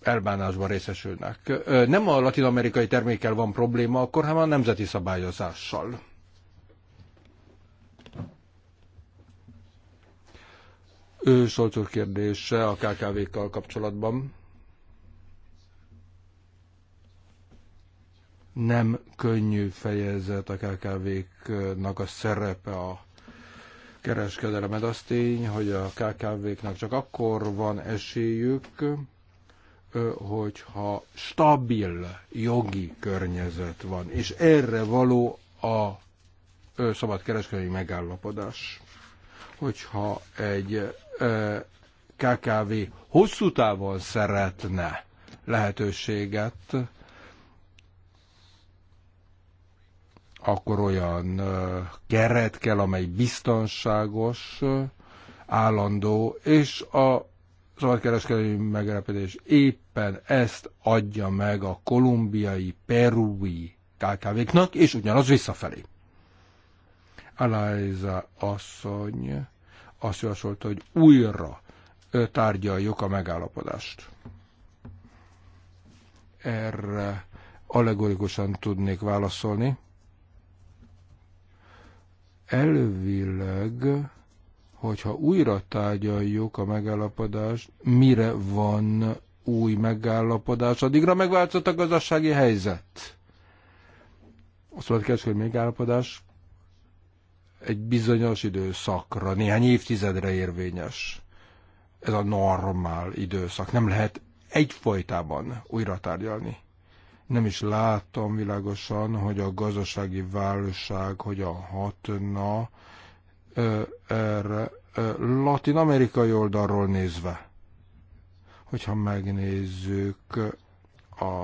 elbánásban részesülnek. Ö, nem a latin-amerikai termékkel van probléma, akkor hanem a nemzeti szabályozással. Ő Solcor kérdése a KKV-kkal kapcsolatban. nem könnyű fejezet a KKV-knak a szerepe a kereskedelem. az tény, hogy a KKV-knak csak akkor van esélyük, hogyha stabil jogi környezet van, és erre való a szabadkereskedelmi megállapodás. Hogyha egy KKV hosszú távon szeretne lehetőséget akkor olyan keret kell, amely biztonságos, állandó, és a szabadkereskedelmi megerepedés éppen ezt adja meg a kolumbiai, perui KKV-knak, és ugyanaz visszafelé. Aláiza asszony azt javasolta, hogy újra tárgyaljuk a megállapodást. Erre allegorikusan tudnék válaszolni elvileg, hogyha újra tárgyaljuk a megállapodást, mire van új megállapodás, addigra megváltozott a gazdasági helyzet. A még megállapodás egy bizonyos időszakra, néhány évtizedre érvényes. Ez a normál időszak. Nem lehet egyfajtában újra tárgyalni nem is látom világosan, hogy a gazdasági válság hogyan hatna erre latin-amerikai oldalról nézve. Hogyha megnézzük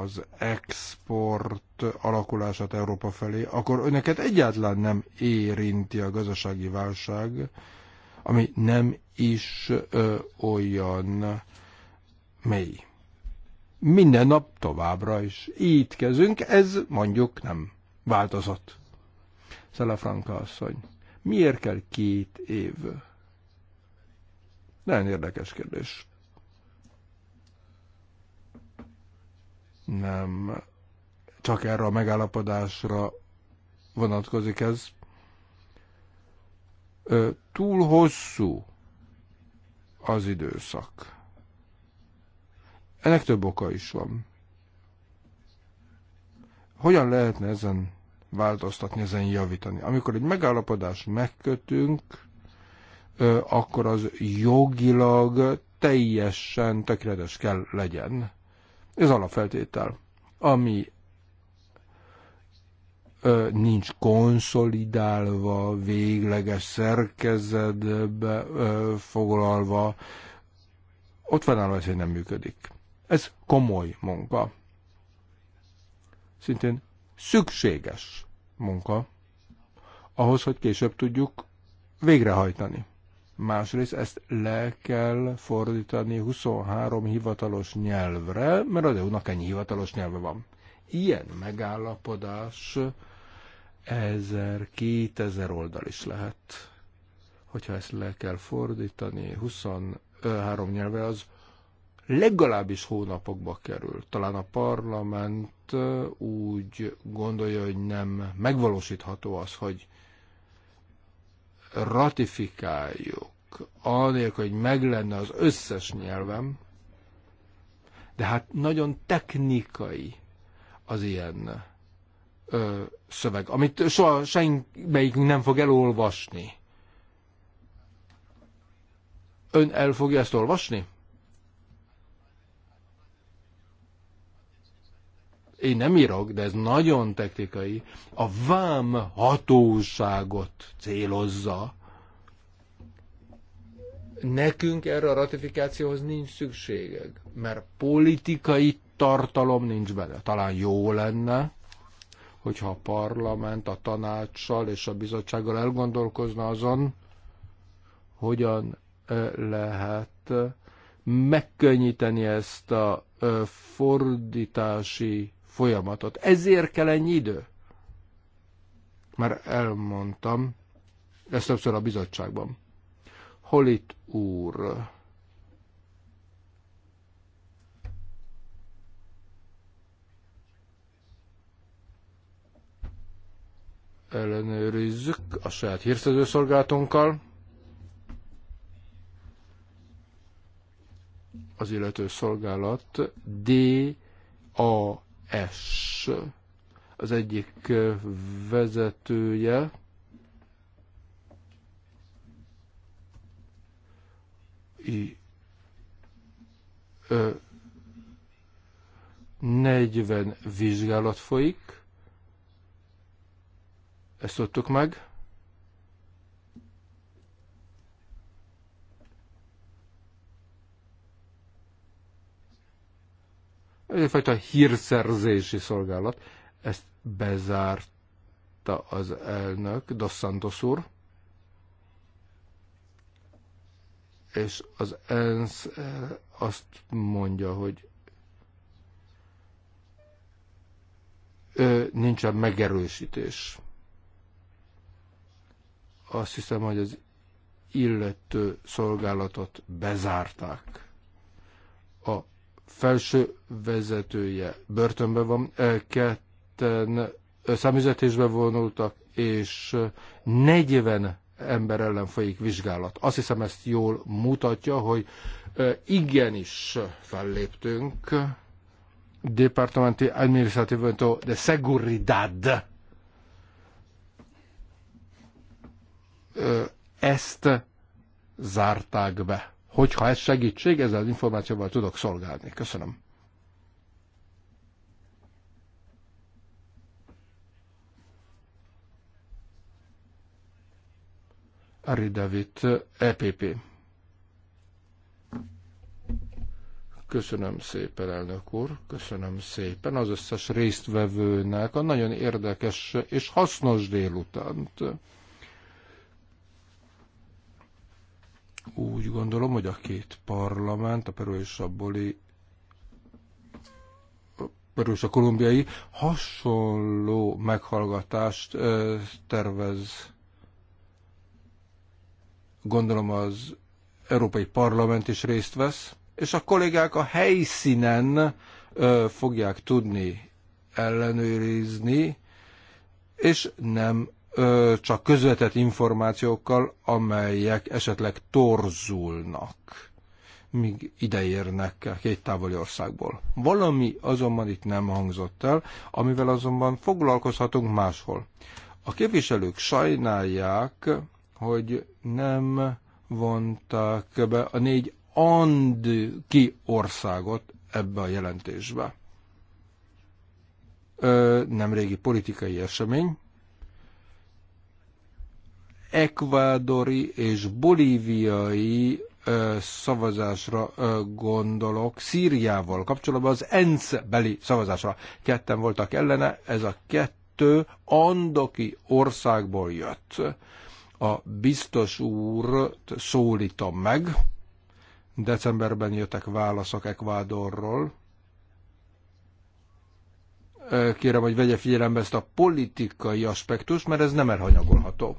az export alakulását Európa felé, akkor önöket egyáltalán nem érinti a gazdasági válság, ami nem is ö, olyan mély minden nap továbbra is ítkezünk, ez mondjuk nem változott. Szelefranka asszony, miért kell két év? Nagyon érdekes kérdés. Nem, csak erre a megállapodásra vonatkozik ez. Ö, túl hosszú az időszak ennek több oka is van. Hogyan lehetne ezen változtatni, ezen javítani? Amikor egy megállapodás megkötünk, akkor az jogilag teljesen tökéletes kell legyen. Ez alapfeltétel. Ami nincs konszolidálva, végleges szerkezetbe foglalva, ott van állva, hogy nem működik. Ez komoly munka. Szintén szükséges munka ahhoz, hogy később tudjuk végrehajtani. Másrészt ezt le kell fordítani 23 hivatalos nyelvre, mert az EU-nak ennyi hivatalos nyelve van. Ilyen megállapodás 1000-2000 oldal is lehet. Hogyha ezt le kell fordítani 23 nyelve, az legalábbis hónapokba kerül. Talán a parlament úgy gondolja, hogy nem megvalósítható az, hogy ratifikáljuk, anélkül, hogy meg lenne az összes nyelvem, de hát nagyon technikai az ilyen ö, szöveg, amit soha senkikünk nem fog elolvasni. Ön el fogja ezt olvasni? én nem írok, de ez nagyon technikai, a vám hatóságot célozza. Nekünk erre a ratifikációhoz nincs szükségek, mert politikai tartalom nincs benne. Talán jó lenne, hogyha a parlament a tanácssal és a bizottsággal elgondolkozna azon, hogyan lehet megkönnyíteni ezt a fordítási folyamatot. Ezért kell ennyi idő. Már elmondtam, ezt többször a bizottságban. Hol itt úr. ellenőrizzük a saját hírszerzőszolgálatunkkal. Az illető szolgálat D a s az egyik vezetője, I, ö, 40 vizsgálat folyik, ezt tudtuk meg, Ez egyfajta hírszerzési szolgálat. Ezt bezárta az elnök, Dos Santos úr. És az ENSZ eh, azt mondja, hogy nincsen megerősítés. Azt hiszem, hogy az illető szolgálatot bezárták. A felső vezetője börtönben van, ketten számüzetésbe vonultak, és 40 ember ellen folyik vizsgálat. Azt hiszem ezt jól mutatja, hogy igenis felléptünk. Departamenti Administrativo de Seguridad. Ezt zárták be hogyha ez segítség, ezzel az információval tudok szolgálni. Köszönöm. Ari David, EPP. Köszönöm szépen, elnök úr, köszönöm szépen az összes résztvevőnek a nagyon érdekes és hasznos délutánt. úgy gondolom, hogy a két parlament, a Peru és a Boli, a Peru és a kolumbiai hasonló meghallgatást tervez. Gondolom az Európai Parlament is részt vesz, és a kollégák a helyszínen fogják tudni ellenőrizni, és nem csak közvetett információkkal, amelyek esetleg torzulnak, míg ideérnek két távoli országból. Valami azonban itt nem hangzott el, amivel azonban foglalkozhatunk máshol. A képviselők sajnálják, hogy nem vonták be a négy andki országot ebbe a jelentésbe. Ö, nem régi politikai esemény, ekvádori és bolíviai szavazásra gondolok, Szíriával kapcsolatban az ENSZ beli szavazásra. Ketten voltak ellene, ez a kettő andoki országból jött. A biztos úr szólítom meg, decemberben jöttek válaszok Ekvádorról, kérem, hogy vegye figyelembe ezt a politikai aspektust, mert ez nem elhanyagolható.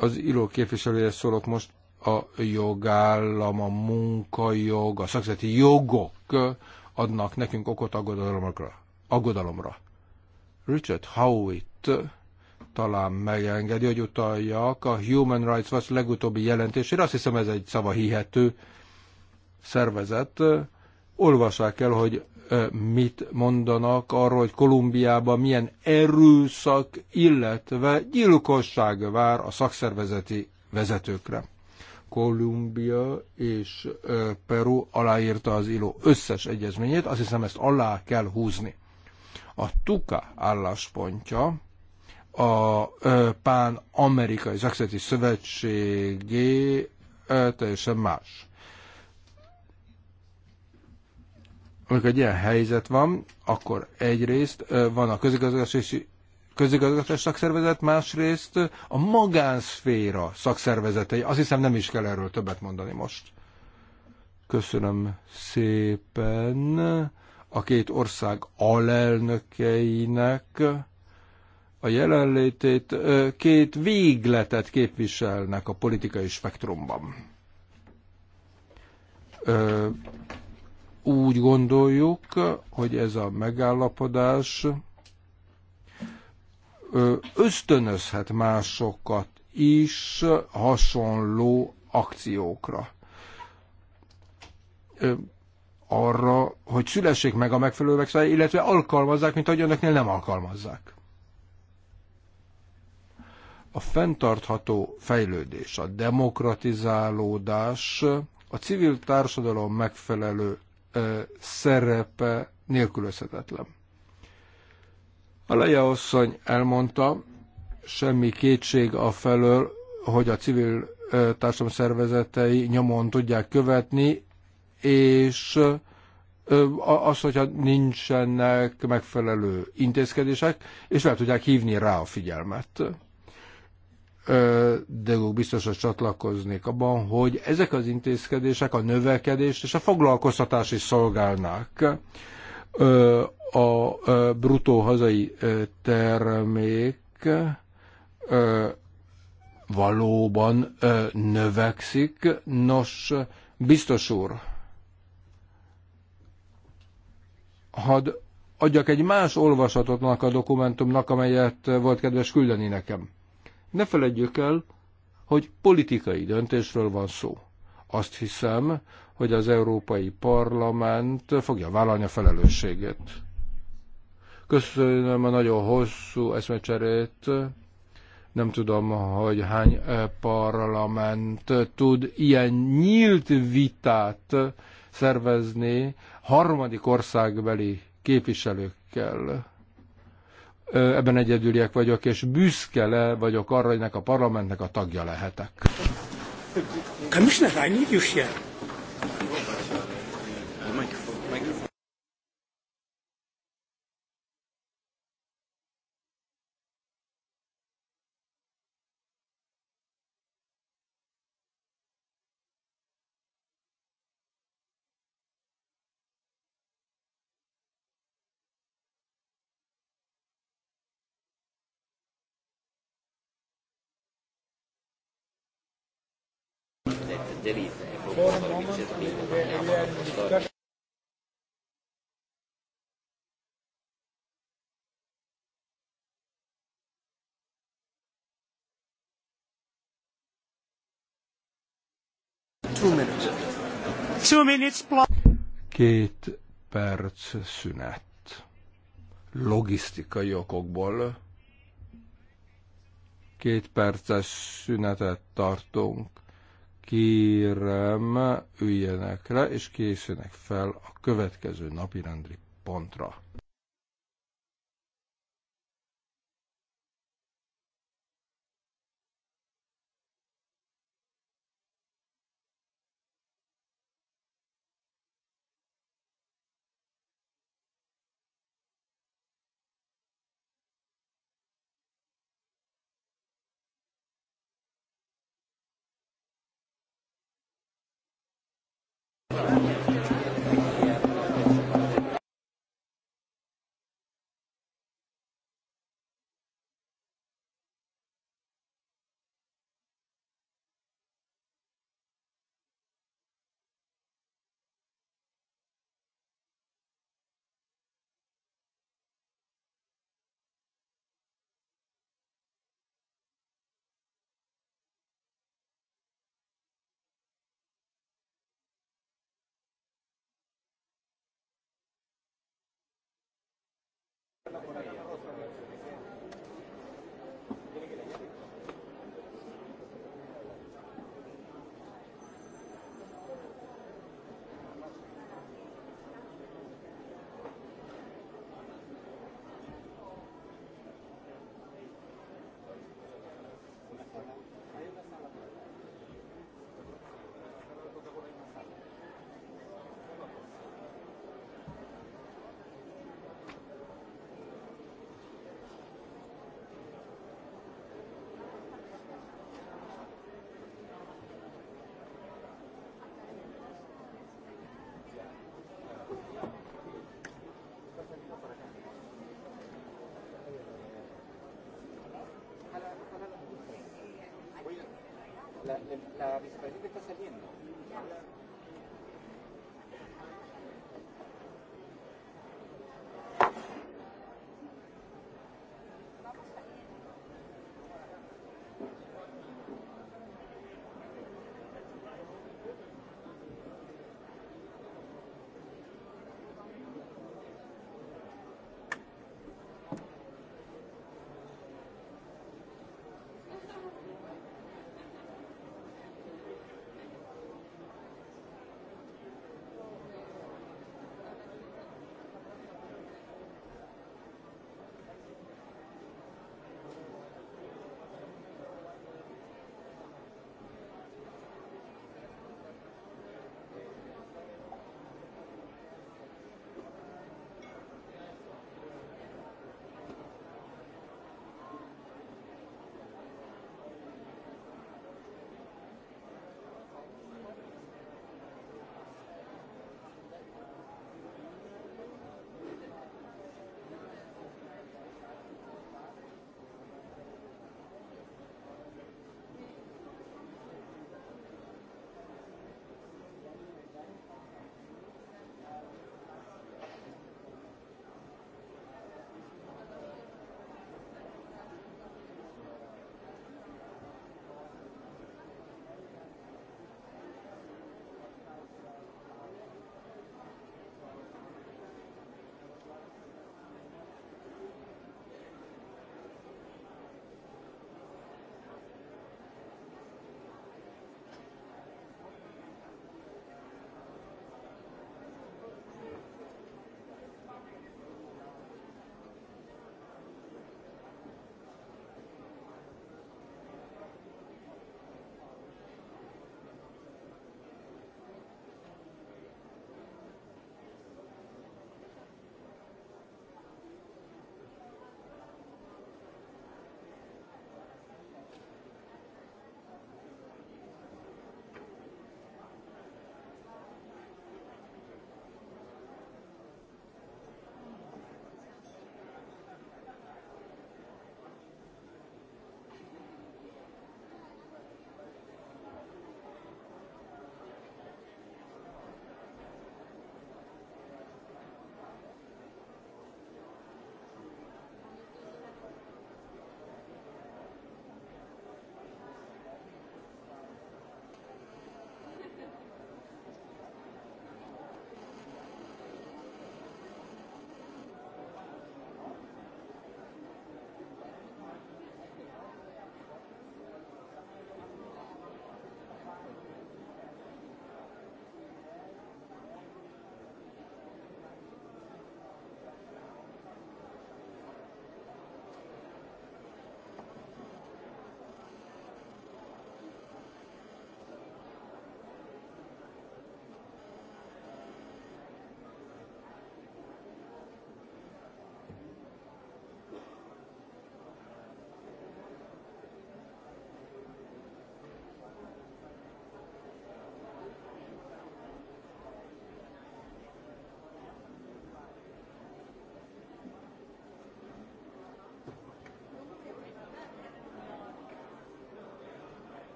Az ILO képviselője szólok most, a jogállam, a munkajog, a szakszeti jogok adnak nekünk okot aggodalomra. aggodalomra. Richard Howitt talán megengedi, hogy utaljak a Human Rights Watch legutóbbi jelentésére. Azt hiszem ez egy szava hihető szervezet. Olvassák el, hogy mit mondanak arról, hogy Kolumbiában milyen erőszak, illetve gyilkosság vár a szakszervezeti vezetőkre. Kolumbia és Peru aláírta az ILO összes egyezményét, azt hiszem ezt alá kell húzni. A TUKA álláspontja a Pán-Amerikai Szakszeti Szövetségé teljesen más Amikor egy ilyen helyzet van, akkor egyrészt van a közigazgatási közigazgatás szakszervezet, másrészt a magánszféra szakszervezetei. Azt hiszem nem is kell erről többet mondani most. Köszönöm szépen a két ország alelnökeinek a jelenlétét. Két végletet képviselnek a politikai spektrumban úgy gondoljuk, hogy ez a megállapodás ösztönözhet másokat is hasonló akciókra. Arra, hogy szülessék meg a megfelelő megszállás, illetve alkalmazzák, mint ahogy önöknél nem alkalmazzák. A fenntartható fejlődés, a demokratizálódás, a civil társadalom megfelelő szerepe nélkülözhetetlen. A Leia asszony elmondta, semmi kétség a felől, hogy a civil társadalom szervezetei nyomon tudják követni, és az, hogyha nincsenek megfelelő intézkedések, és fel tudják hívni rá a figyelmet de biztosan csatlakoznék abban, hogy ezek az intézkedések a növekedést és a foglalkoztatást is szolgálnák. A brutó hazai termék valóban növekszik. Nos, biztos úr, hadd adjak egy más olvasatotnak a dokumentumnak, amelyet volt kedves küldeni nekem. Ne feledjük el, hogy politikai döntésről van szó. Azt hiszem, hogy az Európai Parlament fogja vállalni a felelősséget. Köszönöm a nagyon hosszú eszmecserét. Nem tudom, hogy hány eh, parlament tud ilyen nyílt vitát szervezni harmadik országbeli képviselőkkel ebben egyedüliek vagyok, és büszke le vagyok arra, hogy nek a parlamentnek a tagja lehetek. Commissioner, I need Két perc szünet. Logisztikai okokból két perces szünetet tartunk. Kérem, üljenek le, és készülnek fel a következő napi pontra. la, la, la vicepresidenta está saliendo.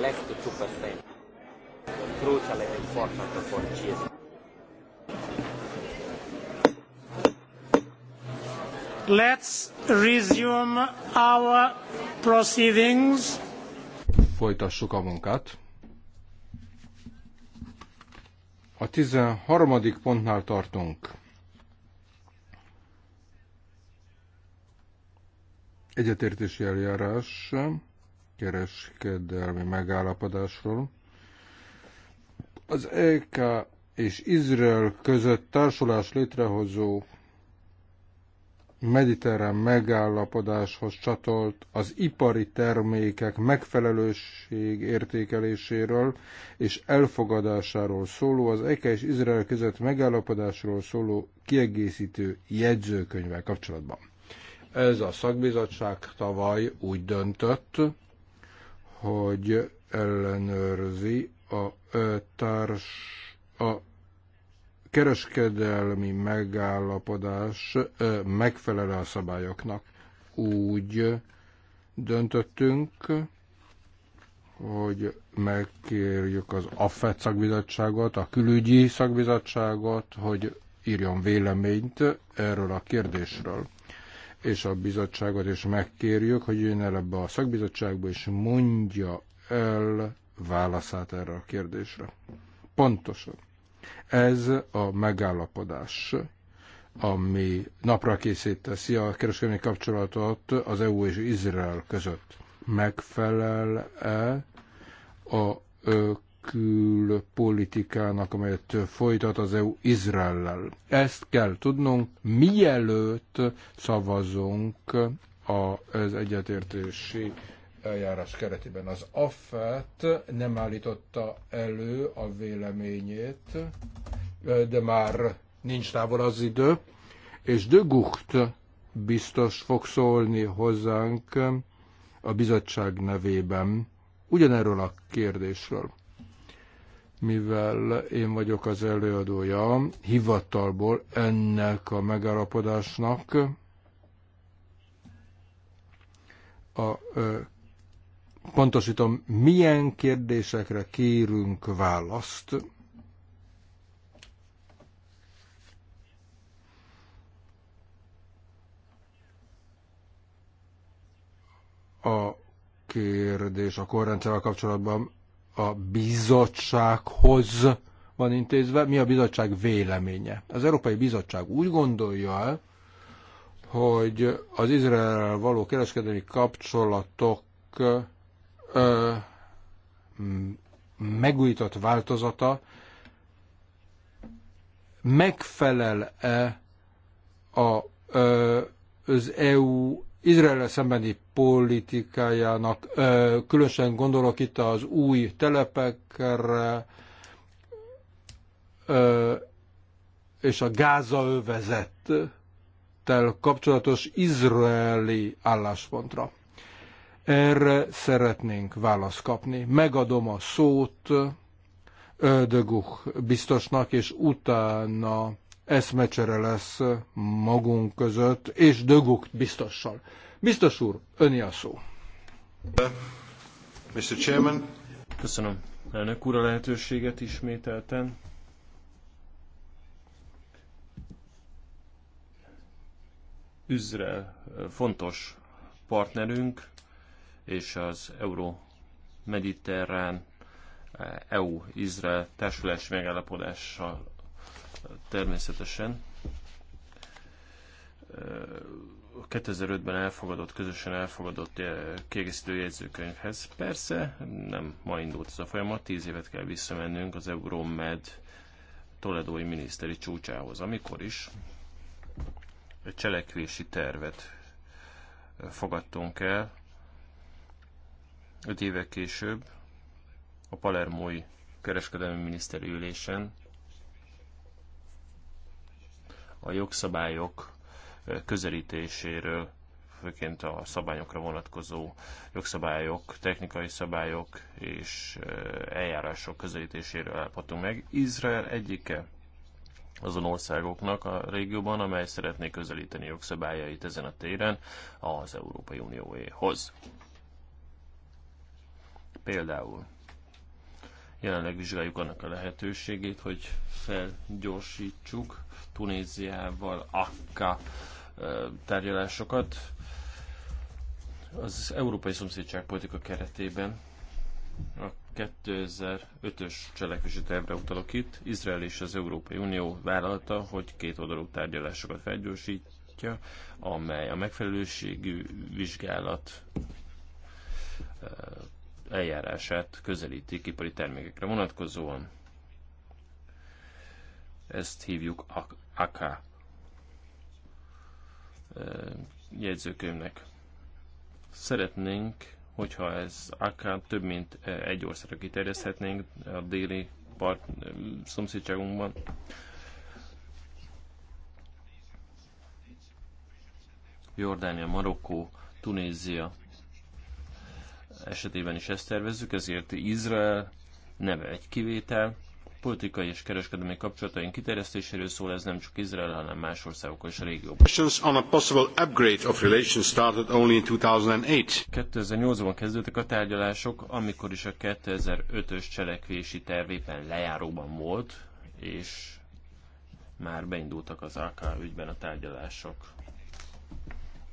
less to 2%, crucial and important for cheese. Let's resume our proceedings. Folytassuk a munkát. A 13. pontnál tartunk. Egyetértési eljárás kereskedelmi megállapodásról. Az EK és Izrael között társulás létrehozó mediterrán megállapodáshoz csatolt az ipari termékek megfelelőség értékeléséről és elfogadásáról szóló, az EKE és Izrael között megállapodásról szóló kiegészítő jegyzőkönyvvel kapcsolatban. Ez a szakbizottság tavaly úgy döntött, hogy ellenőrzi a társ a kereskedelmi megállapodás megfelel a szabályoknak. Úgy döntöttünk, hogy megkérjük az AFET szakbizottságot, a külügyi szakbizottságot, hogy írjon véleményt erről a kérdésről és a bizottságot és megkérjük, hogy jön el ebbe a szakbizottságba, és mondja el válaszát erre a kérdésre. Pontosan. Ez a megállapodás, ami napra készíteszi a kereskedelmi kapcsolatot az EU és Izrael között. Megfelel-e a külpolitikának, amelyet folytat az EU Izraellel. Ezt kell tudnunk, mielőtt szavazunk az egyetértési eljárás keretében. Az AFET nem állította elő a véleményét, de már nincs távol az idő, és de Gucht biztos fog szólni hozzánk a bizottság nevében ugyanerről a kérdésről mivel én vagyok az előadója hivatalból ennek a megállapodásnak, a, ö, pontosítom, milyen kérdésekre kérünk választ. A kérdés a korrendszerrel kapcsolatban a bizottsághoz van intézve, mi a bizottság véleménye. Az Európai Bizottság úgy gondolja el, hogy az Izrael való kereskedelmi kapcsolatok ö, megújított változata megfelel-e a, ö, az EU Izrael szembeni politikájának. Különösen gondolok itt az új telepekre és a övezettel kapcsolatos izraeli álláspontra. Erre szeretnénk választ kapni. Megadom a szót Döguch biztosnak, és utána eszmecsere lesz magunk között, és döguk biztossal. Biztos úr, öni a szó. Mr. Chairman. Köszönöm. Elnök úr a lehetőséget ismételten. Üzrel fontos partnerünk, és az Euró-Mediterrán EU-Izrael társulási megállapodással természetesen 2005-ben elfogadott, közösen elfogadott eh, kiegészítő jegyzőkönyvhez. Persze nem ma indult ez a folyamat, tíz évet kell visszamennünk az Euromed toledói miniszteri csúcsához, amikor is egy cselekvési tervet fogadtunk el. Öt éve később a palermói kereskedelmi miniszteri ülésen a jogszabályok közelítéséről, főként a szabályokra vonatkozó jogszabályok, technikai szabályok és eljárások közelítéséről állapodtunk meg. Izrael egyike azon országoknak a régióban, amely szeretné közelíteni jogszabályait ezen a téren az Európai Unióéhoz. Például Jelenleg vizsgáljuk annak a lehetőségét, hogy felgyorsítsuk Tunéziával akka tárgyalásokat. Az Európai Szomszédság politika keretében a 2005-ös cselekvési tervre utalok itt. Izrael és az Európai Unió vállalta, hogy két oldalú tárgyalásokat felgyorsítja, amely a megfelelőségű vizsgálat eljárását közelítik ipari termékekre vonatkozóan. Ezt hívjuk AK eh, jegyzőkönyvnek. Szeretnénk, hogyha ez AK több mint eh, egy országra kiterjeszthetnénk a déli part eh, szomszédságunkban. Jordánia, Marokkó, Tunézia, esetében is ezt tervezzük, ezért Izrael neve egy kivétel. Politikai és kereskedelmi kapcsolataink kiterjesztéséről szól ez nem csak Izrael, hanem más országokkal és a régióban. a upgrade of relations started only in 2008. 2008-ban kezdődtek a tárgyalások, amikor is a 2005-ös cselekvési terv éppen lejáróban volt, és már beindultak az AK ügyben a tárgyalások.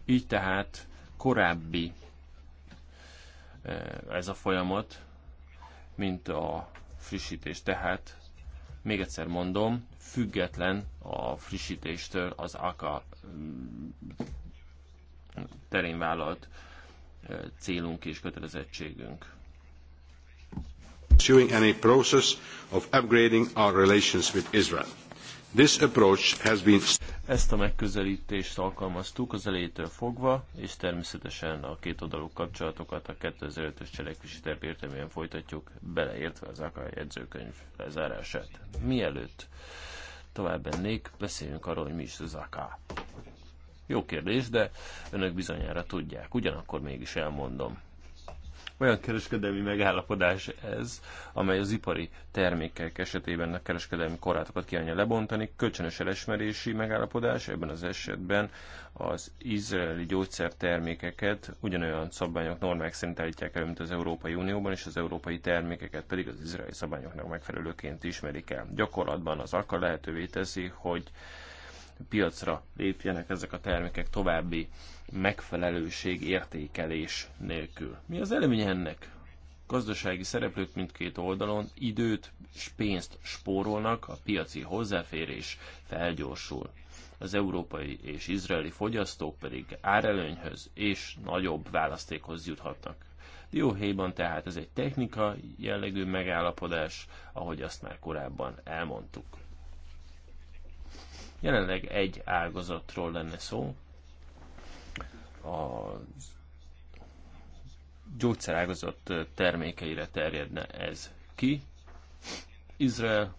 Így tehát korábbi ez a folyamat, mint a frissítés. Tehát, még egyszer mondom, független a frissítéstől az AKA mm, terén vállalt célunk és kötelezettségünk. Pursuing any process of upgrading our relations with Israel. This approach has been... Ezt a megközelítést alkalmaztuk az elejétől fogva, és természetesen a két oldalú kapcsolatokat a 2005-ös cselekvési terv értelmében folytatjuk, beleértve az AKA jegyzőkönyv lezárását. Mielőtt tovább bennék, beszéljünk arról, hogy mi is az AKA. Jó kérdés, de önök bizonyára tudják, ugyanakkor mégis elmondom. Olyan kereskedelmi megállapodás ez, amely az ipari termékek esetében a kereskedelmi korlátokat kívánja lebontani. Kölcsönös elismerési megállapodás, ebben az esetben az izraeli gyógyszertermékeket ugyanolyan szabványok, normák szerint állítják elő, mint az Európai Unióban, és az európai termékeket pedig az izraeli szabványoknak megfelelőként ismerik el. Gyakorlatban az akar lehetővé teszi, hogy piacra lépjenek ezek a termékek további megfelelőség értékelés nélkül. Mi az előnye ennek? Gazdasági szereplők mindkét oldalon időt és pénzt spórolnak, a piaci hozzáférés felgyorsul. Az európai és izraeli fogyasztók pedig árelőnyhöz és nagyobb választékhoz juthatnak. Dióhéjban tehát ez egy technika jellegű megállapodás, ahogy azt már korábban elmondtuk. Jelenleg egy ágazatról lenne szó, a gyógyszerágazat termékeire terjedne ez ki. Izrael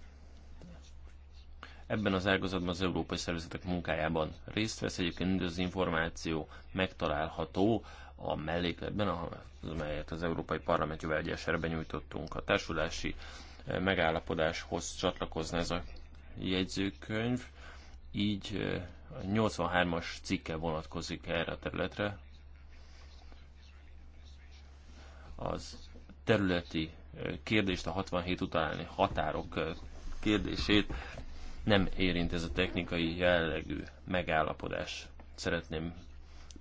ebben az ágazatban az európai szervezetek munkájában részt vesz. Egyébként mindez az információ megtalálható a mellékletben, amelyet az Európai Parlament jövő egyesre benyújtottunk. A társulási eh, megállapodáshoz csatlakozna ez a jegyzőkönyv, így eh, 83-as cikke vonatkozik erre a területre. Az területi kérdést, a 67 utáni határok kérdését nem érint ez a technikai jellegű megállapodás. Szeretném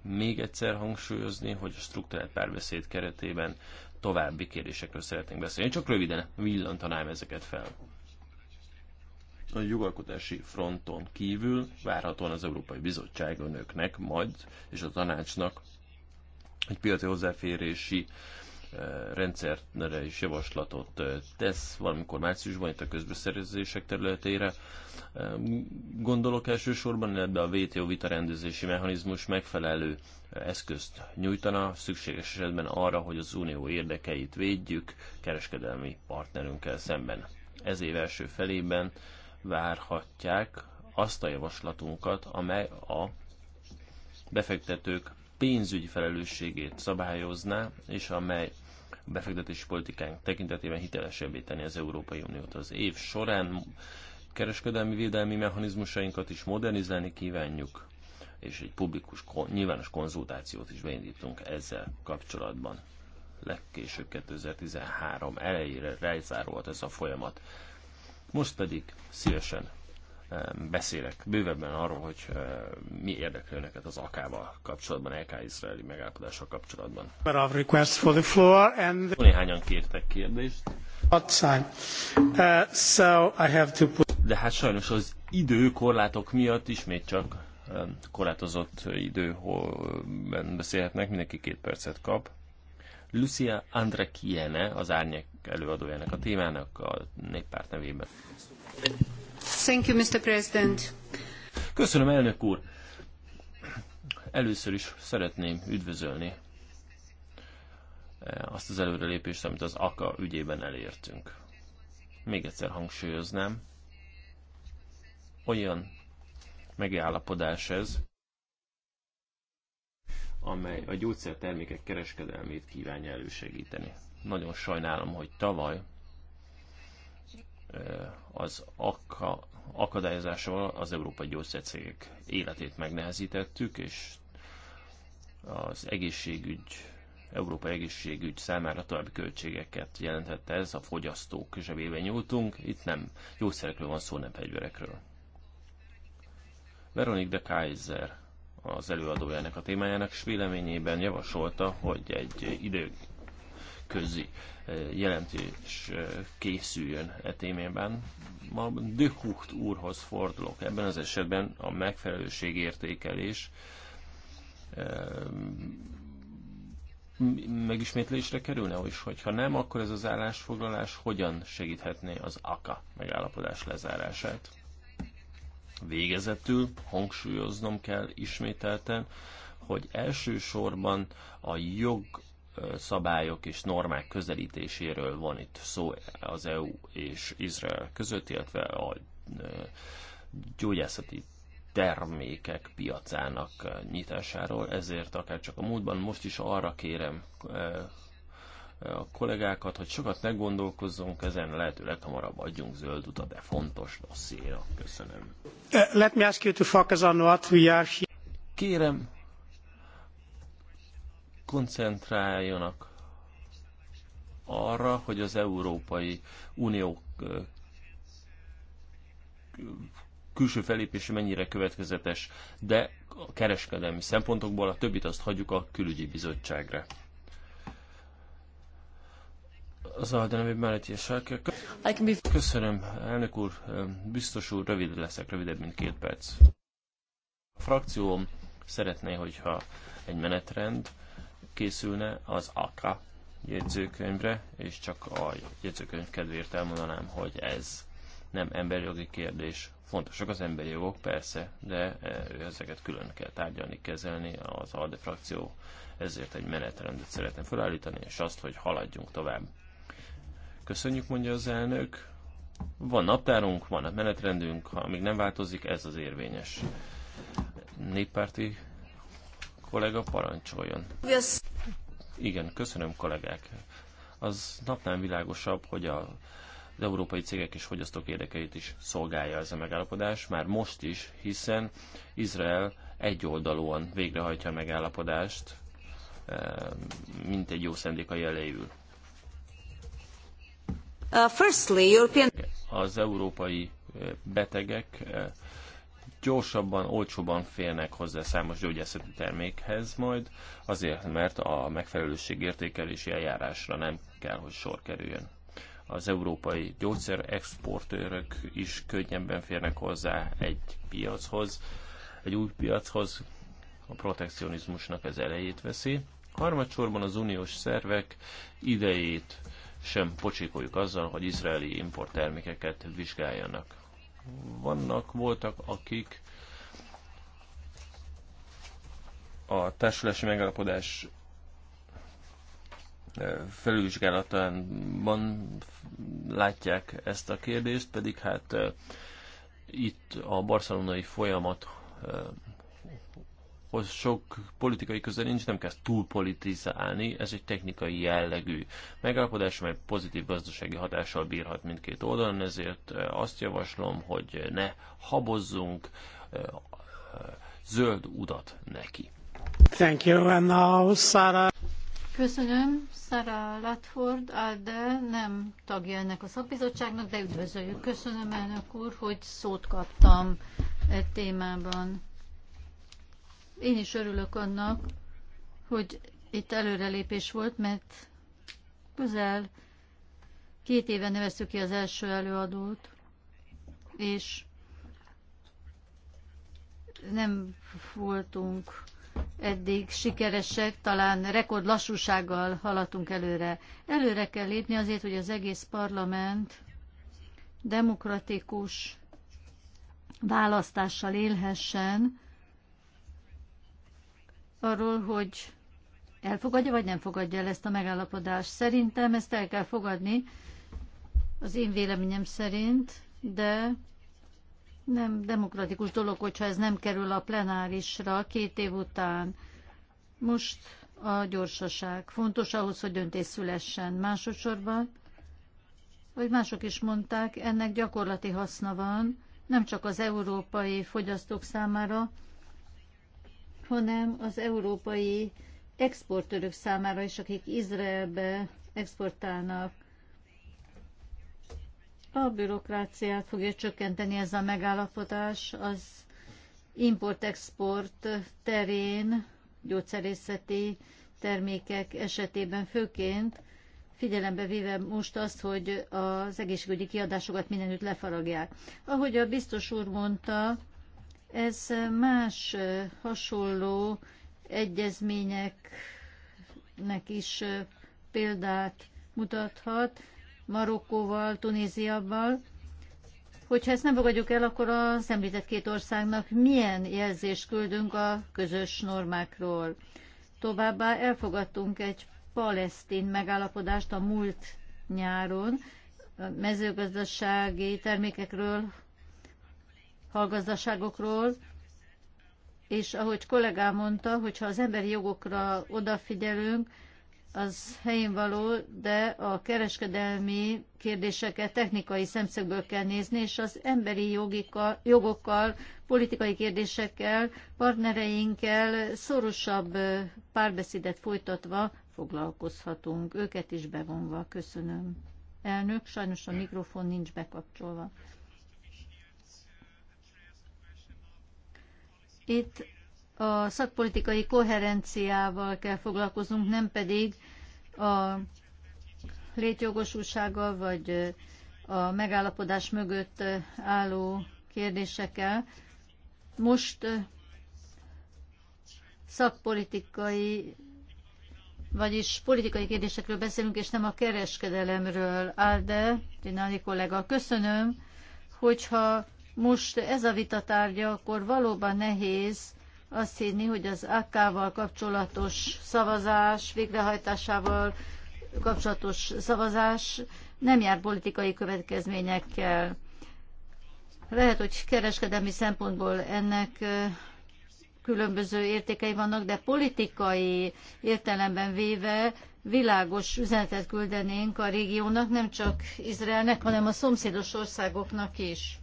még egyszer hangsúlyozni, hogy a struktúrált párbeszéd keretében további kérdésekről szeretnénk beszélni. csak röviden villantanám ezeket fel a jogalkotási fronton kívül várhatóan az Európai Bizottság önöknek majd, és a tanácsnak egy piaci hozzáférési eh, rendszerre is javaslatot eh, tesz valamikor márciusban itt a közbeszerzések területére. Eh, gondolok elsősorban, illetve a WTO rendezési mechanizmus megfelelő eszközt nyújtana, szükséges esetben arra, hogy az unió érdekeit védjük kereskedelmi partnerünkkel szemben. Ez év első felében várhatják azt a javaslatunkat, amely a befektetők pénzügyi felelősségét szabályozná, és amely a befektetési politikánk tekintetében hitelesebbé tenni az Európai Uniót az év során. Kereskedelmi védelmi mechanizmusainkat is modernizálni kívánjuk, és egy publikus, nyilvános konzultációt is beindítunk ezzel kapcsolatban. Legkésőbb 2013 elejére lezárult ez a folyamat. Most pedig szívesen eh, beszélek bővebben arról, hogy eh, mi érdekli önöket az AK-val kapcsolatban, AK izraeli megállapodással kapcsolatban. for the floor and the... Néhányan kértek kérdést. Uh, so I have to put... De hát sajnos az időkorlátok miatt ismét csak eh, korlátozott időben beszélhetnek, mindenki két percet kap. Lucia Andrekiene az árnyék előadójának a témának a néppárt nevében. Thank you, Mr. President. Köszönöm, elnök úr! Először is szeretném üdvözölni eh, azt az előrelépést, amit az AKA ügyében elértünk. Még egyszer hangsúlyoznám, olyan megállapodás ez, amely a gyógyszertermékek kereskedelmét kívánja elősegíteni. Nagyon sajnálom, hogy tavaly az akka, akadályozásával az európai gyógyszercégek életét megnehezítettük, és az egészségügy, európai egészségügy számára további költségeket jelentette ez, a fogyasztók zsebébe nyúltunk, itt nem gyógyszerekről van szó, nem fegyverekről. Veronique de Kaiser az előadójának a témájának, és véleményében javasolta, hogy egy időközi eh, jelentés eh, készüljön e témében. Ma de Hucht úrhoz fordulok. Ebben az esetben a megfelelőségértékelés eh, megismétlésre kerülne, és hogyha nem, akkor ez az állásfoglalás hogyan segíthetné az AKA megállapodás lezárását? Végezetül hangsúlyoznom kell ismételten, hogy elsősorban a jog szabályok és normák közelítéséről van itt szó az EU és Izrael között, illetve a gyógyászati termékek piacának nyitásáról, ezért akár csak a múltban most is arra kérem a kollégákat, hogy sokat ne gondolkozzunk ezen, lehető leghamarabb adjunk zöld utat, de fontos dossziéra. Köszönöm. Eh, let me ask you to focus on what we are here. Kérem, koncentráljanak arra, hogy az Európai Unió eh, külső felépése mennyire következetes, de a kereskedelmi szempontokból a többit azt hagyjuk a külügyi bizottságra az aldenevi melletti sárkák. Köszönöm, elnök úr, biztos úr, rövid leszek, rövidebb, mint két perc. A frakcióm szeretné, hogyha egy menetrend készülne az AK jegyzőkönyvre, és csak a jegyzőkönyv kedvéért elmondanám, hogy ez nem emberjogi kérdés. Fontosak az emberi jogok, persze, de e, ezeket külön kell tárgyalni, kezelni. Az ALDE frakció ezért egy menetrendet szeretne felállítani, és azt, hogy haladjunk tovább. Köszönjük, mondja az elnök. Van naptárunk, van a menetrendünk, ha még nem változik, ez az érvényes. Néppárti kollega parancsoljon. Yes. Igen, köszönöm kollégák. Az napnál világosabb, hogy a, az európai cégek és fogyasztók érdekeit is szolgálja ez a megállapodás, már most is, hiszen Izrael egyoldalúan végrehajtja a megállapodást, eh, mint egy jó szendékai elejül. Uh, az európai eh, betegek eh, gyorsabban, olcsóbban férnek hozzá számos gyógyászati termékhez majd, azért, mert a megfelelőség értékelési eljárásra nem kell, hogy sor kerüljön. Az európai gyógyszerexportőrök is könnyebben férnek hozzá egy piachoz, egy új piachoz, a protekcionizmusnak ez elejét veszi. Harmadsorban az uniós szervek idejét sem pocsikoljuk azzal, hogy izraeli importtermékeket vizsgáljanak. Vannak, voltak, akik a társulási megállapodás e, felülvizsgálatában látják ezt a kérdést, pedig hát e, itt a barcelonai folyamat e, hoz sok politikai köze nincs, nem kell túl politizálni, ez egy technikai jellegű megállapodás, amely pozitív gazdasági hatással bírhat mindkét oldalon, ezért eh, azt javaslom, hogy ne habozzunk eh, zöld udat neki. Thank you, and now Sarah. Köszönöm, Sarah Latford, de nem tagja ennek a szakbizottságnak, de üdvözöljük. Köszönöm, elnök úr, hogy szót kaptam e témában. Én is örülök annak, hogy itt előrelépés volt, mert közel két éve neveztük ki az első előadót, és nem voltunk eddig sikeresek, talán rekord lassúsággal haladtunk előre. Előre kell lépni azért, hogy az egész parlament demokratikus választással élhessen, arról, hogy elfogadja vagy nem fogadja el ezt a megállapodást. Szerintem ezt el kell fogadni, az én véleményem szerint, de nem demokratikus dolog, hogyha ez nem kerül a plenárisra két év után. Most a gyorsaság. Fontos ahhoz, hogy döntés szülessen. Másodszorban, hogy mások is mondták, ennek gyakorlati haszna van, nem csak az európai fogyasztók számára, hanem az európai exportőrök számára is, akik Izraelbe exportálnak. A bürokráciát fogja csökkenteni ez a megállapodás az import-export terén, gyógyszerészeti termékek esetében főként, figyelembe véve most azt, hogy az egészségügyi kiadásokat mindenütt lefaragják. Ahogy a biztos úr mondta, ez más hasonló egyezményeknek is példát mutathat Marokkóval, Tunéziával. Hogyha ezt nem fogadjuk el, akkor az említett két országnak milyen jelzést küldünk a közös normákról. Továbbá elfogadtunk egy palesztin megállapodást a múlt nyáron, mezőgazdasági termékekről hallgazdaságokról, és ahogy kollégám mondta, hogyha az emberi jogokra odafigyelünk, az helyén való, de a kereskedelmi kérdéseket technikai szemszögből kell nézni, és az emberi jogika, jogokkal, politikai kérdésekkel, partnereinkkel szorosabb párbeszédet folytatva foglalkozhatunk, őket is bevonva. Köszönöm. Elnök, sajnos a mikrofon nincs bekapcsolva. Itt a szakpolitikai koherenciával kell foglalkoznunk, nem pedig a létjogosultsággal vagy a megállapodás mögött álló kérdésekkel. Most szakpolitikai, vagyis politikai kérdésekről beszélünk, és nem a kereskedelemről áll, de Dinali kollega, köszönöm, hogyha most ez a vitatárgya, akkor valóban nehéz azt hinni, hogy az AK-val kapcsolatos szavazás, végrehajtásával kapcsolatos szavazás nem jár politikai következményekkel. Lehet, hogy kereskedelmi szempontból ennek különböző értékei vannak, de politikai értelemben véve világos üzenetet küldenénk a régiónak, nem csak Izraelnek, hanem a szomszédos országoknak is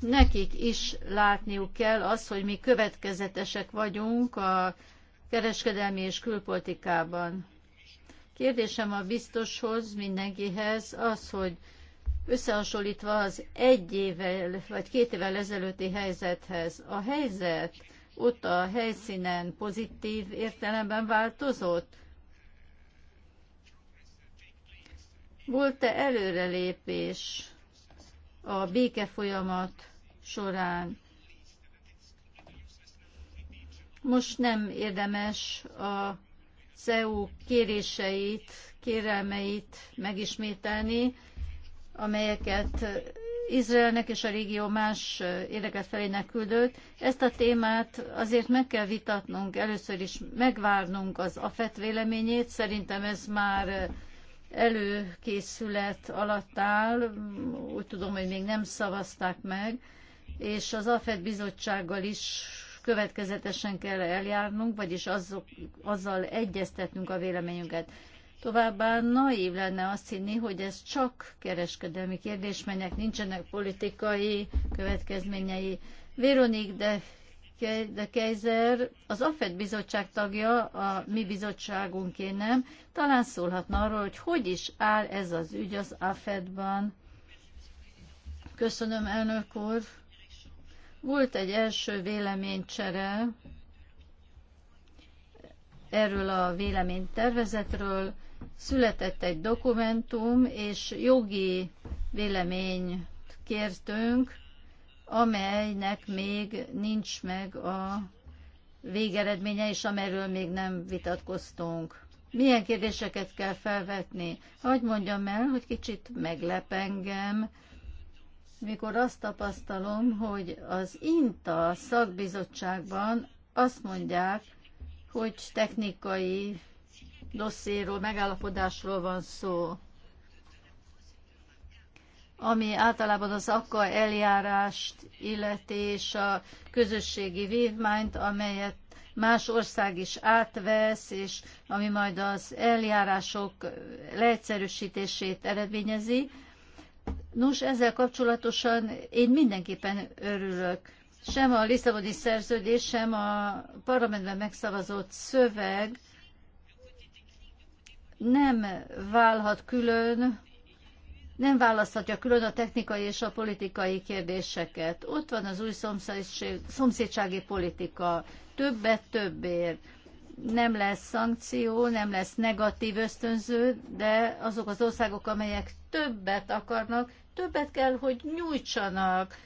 nekik is látniuk kell az, hogy mi következetesek vagyunk a kereskedelmi és külpolitikában. Kérdésem a biztoshoz, mindenkihez az, hogy összehasonlítva az egy évvel vagy két évvel ezelőtti helyzethez, a helyzet ott a helyszínen pozitív értelemben változott? Volt-e előrelépés? a béke folyamat során. Most nem érdemes a CEU kéréseit, kérelmeit megismételni, amelyeket Izraelnek és a régió más érdekelt felének küldött. Ezt a témát azért meg kell vitatnunk, először is megvárnunk az AFET véleményét, szerintem ez már előkészület alatt áll, úgy tudom, hogy még nem szavazták meg, és az AFED bizottsággal is következetesen kell eljárnunk, vagyis azok, azzal egyeztetnünk a véleményünket. Továbbá naív lenne azt hinni, hogy ez csak kereskedelmi kérdés, melynek nincsenek politikai következményei. Véronik de de Kaiser az AFED bizottság tagja, a mi bizottságunké nem, talán szólhatna arról, hogy hogy is áll ez az ügy az AFED-ban. Köszönöm, elnök úr. Volt egy első véleménycsere erről a véleménytervezetről, született egy dokumentum, és jogi véleményt kértünk, amelynek még nincs meg a végeredménye, és amelyről még nem vitatkoztunk. Milyen kérdéseket kell felvetni? Hogy mondjam el, hogy kicsit meglep engem, mikor azt tapasztalom, hogy az INTA szakbizottságban azt mondják, hogy technikai dosszéról, megállapodásról van szó ami általában az akka eljárást illeti és a közösségi vívmányt, amelyet más ország is átvesz, és ami majd az eljárások leegyszerűsítését eredményezi. Nos, ezzel kapcsolatosan én mindenképpen örülök. Sem a Lisszaboni szerződés, sem a parlamentben megszavazott szöveg nem válhat külön nem választhatja külön a technikai és a politikai kérdéseket. Ott van az új szomszédség, szomszédsági politika, többet többért. Nem lesz szankció, nem lesz negatív ösztönző, de azok az országok, amelyek többet akarnak, többet kell, hogy nyújtsanak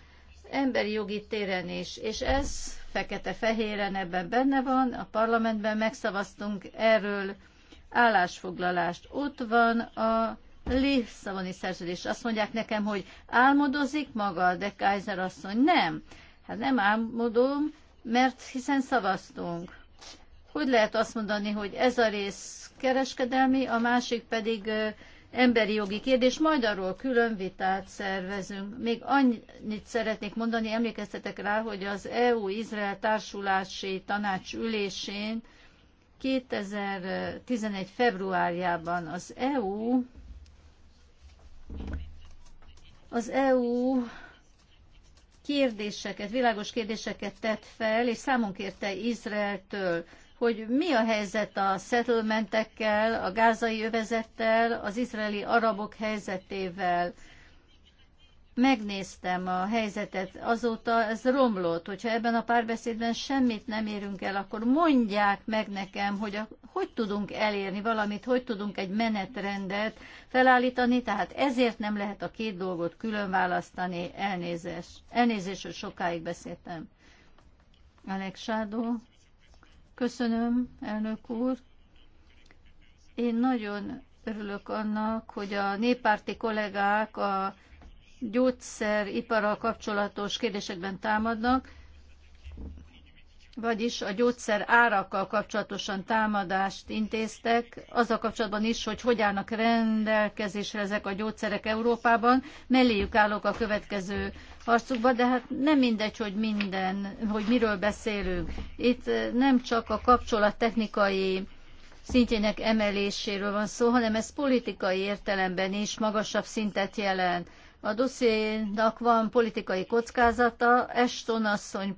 emberi jogi téren is, és ez fekete-fehéren ebben benne van, a parlamentben megszavaztunk erről állásfoglalást. Ott van a Lisszaboni szerződés. Azt mondják nekem, hogy álmodozik maga de Kaiser asszony. Nem, hát nem álmodom, mert hiszen szavaztunk. Hogy lehet azt mondani, hogy ez a rész kereskedelmi, a másik pedig emberi jogi kérdés, majd arról külön vitát szervezünk. Még annyit szeretnék mondani, emlékeztetek rá, hogy az EU-Izrael társulási tanács ülésén 2011. februárjában az EU az EU kérdéseket, világos kérdéseket tett fel, és számon kérte Izraeltől, hogy mi a helyzet a settlementekkel, a gázai övezettel, az izraeli arabok helyzetével megnéztem a helyzetet, azóta ez romlott, hogyha ebben a párbeszédben semmit nem érünk el, akkor mondják meg nekem, hogy a, hogy tudunk elérni valamit, hogy tudunk egy menetrendet felállítani, tehát ezért nem lehet a két dolgot külön választani, elnézés. Elnézés, hogy sokáig beszéltem. Alexádó, köszönöm, elnök úr. Én nagyon örülök annak, hogy a néppárti kollégák a gyógyszeriparral kapcsolatos kérdésekben támadnak, vagyis a gyógyszer árakkal kapcsolatosan támadást intéztek, azzal kapcsolatban is, hogy hogy állnak rendelkezésre ezek a gyógyszerek Európában, melléjük állok a következő harcukba, de hát nem mindegy, hogy minden, hogy miről beszélünk. Itt nem csak a kapcsolat technikai szintjének emeléséről van szó, hanem ez politikai értelemben is magasabb szintet jelent. A dossziénak van politikai kockázata. Eston asszony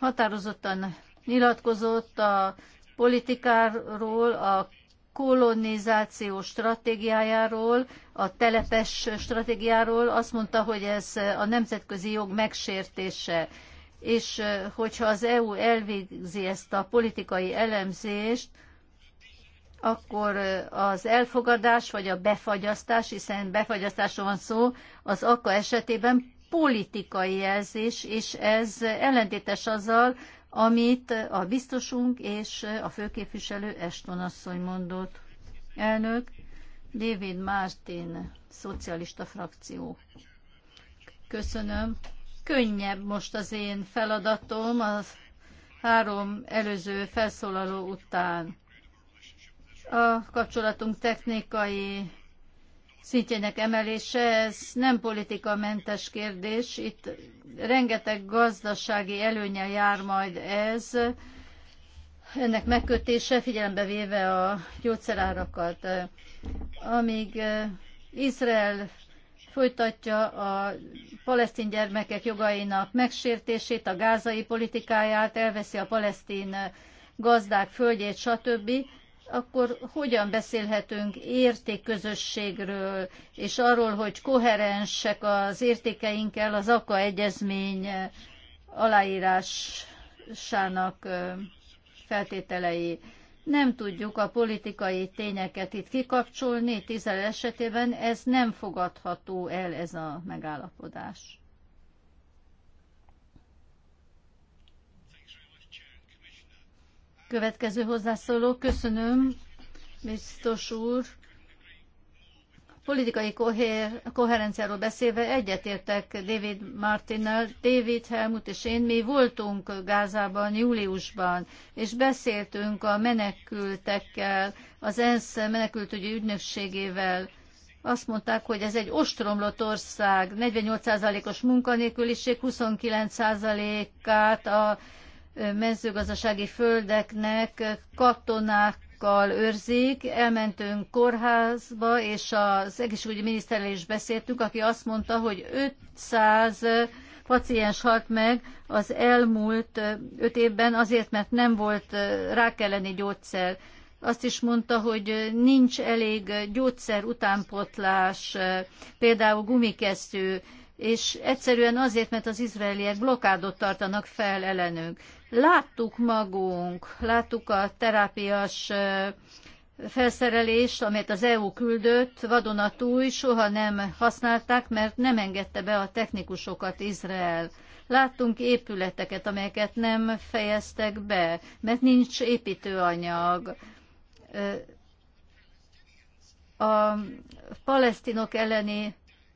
határozottan nyilatkozott a politikáról, a kolonizáció stratégiájáról, a telepes stratégiáról, azt mondta, hogy ez a nemzetközi jog megsértése. És hogyha az EU elvégzi ezt a politikai elemzést, akkor az elfogadás vagy a befagyasztás, hiszen befagyasztásról van szó, az AKA esetében politikai jelzés, és ez ellentétes azzal, amit a biztosunk és a főképviselő Eston asszony mondott. Elnök David Martin, szocialista frakció. Köszönöm. Könnyebb most az én feladatom a három előző felszólaló után a kapcsolatunk technikai szintjének emelése, ez nem politikamentes kérdés, itt rengeteg gazdasági előnye jár majd ez, ennek megkötése, figyelembe véve a gyógyszerárakat. Amíg eh, Izrael folytatja a palesztin gyermekek jogainak megsértését, a gázai politikáját, elveszi a palesztin gazdák földjét, stb akkor hogyan beszélhetünk értékközösségről, és arról, hogy koherensek az értékeinkkel az AKA egyezmény aláírásának feltételei. Nem tudjuk a politikai tényeket itt kikapcsolni, tízel esetében ez nem fogadható el ez a megállapodás. Következő hozzászóló, köszönöm, biztos úr. Politikai kohér, koherenciáról beszélve egyetértek David Martinnal, David Helmut és én, mi voltunk Gázában júliusban, és beszéltünk a menekültekkel, az ENSZ menekültügyi ügynökségével, azt mondták, hogy ez egy ostromlott ország, 48%-os munkanélküliség, 29%-át a mezőgazdasági földeknek katonákkal őrzik. Elmentünk kórházba, és az egészségügyi miniszterrel is beszéltünk, aki azt mondta, hogy 500 paciens halt meg az elmúlt öt évben azért, mert nem volt rák elleni gyógyszer. Azt is mondta, hogy nincs elég gyógyszer utánpotlás, például gumikesztő, és egyszerűen azért, mert az izraeliek blokádot tartanak fel ellenünk. Láttuk magunk, láttuk a terápiás felszerelést, amelyet az EU küldött, vadonatúj, soha nem használták, mert nem engedte be a technikusokat Izrael. Láttunk épületeket, amelyeket nem fejeztek be, mert nincs építőanyag. A palesztinok elleni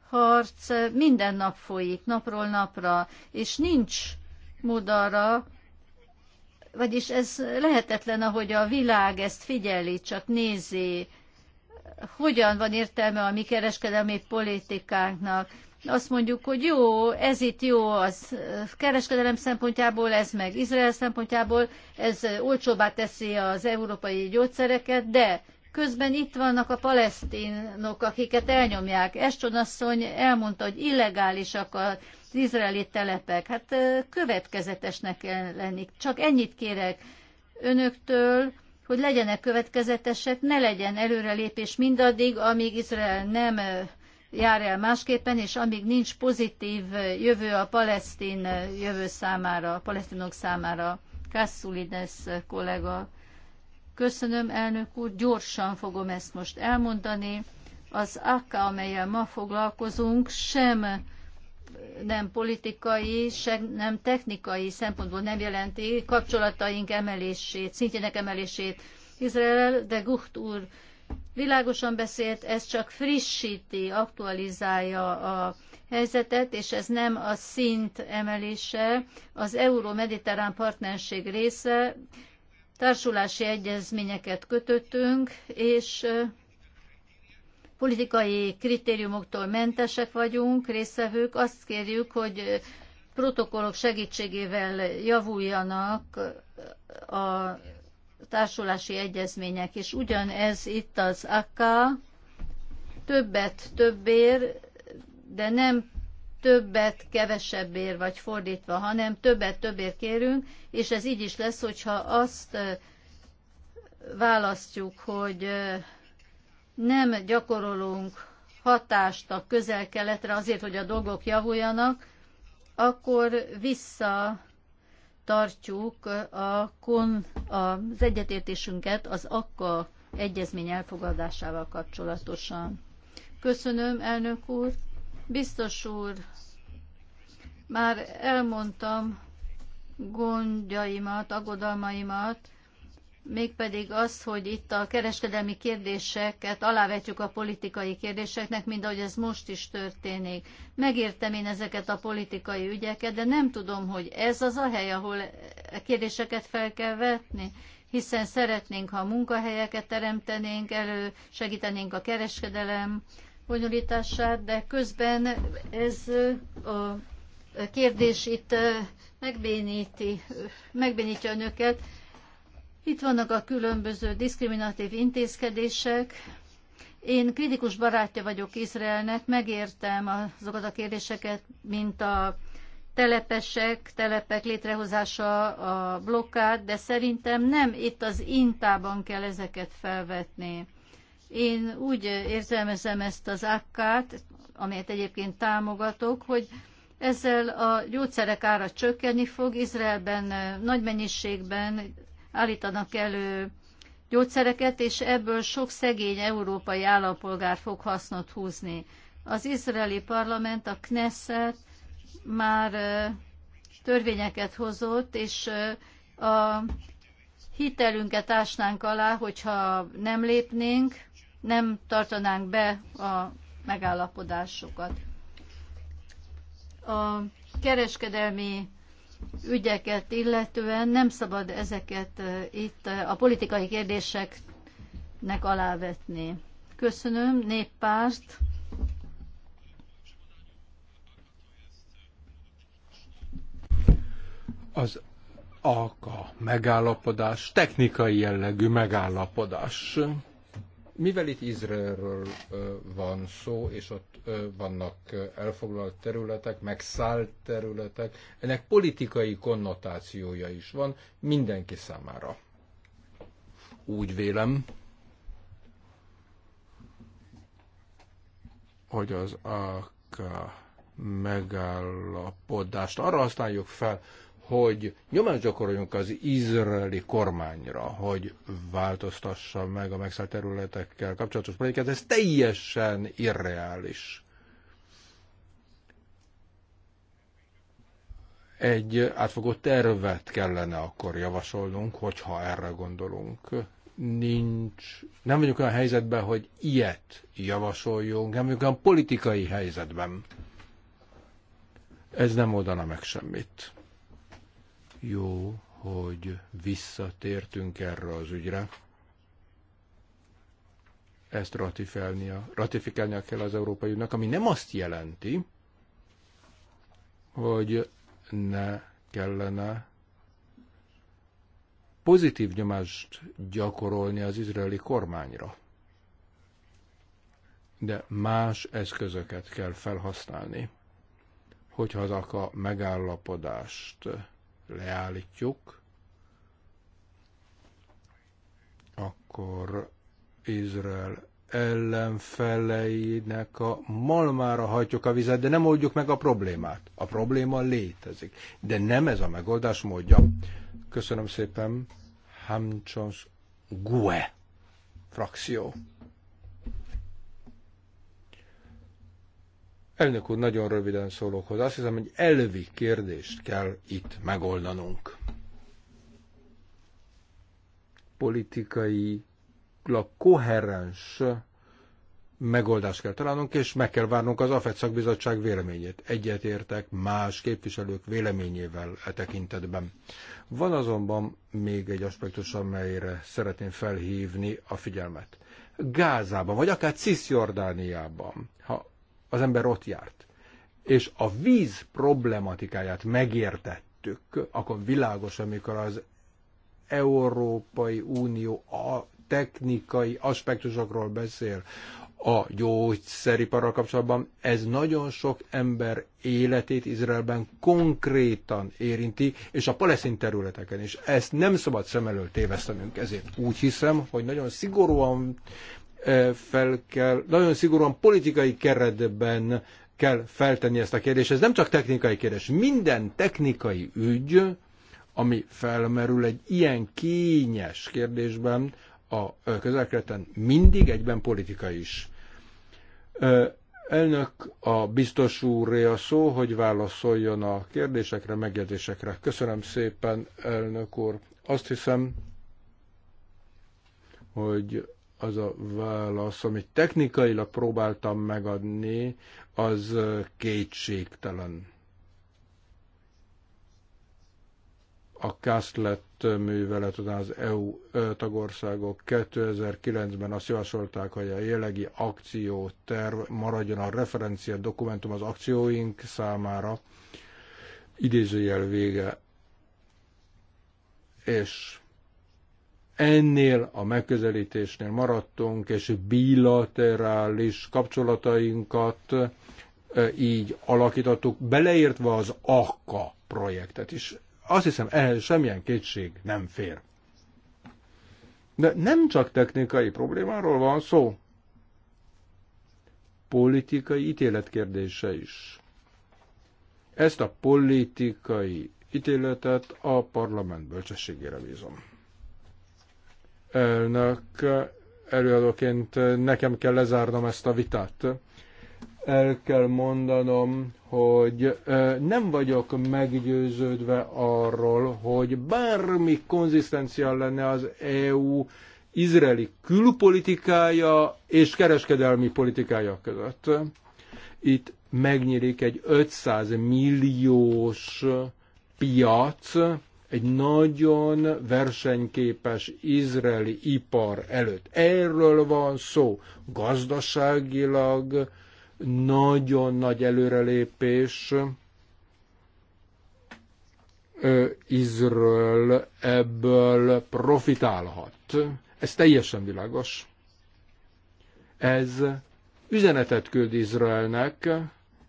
harc minden nap folyik, napról napra, és nincs mód arra, vagyis ez lehetetlen, ahogy a világ ezt figyeli, csak nézi, hogyan van értelme a mi kereskedelmi politikánknak. Azt mondjuk, hogy jó, ez itt jó, az kereskedelem szempontjából, ez meg Izrael szempontjából, ez olcsóbbá teszi az európai gyógyszereket, de Közben itt vannak a palesztinok, akiket elnyomják. Eston asszony elmondta, hogy illegálisak az izraeli telepek. Hát következetesnek kell lenni. Csak ennyit kérek önöktől, hogy legyenek következetesek, ne legyen előrelépés mindaddig, amíg Izrael nem jár el másképpen, és amíg nincs pozitív jövő a palesztin jövő számára, a palesztinok számára. Kasszulides kollega. Köszönöm, elnök úr, gyorsan fogom ezt most elmondani. Az AKA, amelyel ma foglalkozunk, sem nem politikai, sem nem technikai szempontból nem jelenti kapcsolataink emelését, szintjének emelését Izrael, de Gucht úr világosan beszélt, ez csak frissíti, aktualizálja a helyzetet, és ez nem a szint emelése, az Euró-Mediterrán partnerség része, társulási egyezményeket kötöttünk, és politikai kritériumoktól mentesek vagyunk, részvevők. Azt kérjük, hogy protokollok segítségével javuljanak a társulási egyezmények, és ugyanez itt az AKA, többet többér, de nem többet kevesebbért, vagy fordítva, hanem többet többért kérünk, és ez így is lesz, hogyha azt választjuk, hogy nem gyakorolunk hatást a közel-keletre azért, hogy a dolgok javuljanak, akkor vissza tartjuk a kon, az egyetértésünket az akka egyezmény elfogadásával kapcsolatosan. Köszönöm, elnök úr! Biztos úr, már elmondtam gondjaimat, aggodalmaimat, mégpedig az, hogy itt a kereskedelmi kérdéseket alávetjük a politikai kérdéseknek, mint ahogy ez most is történik. Megértem én ezeket a politikai ügyeket, de nem tudom, hogy ez az a hely, ahol a e kérdéseket fel kell vetni, hiszen szeretnénk, ha munkahelyeket teremtenénk elő, segítenénk a kereskedelem bonyolítását, de közben ez a kérdés itt megbéníti, megbénítja önöket. Itt vannak a különböző diszkriminatív intézkedések. Én kritikus barátja vagyok Izraelnek, megértem azokat a kérdéseket, mint a telepesek, telepek létrehozása, a blokkád, de szerintem nem itt az intában kell ezeket felvetni. Én úgy érzelmezem ezt az akkát, amelyet egyébként támogatok, hogy ezzel a gyógyszerek ára csökkenni fog. Izraelben eh, nagy mennyiségben állítanak elő gyógyszereket, és ebből sok szegény európai állampolgár fog hasznot húzni. Az izraeli parlament, a Knesset már eh, törvényeket hozott, és eh, a hitelünket ásnánk alá, hogyha nem lépnénk, nem tartanánk be a megállapodásokat. A kereskedelmi ügyeket illetően nem szabad ezeket eh, itt eh, a politikai kérdéseknek alávetni. Köszönöm, néppárt. Az AKA megállapodás, technikai jellegű megállapodás. Mivel itt Izraelről van szó, és ott vannak elfoglalt területek, megszállt területek, ennek politikai konnotációja is van mindenki számára. Úgy vélem, hogy az AK megállapodást arra használjuk fel, hogy nyomást gyakoroljunk az izraeli kormányra, hogy változtassa meg a megszállt területekkel kapcsolatos politikát, ez teljesen irreális. Egy átfogó tervet kellene akkor javasolnunk, hogyha erre gondolunk. Nincs, nem vagyunk olyan helyzetben, hogy ilyet javasoljunk, nem vagyunk olyan politikai helyzetben. Ez nem oldana meg semmit jó, hogy visszatértünk erre az ügyre. Ezt ratifikálnia, ratifikálnia kell az Európai Uniónak, ami nem azt jelenti, hogy ne kellene pozitív nyomást gyakorolni az izraeli kormányra. De más eszközöket kell felhasználni, hogyha az a megállapodást leállítjuk, akkor Izrael ellenfeleinek a malmára hajtjuk a vizet, de nem oldjuk meg a problémát. A probléma létezik, de nem ez a megoldás módja. Köszönöm szépen, Hamcsons Gue frakció. Elnök úr, nagyon röviden szólok hozzá. Azt hiszem, hogy elvi kérdést kell itt megoldanunk. Politikai koherens megoldást kell találnunk, és meg kell várnunk az AFET szakbizottság véleményét. Egyetértek más képviselők véleményével e tekintetben. Van azonban még egy aspektus, amelyre szeretném felhívni a figyelmet. Gázában, vagy akár Cisjordániában, ha az ember ott járt, és a víz problematikáját megértettük, akkor világos, amikor az Európai Unió a technikai aspektusokról beszél, a gyógyszeriparral kapcsolatban, ez nagyon sok ember életét Izraelben konkrétan érinti, és a palesztin területeken is. Ezt nem szabad szem elől tévesztenünk, ezért úgy hiszem, hogy nagyon szigorúan fel kell, nagyon szigorúan politikai keretben kell feltenni ezt a kérdést. Ez nem csak technikai kérdés. Minden technikai ügy, ami felmerül egy ilyen kényes kérdésben a közelkeleten, mindig egyben politika is. Elnök a biztos úré a szó, hogy válaszoljon a kérdésekre, megjegyzésekre. Köszönöm szépen, elnök úr. Azt hiszem, hogy az a válasz, amit technikailag próbáltam megadni, az kétségtelen. A Kastlet művelet után az EU tagországok 2009-ben azt javasolták, hogy a jellegi akcióterv maradjon a referencia dokumentum az akcióink számára, idézőjel vége, és ennél a megközelítésnél maradtunk, és bilaterális kapcsolatainkat így alakítottuk, beleértve az AKA projektet is. Azt hiszem, ehhez semmilyen kétség nem fér. De nem csak technikai problémáról van szó, politikai ítélet kérdése is. Ezt a politikai ítéletet a parlament bölcsességére bízom. Elnök, előadóként nekem kell lezárnom ezt a vitát. El kell mondanom, hogy nem vagyok meggyőződve arról, hogy bármi konzisztencia lenne az EU izraeli külpolitikája és kereskedelmi politikája között. Itt megnyílik egy 500 milliós piac, egy nagyon versenyképes izraeli ipar előtt. Erről van szó. Gazdaságilag nagyon nagy előrelépés Izrael ebből profitálhat. Ez teljesen világos. Ez üzenetet küld Izraelnek,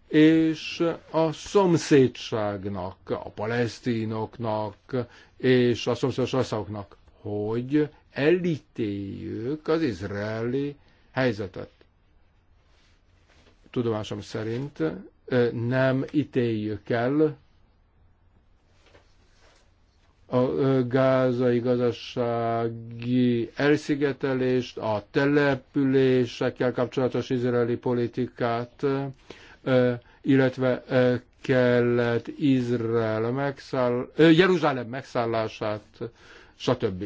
és a szomszédságnak, a palesztinoknak és a szomszédos országoknak, hogy elítéljük az izraeli helyzetet. Tudomásom szerint nem ítéljük el a gázai gazdasági elszigetelést, a településekkel kapcsolatos izraeli politikát, illetve kellett Izrael megszáll, Jeruzsálem megszállását, stb.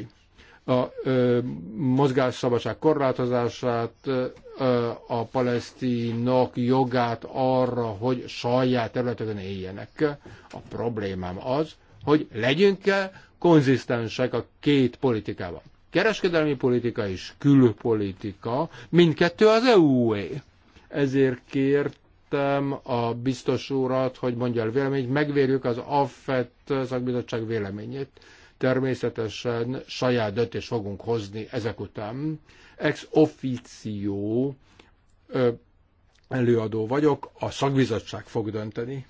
A mozgásszabadság korlátozását, a palesztinok jogát arra, hogy saját területeken éljenek. A problémám az, hogy legyünk-e konzisztensek a két politikában. Kereskedelmi politika és külpolitika, mindkettő az EU-é. Ezért kért kértem a biztos urat, hogy mondja el véleményt, megvérjük az AFET szakbizottság véleményét. Természetesen saját döntést fogunk hozni ezek után. Ex officio előadó vagyok, a szakbizottság fog dönteni.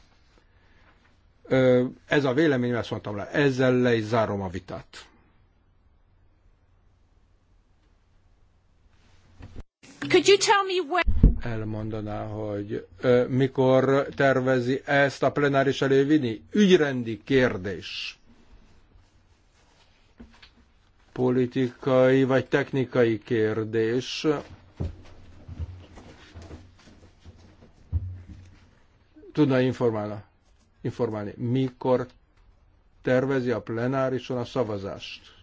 Ez a vélemény, ezt mondtam le, ezzel le is zárom a vitát. Could you tell me where elmondaná, hogy ö, mikor tervezi ezt a plenáris elé Ügyrendi kérdés. Politikai vagy technikai kérdés. Tudna informálna? informálni, mikor tervezi a plenárison a szavazást?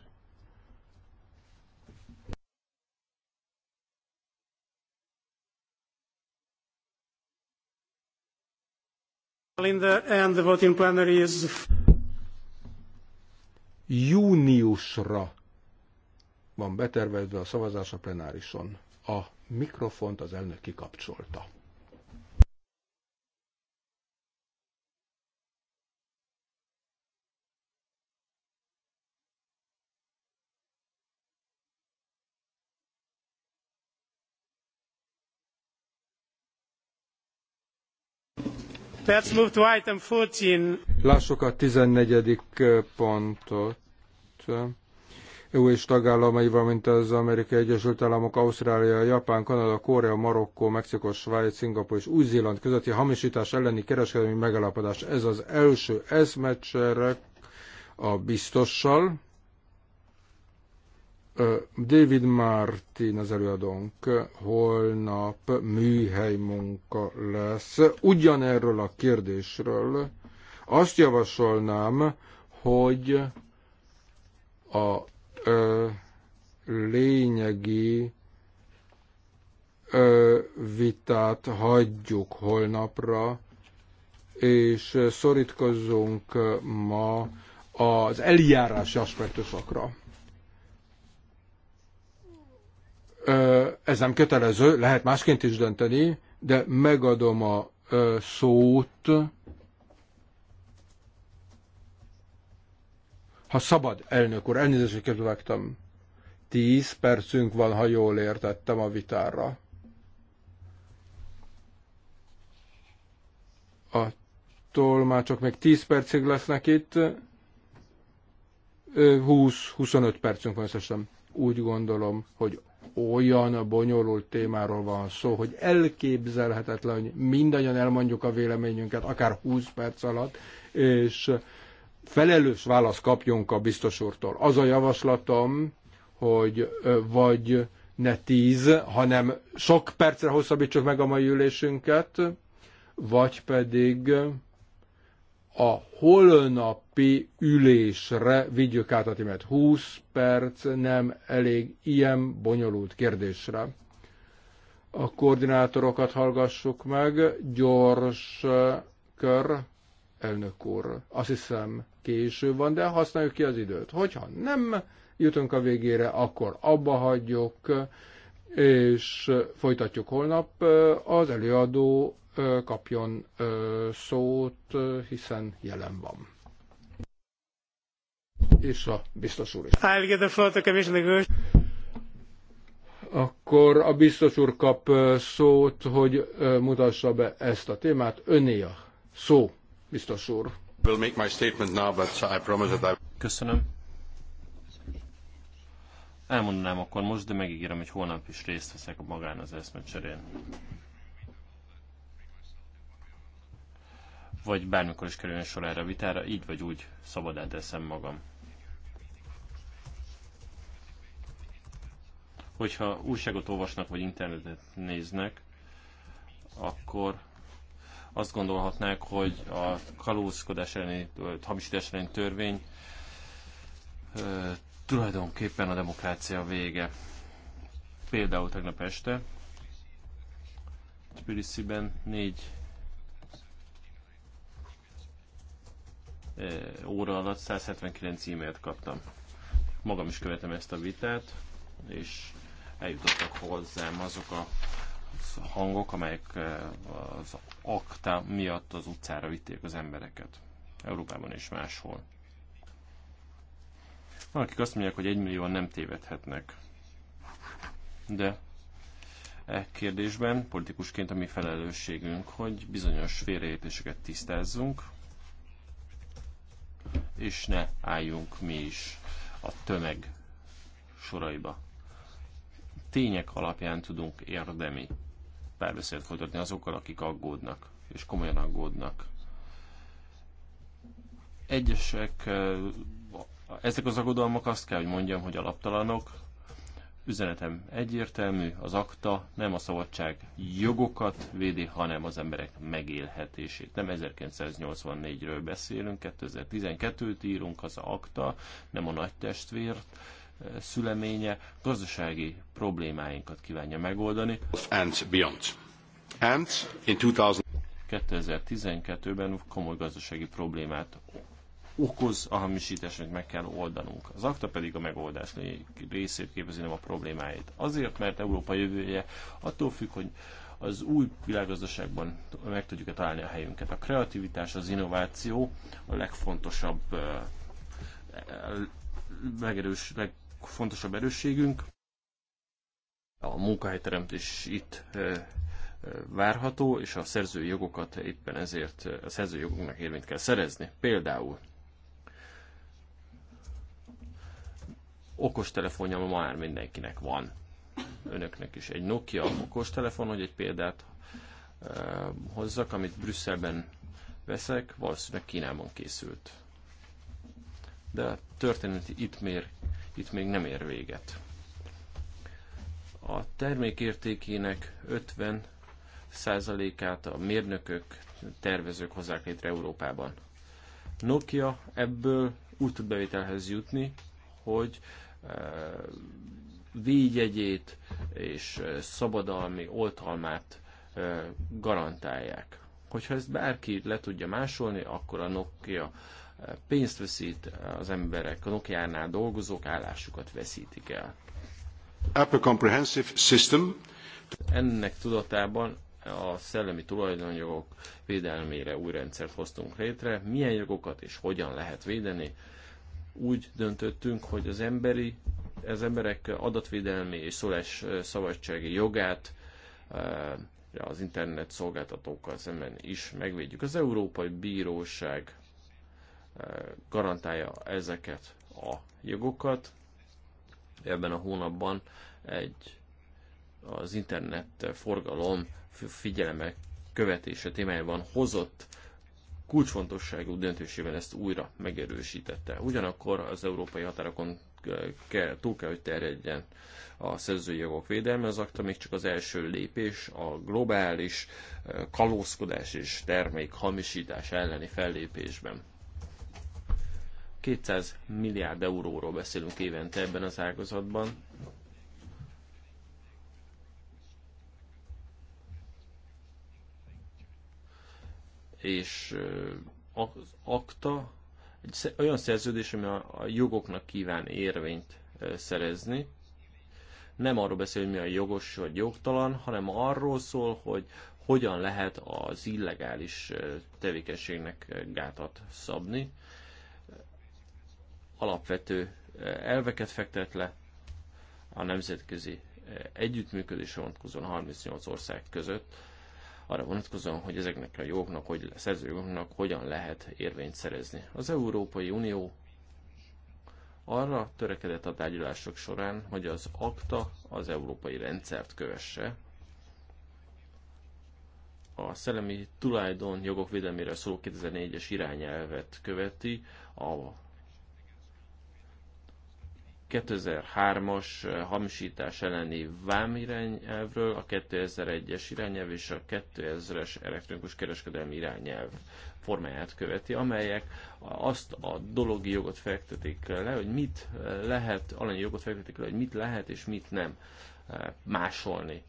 Linda, and the voting plenary is... Júniusra van betervezve a szavazás a plenárison. A mikrofont az elnök kikapcsolta. Let's move to item 14. Lássuk a 14. Eh, pontot. EU és tagállamai, valamint az Amerikai Egyesült Államok, Ausztrália, Japán, Kanada, Korea, Marokkó, Mexikó, Svájc, Szingapur és Új-Zéland közötti hamisítás elleni kereskedelmi megállapodás. Ez az első eszmecserek a biztossal. David Martin az előadónk holnap műhely munka lesz. Ugyanerről a kérdésről azt javasolnám, hogy a ö, lényegi ö, vitát hagyjuk holnapra, és szorítkozzunk ma az eljárási aspektusokra. Ez nem kötelező, lehet másként is dönteni, de megadom a szót, ha szabad, elnök úr, elnézést, hogy Tíz percünk van, ha jól értettem a vitára. A tolmácsok még tíz percig lesznek itt. 20-25 percünk van összesen. Úgy gondolom, hogy olyan bonyolult témáról van szó, hogy elképzelhetetlen, hogy mindannyian elmondjuk a véleményünket, akár 20 perc alatt, és felelős választ kapjunk a biztos úrtól. Az a javaslatom, hogy vagy ne tíz, hanem sok percre hosszabbítsuk meg a mai ülésünket, vagy pedig a holnapi ülésre vigyük át a témát. 20 perc nem elég ilyen bonyolult kérdésre. A koordinátorokat hallgassuk meg. Gyors eh, kör, elnök úr. Azt hiszem késő van, de használjuk ki az időt. Hogyha nem jutunk a végére, akkor abba hagyjuk, eh, és folytatjuk holnap eh, az előadó kapjon szót, hiszen jelen van. És a biztos úr is. Akkor a biztos úr kap szót, hogy mutassa be ezt a témát. Öné a szó, biztos úr. Köszönöm. Elmondanám akkor most, de megígérem, hogy holnap is részt veszek a magán az eszmecserén. vagy bármikor is kerüljön sor erre a vitára, így vagy úgy szabadán teszem magam. Hogyha újságot olvasnak, vagy internetet néznek, akkor azt gondolhatnák, hogy a kalózkodás elleni, hamisítás elleni törvény ö, tulajdonképpen a demokrácia vége. Például tegnap este Tbilisi-ben négy óra alatt 179 e-mailt kaptam. Magam is követem ezt a vitát, és eljutottak hozzám azok a hangok, amelyek az akta miatt az utcára vitték az embereket. Európában és máshol. Van, akik azt mondják, hogy egymillióan nem tévedhetnek. De e kérdésben politikusként a mi felelősségünk, hogy bizonyos félreértéseket tisztázzunk, és ne álljunk mi is a tömeg soraiba. Tények alapján tudunk érdemi párbeszédet folytatni azokkal, akik aggódnak, és komolyan aggódnak. Egyesek, eh, ezek az aggodalmak azt kell, hogy mondjam, hogy alaptalanok, Üzenetem egyértelmű, az akta nem a szabadság jogokat védi, hanem az emberek megélhetését. Nem 1984-ről beszélünk, 2012-t írunk, az akta, nem a nagy testvért eh, szüleménye, gazdasági problémáinkat kívánja megoldani. And beyond. And in 2000... 2012-ben komoly gazdasági problémát okoz a hamisítás, amit meg kell oldanunk. Az akta pedig a megoldás részét képezi, nem a problémáit. Azért, mert Európa jövője attól függ, hogy az új világgazdaságban meg tudjuk-e találni a helyünket. A kreativitás, az innováció a legfontosabb legerős, legfontosabb erősségünk. A munkahelyteremtés itt várható, és a szerzői jogokat éppen ezért a szerzői jogoknak érvényt kell szerezni. Például okostelefonja már mindenkinek van. Önöknek is egy Nokia okostelefon, hogy egy példát uh, hozzak, amit Brüsszelben veszek, valószínűleg Kínában készült. De a történet itt, mér, itt még nem ér véget. A termékértékének 50 százalékát a mérnökök, tervezők hozzák létre Európában. Nokia ebből úgy tud bevételhez jutni, hogy védjegyét és szabadalmi oltalmát garantálják. Hogyha ezt bárki le tudja másolni, akkor a Nokia pénzt veszít, az emberek a Nokia-nál dolgozók állásukat veszítik el. Apple Comprehensive System. Ennek tudatában a szellemi tulajdonjogok védelmére új rendszert hoztunk létre, milyen jogokat és hogyan lehet védeni, úgy döntöttünk, hogy az emberi, az emberek adatvédelmi és szólás szabadsági jogát az internet szolgáltatókkal szemben is megvédjük. Az Európai Bíróság garantálja ezeket a jogokat. Ebben a hónapban egy az internet forgalom figyelemek követése témájában hozott kulcsfontosságú döntésével ezt újra megerősítette. Ugyanakkor az európai határokon kell, túl kell, hogy terjedjen a szerzői jogok védelme, az akta még csak az első lépés a globális eh, kalózkodás és termék hamisítás elleni fellépésben. 200 milliárd euróról beszélünk évente ebben az ágazatban, és az akta egy olyan szerződés, ami a jogoknak kíván érvényt szerezni. Nem arról beszél, hogy mi a jogos vagy jogtalan, hanem arról szól, hogy hogyan lehet az illegális tevékenységnek gátat szabni. Alapvető elveket fektet le a nemzetközi együttműködésre vonatkozóan 38 ország között arra vonatkozóan, hogy ezeknek a jogoknak, hogy a szerzőjogoknak hogyan lehet érvényt szerezni. Az Európai Unió arra törekedett a tárgyalások során, hogy az akta az európai rendszert kövesse, a szellemi tulajdon jogok védelmére szóló 2004-es irányelvet követi, a 2003-as eh, hamisítás elleni irányelvről, a 2001-es irányelv és a 2000-es elektronikus kereskedelmi irányelv formáját követi, amelyek azt a dologi jogot fektetik le, hogy mit eh, lehet, alanyi jogot fektetik le, hogy mit lehet és mit nem eh, másolni.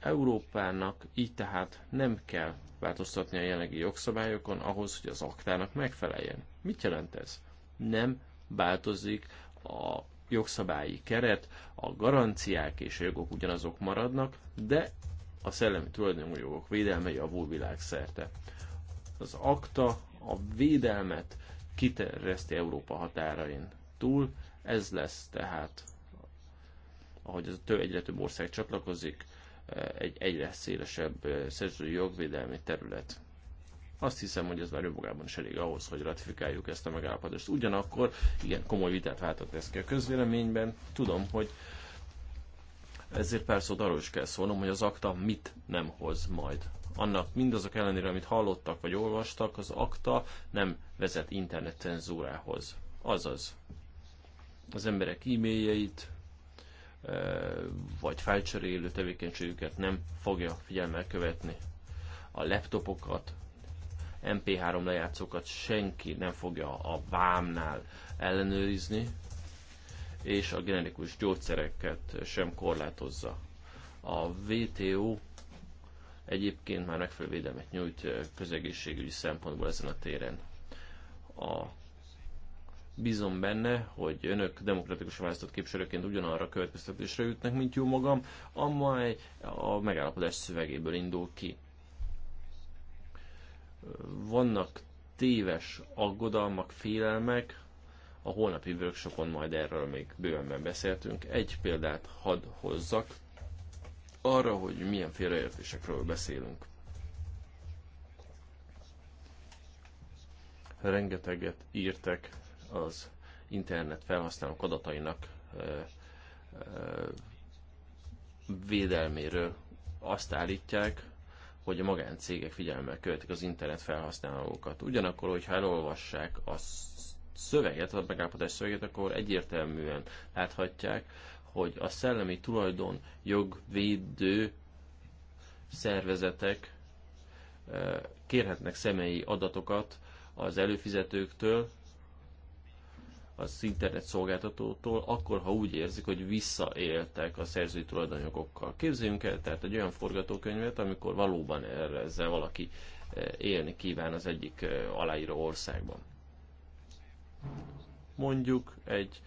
Európának így tehát nem kell változtatni a jelenlegi jogszabályokon ahhoz, hogy az aktának megfeleljen. Mit jelent ez? Nem változik a jogszabályi keret, a garanciák és a jogok ugyanazok maradnak, de a szellemi tulajdonjogok védelme javul világszerte. Az akta a védelmet kiterjeszti Európa határain túl, ez lesz tehát, ahogy az több, egyre több ország csatlakozik, eh, egy egyre szélesebb eh, szerzői jogvédelmi terület. Azt hiszem, hogy ez már önmagában is elég ahhoz, hogy ratifikáljuk ezt a megállapodást. Ugyanakkor igen komoly vitát váltott ez ki a közvéleményben. Tudom, hogy ezért pár szót arról is kell szólnom, hogy az akta mit nem hoz majd. Annak mindazok ellenére, amit hallottak vagy olvastak, az akta nem vezet internet Azaz, az emberek e-mailjeit, eh, vagy felcserélő tevékenységüket nem fogja figyelmel követni. A laptopokat, MP3 lejátszókat senki nem fogja a vámnál ellenőrizni, és a generikus gyógyszereket sem korlátozza. A WTO egyébként már megfelelő védelmet nyújt közegészségügyi szempontból ezen a téren. A Bízom benne, hogy önök demokratikusan választott képviselőként ugyanarra a következtetésre jutnak, mint jó magam, amely a megállapodás szövegéből indul ki vannak téves aggodalmak, félelmek, a holnapi workshopon majd erről még bővenben beszéltünk. Egy példát hadd hozzak arra, hogy milyen félreértésekről beszélünk. Rengeteget írtek az internet felhasználók adatainak védelméről. Azt állítják, hogy a magáncégek figyelemmel követik az internet felhasználókat. Ugyanakkor, hogyha elolvassák a szöveget, a megállapodás szöveget, akkor egyértelműen láthatják, hogy a szellemi tulajdon jogvédő szervezetek kérhetnek személyi adatokat az előfizetőktől, az internet szolgáltatótól, akkor, ha úgy érzik, hogy visszaéltek a szerzői tulajdonjogokkal. Képzeljünk el tehát egy olyan forgatókönyvet, amikor valóban erre ezzel valaki eh, élni kíván az egyik eh, aláíró országban. Mondjuk egy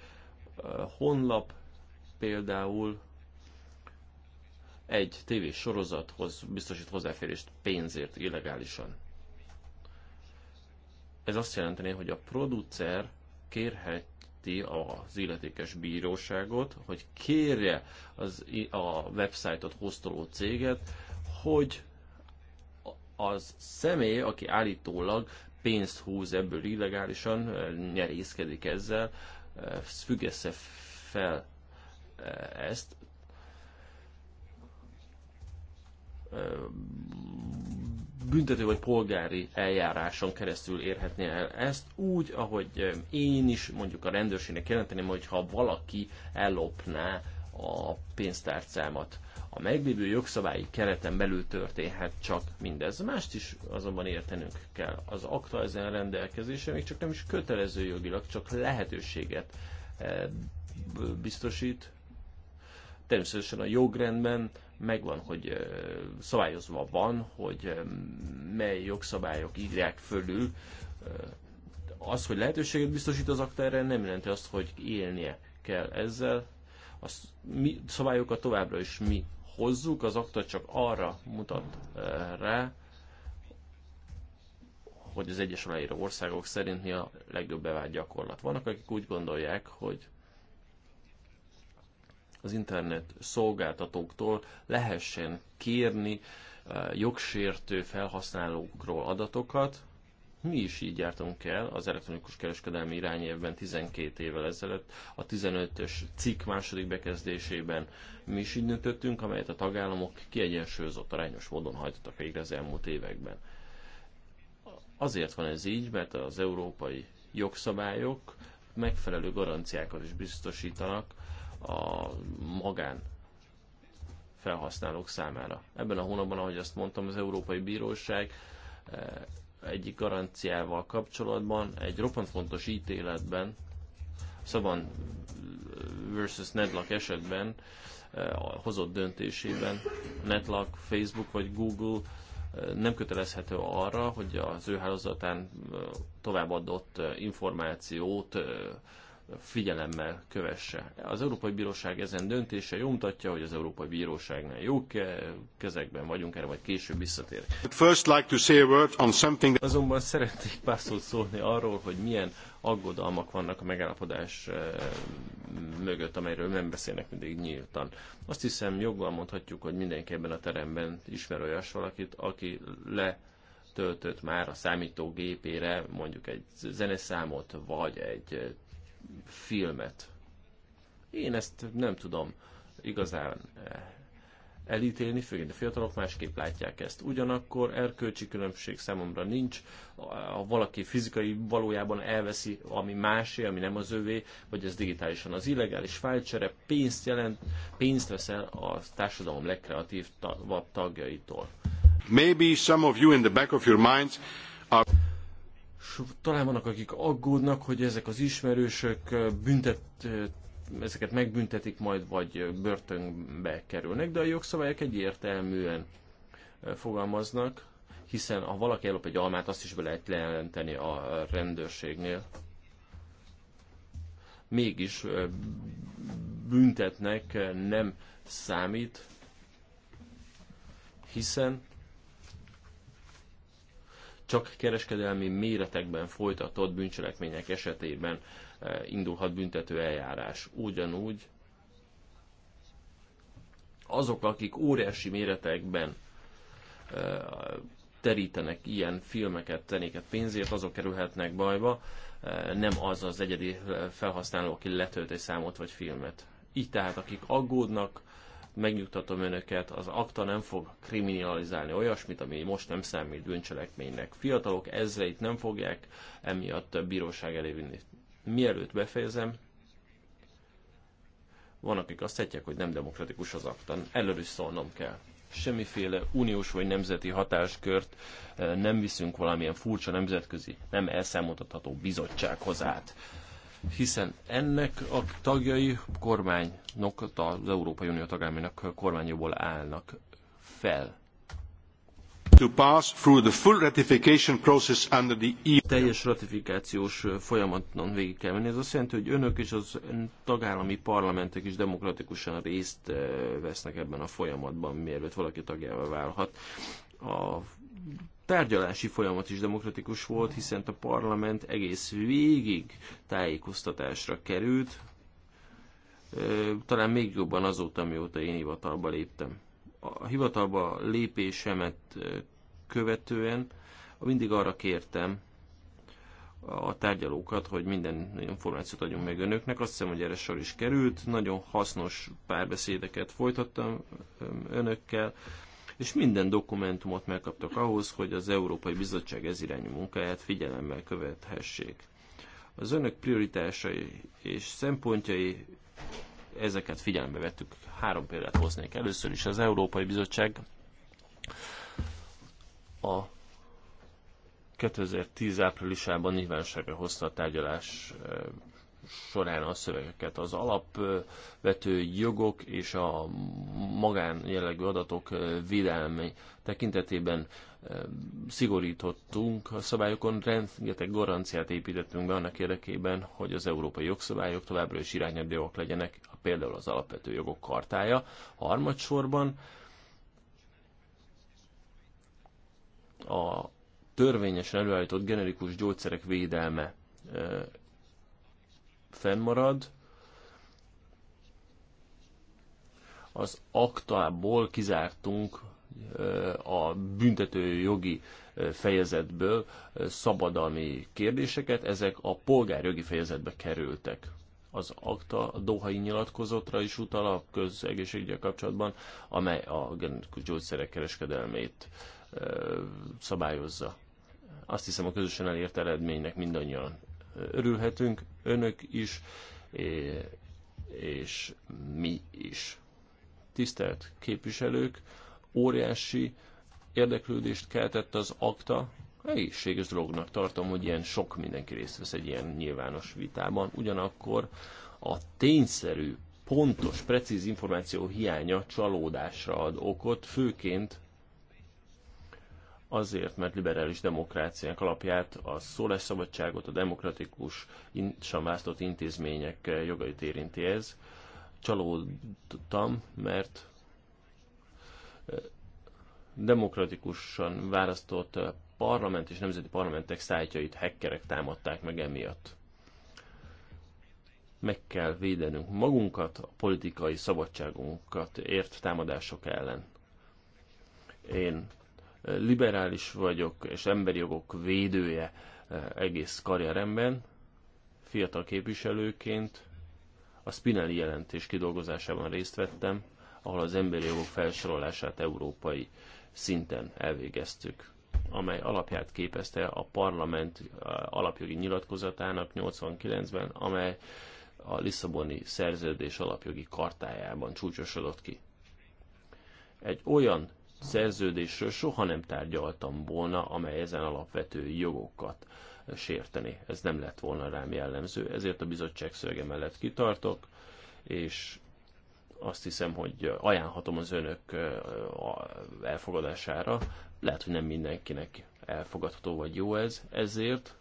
eh, honlap például egy tévés sorozathoz biztosít hozzáférést pénzért illegálisan. Ez azt jelenteni, hogy a producer kérheti az illetékes bíróságot, hogy kérje az, a websájtot hoztoló céget, hogy az személy, aki állítólag pénzt húz ebből illegálisan, nyerészkedik ezzel, függesse fel ezt, büntető vagy polgári eljáráson keresztül érhetné el ezt, úgy, ahogy eh, én is mondjuk a rendőrségnek jelenteném, hogyha valaki ellopná a pénztárcámat. A meglévő jogszabályi kereten belül történhet csak mindez. Mást is azonban értenünk kell. Az akta ezen rendelkezése még csak nem is kötelező jogilag, csak lehetőséget eh, biztosít. Természetesen a jogrendben megvan, hogy szabályozva van, hogy mely jogszabályok írják fölül. Az, hogy lehetőséget biztosít az akta erre, nem jelenti azt, hogy élnie kell ezzel. A szabályokat továbbra is mi hozzuk, az akta csak arra mutat rá, hogy az egyes aláíró országok szerint mi a legjobb bevált gyakorlat. Vannak, akik úgy gondolják, hogy az internet szolgáltatóktól lehessen kérni eh, jogsértő felhasználókról adatokat. Mi is így jártunk el az elektronikus kereskedelmi irányévben 12 évvel ezelőtt, a 15-ös cikk második bekezdésében mi is így nőttünk, amelyet a tagállamok kiegyensúlyozott arányos módon hajtottak végre az elmúlt években. Azért van ez így, mert az európai jogszabályok megfelelő garanciákat is biztosítanak a magán felhasználók számára. Ebben a hónapban, ahogy azt mondtam, az Európai Bíróság eh, egyik garanciával kapcsolatban egy roppant fontos ítéletben, Szaban versus Nedlak esetben eh, hozott döntésében Netlak, Facebook vagy Google eh, nem kötelezhető arra, hogy az ő hálózatán továbbadott információt figyelemmel kövesse. Az Európai Bíróság ezen döntése jó mutatja, hogy az Európai Bíróságnál jó kezekben vagyunk, erre vagy később visszatér. First like to say a word on something that... Azonban szeretnék pár szót szólni arról, hogy milyen aggodalmak vannak a megállapodás eh, mögött, amelyről nem beszélnek mindig nyíltan. Azt hiszem joggal mondhatjuk, hogy mindenki ebben a teremben ismer olyas valakit, aki le töltött már a számítógépére mondjuk egy zeneszámot, vagy egy eh, filmet. Én ezt nem tudom igazán eh, elítélni, főként a fiatalok másképp látják ezt. Ugyanakkor erkölcsi különbség számomra nincs, ha valaki fizikai valójában elveszi, ami másé, ami nem az övé, vagy ez digitálisan az illegális fájlcsere, pénzt jelent, pénzt veszel a társadalom legkreatívabb tagjaitól. Maybe some of you in the back of your minds are talán vannak, akik aggódnak, hogy ezek az ismerősök büntet, ezeket megbüntetik majd, vagy börtönbe kerülnek, de a jogszabályok egyértelműen fogalmaznak, hiszen ha valaki ellop egy almát, azt is be lehet lejelenteni a rendőrségnél. Mégis büntetnek nem számít, hiszen csak kereskedelmi méretekben folytatott bűncselekmények esetében eh, indulhat büntető eljárás. Ugyanúgy azok, akik óriási méretekben eh, terítenek ilyen filmeket, tenéket pénzért, azok kerülhetnek bajba, eh, nem az az egyedi felhasználó, aki letölt egy számot vagy filmet. Így tehát, akik aggódnak, Megnyugtatom önöket, az akta nem fog kriminalizálni olyasmit, ami most nem számít bűncselekménynek. Fiatalok ezreit nem fogják emiatt a bíróság elé vinni. Mielőtt befejezem, van, akik azt hetják, hogy nem demokratikus az akta. Előbb is szólnom kell semmiféle uniós vagy nemzeti hatáskört eh, nem viszünk valamilyen furcsa nemzetközi, nem elszámoltatható bizottsághoz át hiszen ennek a tagjai kormányok, az Európai Unió tagállamának kormányokból állnak fel. To pass through the full ratification process under the EU. Teljes ratifikációs folyamaton végig kell menni. Ez azt jelenti, hogy önök és az tagállami parlamentek is demokratikusan részt eh, vesznek ebben a folyamatban, mielőtt valaki tagjává válhat. A tárgyalási folyamat is demokratikus volt, hiszen a parlament egész végig tájékoztatásra került, talán még jobban azóta, mióta én hivatalba léptem. A hivatalba lépésemet követően mindig arra kértem a tárgyalókat, hogy minden információt adjunk meg önöknek. Azt hiszem, hogy erre sor is került. Nagyon hasznos párbeszédeket folytattam önökkel és minden dokumentumot megkaptak ahhoz, hogy az Európai Bizottság ezirányú munkáját figyelemmel követhessék. Az önök prioritásai és szempontjai ezeket figyelembe vettük. Három példát hoznék. Először is az Európai Bizottság a 2010 áprilisában nyilvánosságra hozta a tárgyalás során a szövegeket. Az alapvető jogok és a magán jellegű adatok védelmi tekintetében eh, szigorítottunk a szabályokon, rengeteg garanciát építettünk be annak érdekében, hogy az európai jogszabályok továbbra is irányadóak legyenek, például az alapvető jogok kartája. Harmadsorban a törvényesen előállított generikus gyógyszerek védelme eh, fennmarad. Az aktából kizártunk a büntető jogi fejezetből szabadalmi kérdéseket, ezek a polgárjogi fejezetbe kerültek. Az akta a Dohai nyilatkozatra is utal a közegészségügyi kapcsolatban, amely a genetikus gyógyszerek kereskedelmét szabályozza. Azt hiszem a közösen elért eredménynek mindannyian örülhetünk, önök is, és mi is. Tisztelt képviselők, óriási érdeklődést keltett az akta, egészséges dolognak tartom, hogy ilyen sok mindenki részt vesz egy ilyen nyilvános vitában, ugyanakkor a tényszerű, pontos, precíz információ hiánya csalódásra ad okot, főként azért, mert liberális demokráciák alapját, a szólásszabadságot, a demokratikus, választott intézmények jogait érinti ez. Csalódtam, mert demokratikusan választott parlament és nemzeti parlamentek szájtjait hekkerek támadták meg emiatt. Meg kell védenünk magunkat, a politikai szabadságunkat ért támadások ellen. Én liberális vagyok, és emberi jogok védője e, egész karrieremben, fiatal képviselőként a Spinelli jelentés kidolgozásában részt vettem, ahol az emberi jogok felsorolását európai szinten elvégeztük, amely alapját képezte a parlament e, alapjogi nyilatkozatának 89-ben, amely a Lisszaboni szerződés alapjogi kartájában csúcsosodott ki. Egy olyan szerződésről soha nem tárgyaltam volna, amely ezen alapvető jogokat sérteni. Ez nem lett volna rám jellemző, ezért a bizottság szövege mellett kitartok, és azt hiszem, hogy ajánlhatom az önök elfogadására. Lehet, hogy nem mindenkinek elfogadható vagy jó ez, ezért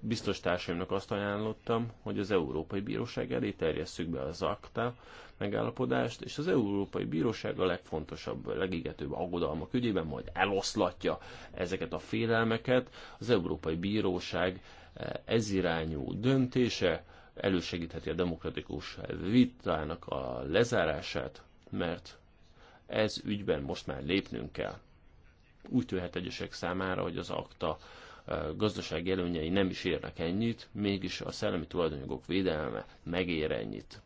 biztos társaimnak azt ajánlottam, hogy az Európai Bíróság elé terjesszük be az akta megállapodást, és az Európai Bíróság a legfontosabb, legigetőbb aggodalmak ügyében majd eloszlatja ezeket a félelmeket. Az Európai Bíróság eh, ezirányú döntése elősegítheti a demokratikus vitának a lezárását, mert ez ügyben most már lépnünk kell. Úgy tűnhet egyesek számára, hogy az akta gazdasági előnyei nem is érnek ennyit, mégis a szellemi tulajdonjogok védelme megér ennyit.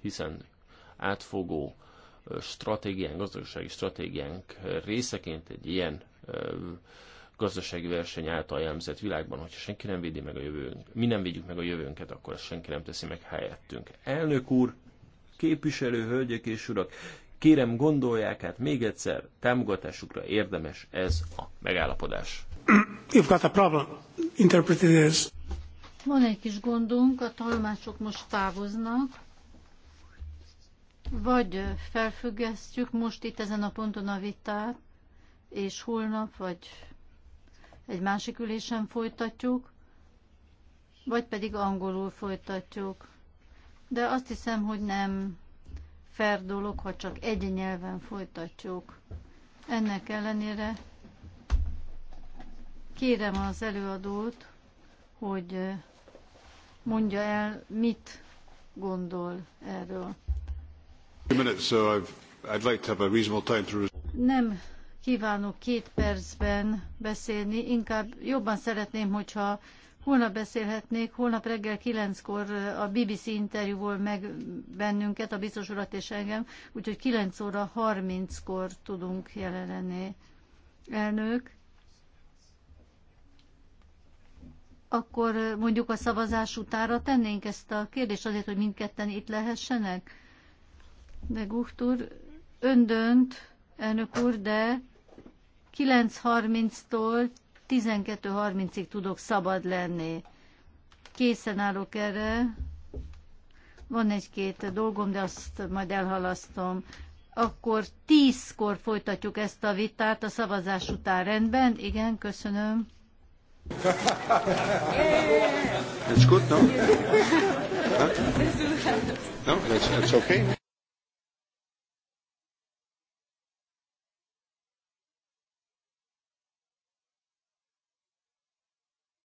Hiszen átfogó stratégiánk, gazdasági stratégiánk részeként egy ilyen gazdasági verseny által jellemzett világban, hogyha senki nem védi meg a jövőnk, mi nem védjük meg a jövőnket, akkor ezt senki nem teszi meg helyettünk. Elnök úr, képviselő hölgyek és urak, kérem gondolják át még egyszer, támogatásukra érdemes ez a megállapodás. You've got a problem. Interpreted as... Van egy kis gondunk, a tolmácsok most távoznak. Vagy felfüggesztjük most itt ezen a ponton a vitát, és holnap, vagy egy másik ülésen folytatjuk, vagy pedig angolul folytatjuk. De azt hiszem, hogy nem fair dolog, ha csak egy nyelven folytatjuk. Ennek ellenére Kérem az előadót, hogy mondja el, mit gondol erről. Nem kívánok két percben beszélni, inkább jobban szeretném, hogyha holnap beszélhetnék. Holnap reggel kilenckor a BBC interjúvol meg bennünket, a biztos urat és engem, úgyhogy 9 óra 30-kor tudunk jelen lenni. Elnök, akkor mondjuk a szavazás utára tennénk ezt a kérdést azért, hogy mindketten itt lehessenek? De Gucht úr, ön dönt, elnök úr, de 9.30-tól 12.30-ig tudok szabad lenni. Készen állok erre. Van egy-két dolgom, de azt majd elhalasztom. Akkor tízkor folytatjuk ezt a vitát a szavazás után. Rendben? Igen, köszönöm. It's good, no? Huh? No, that's, that's okay.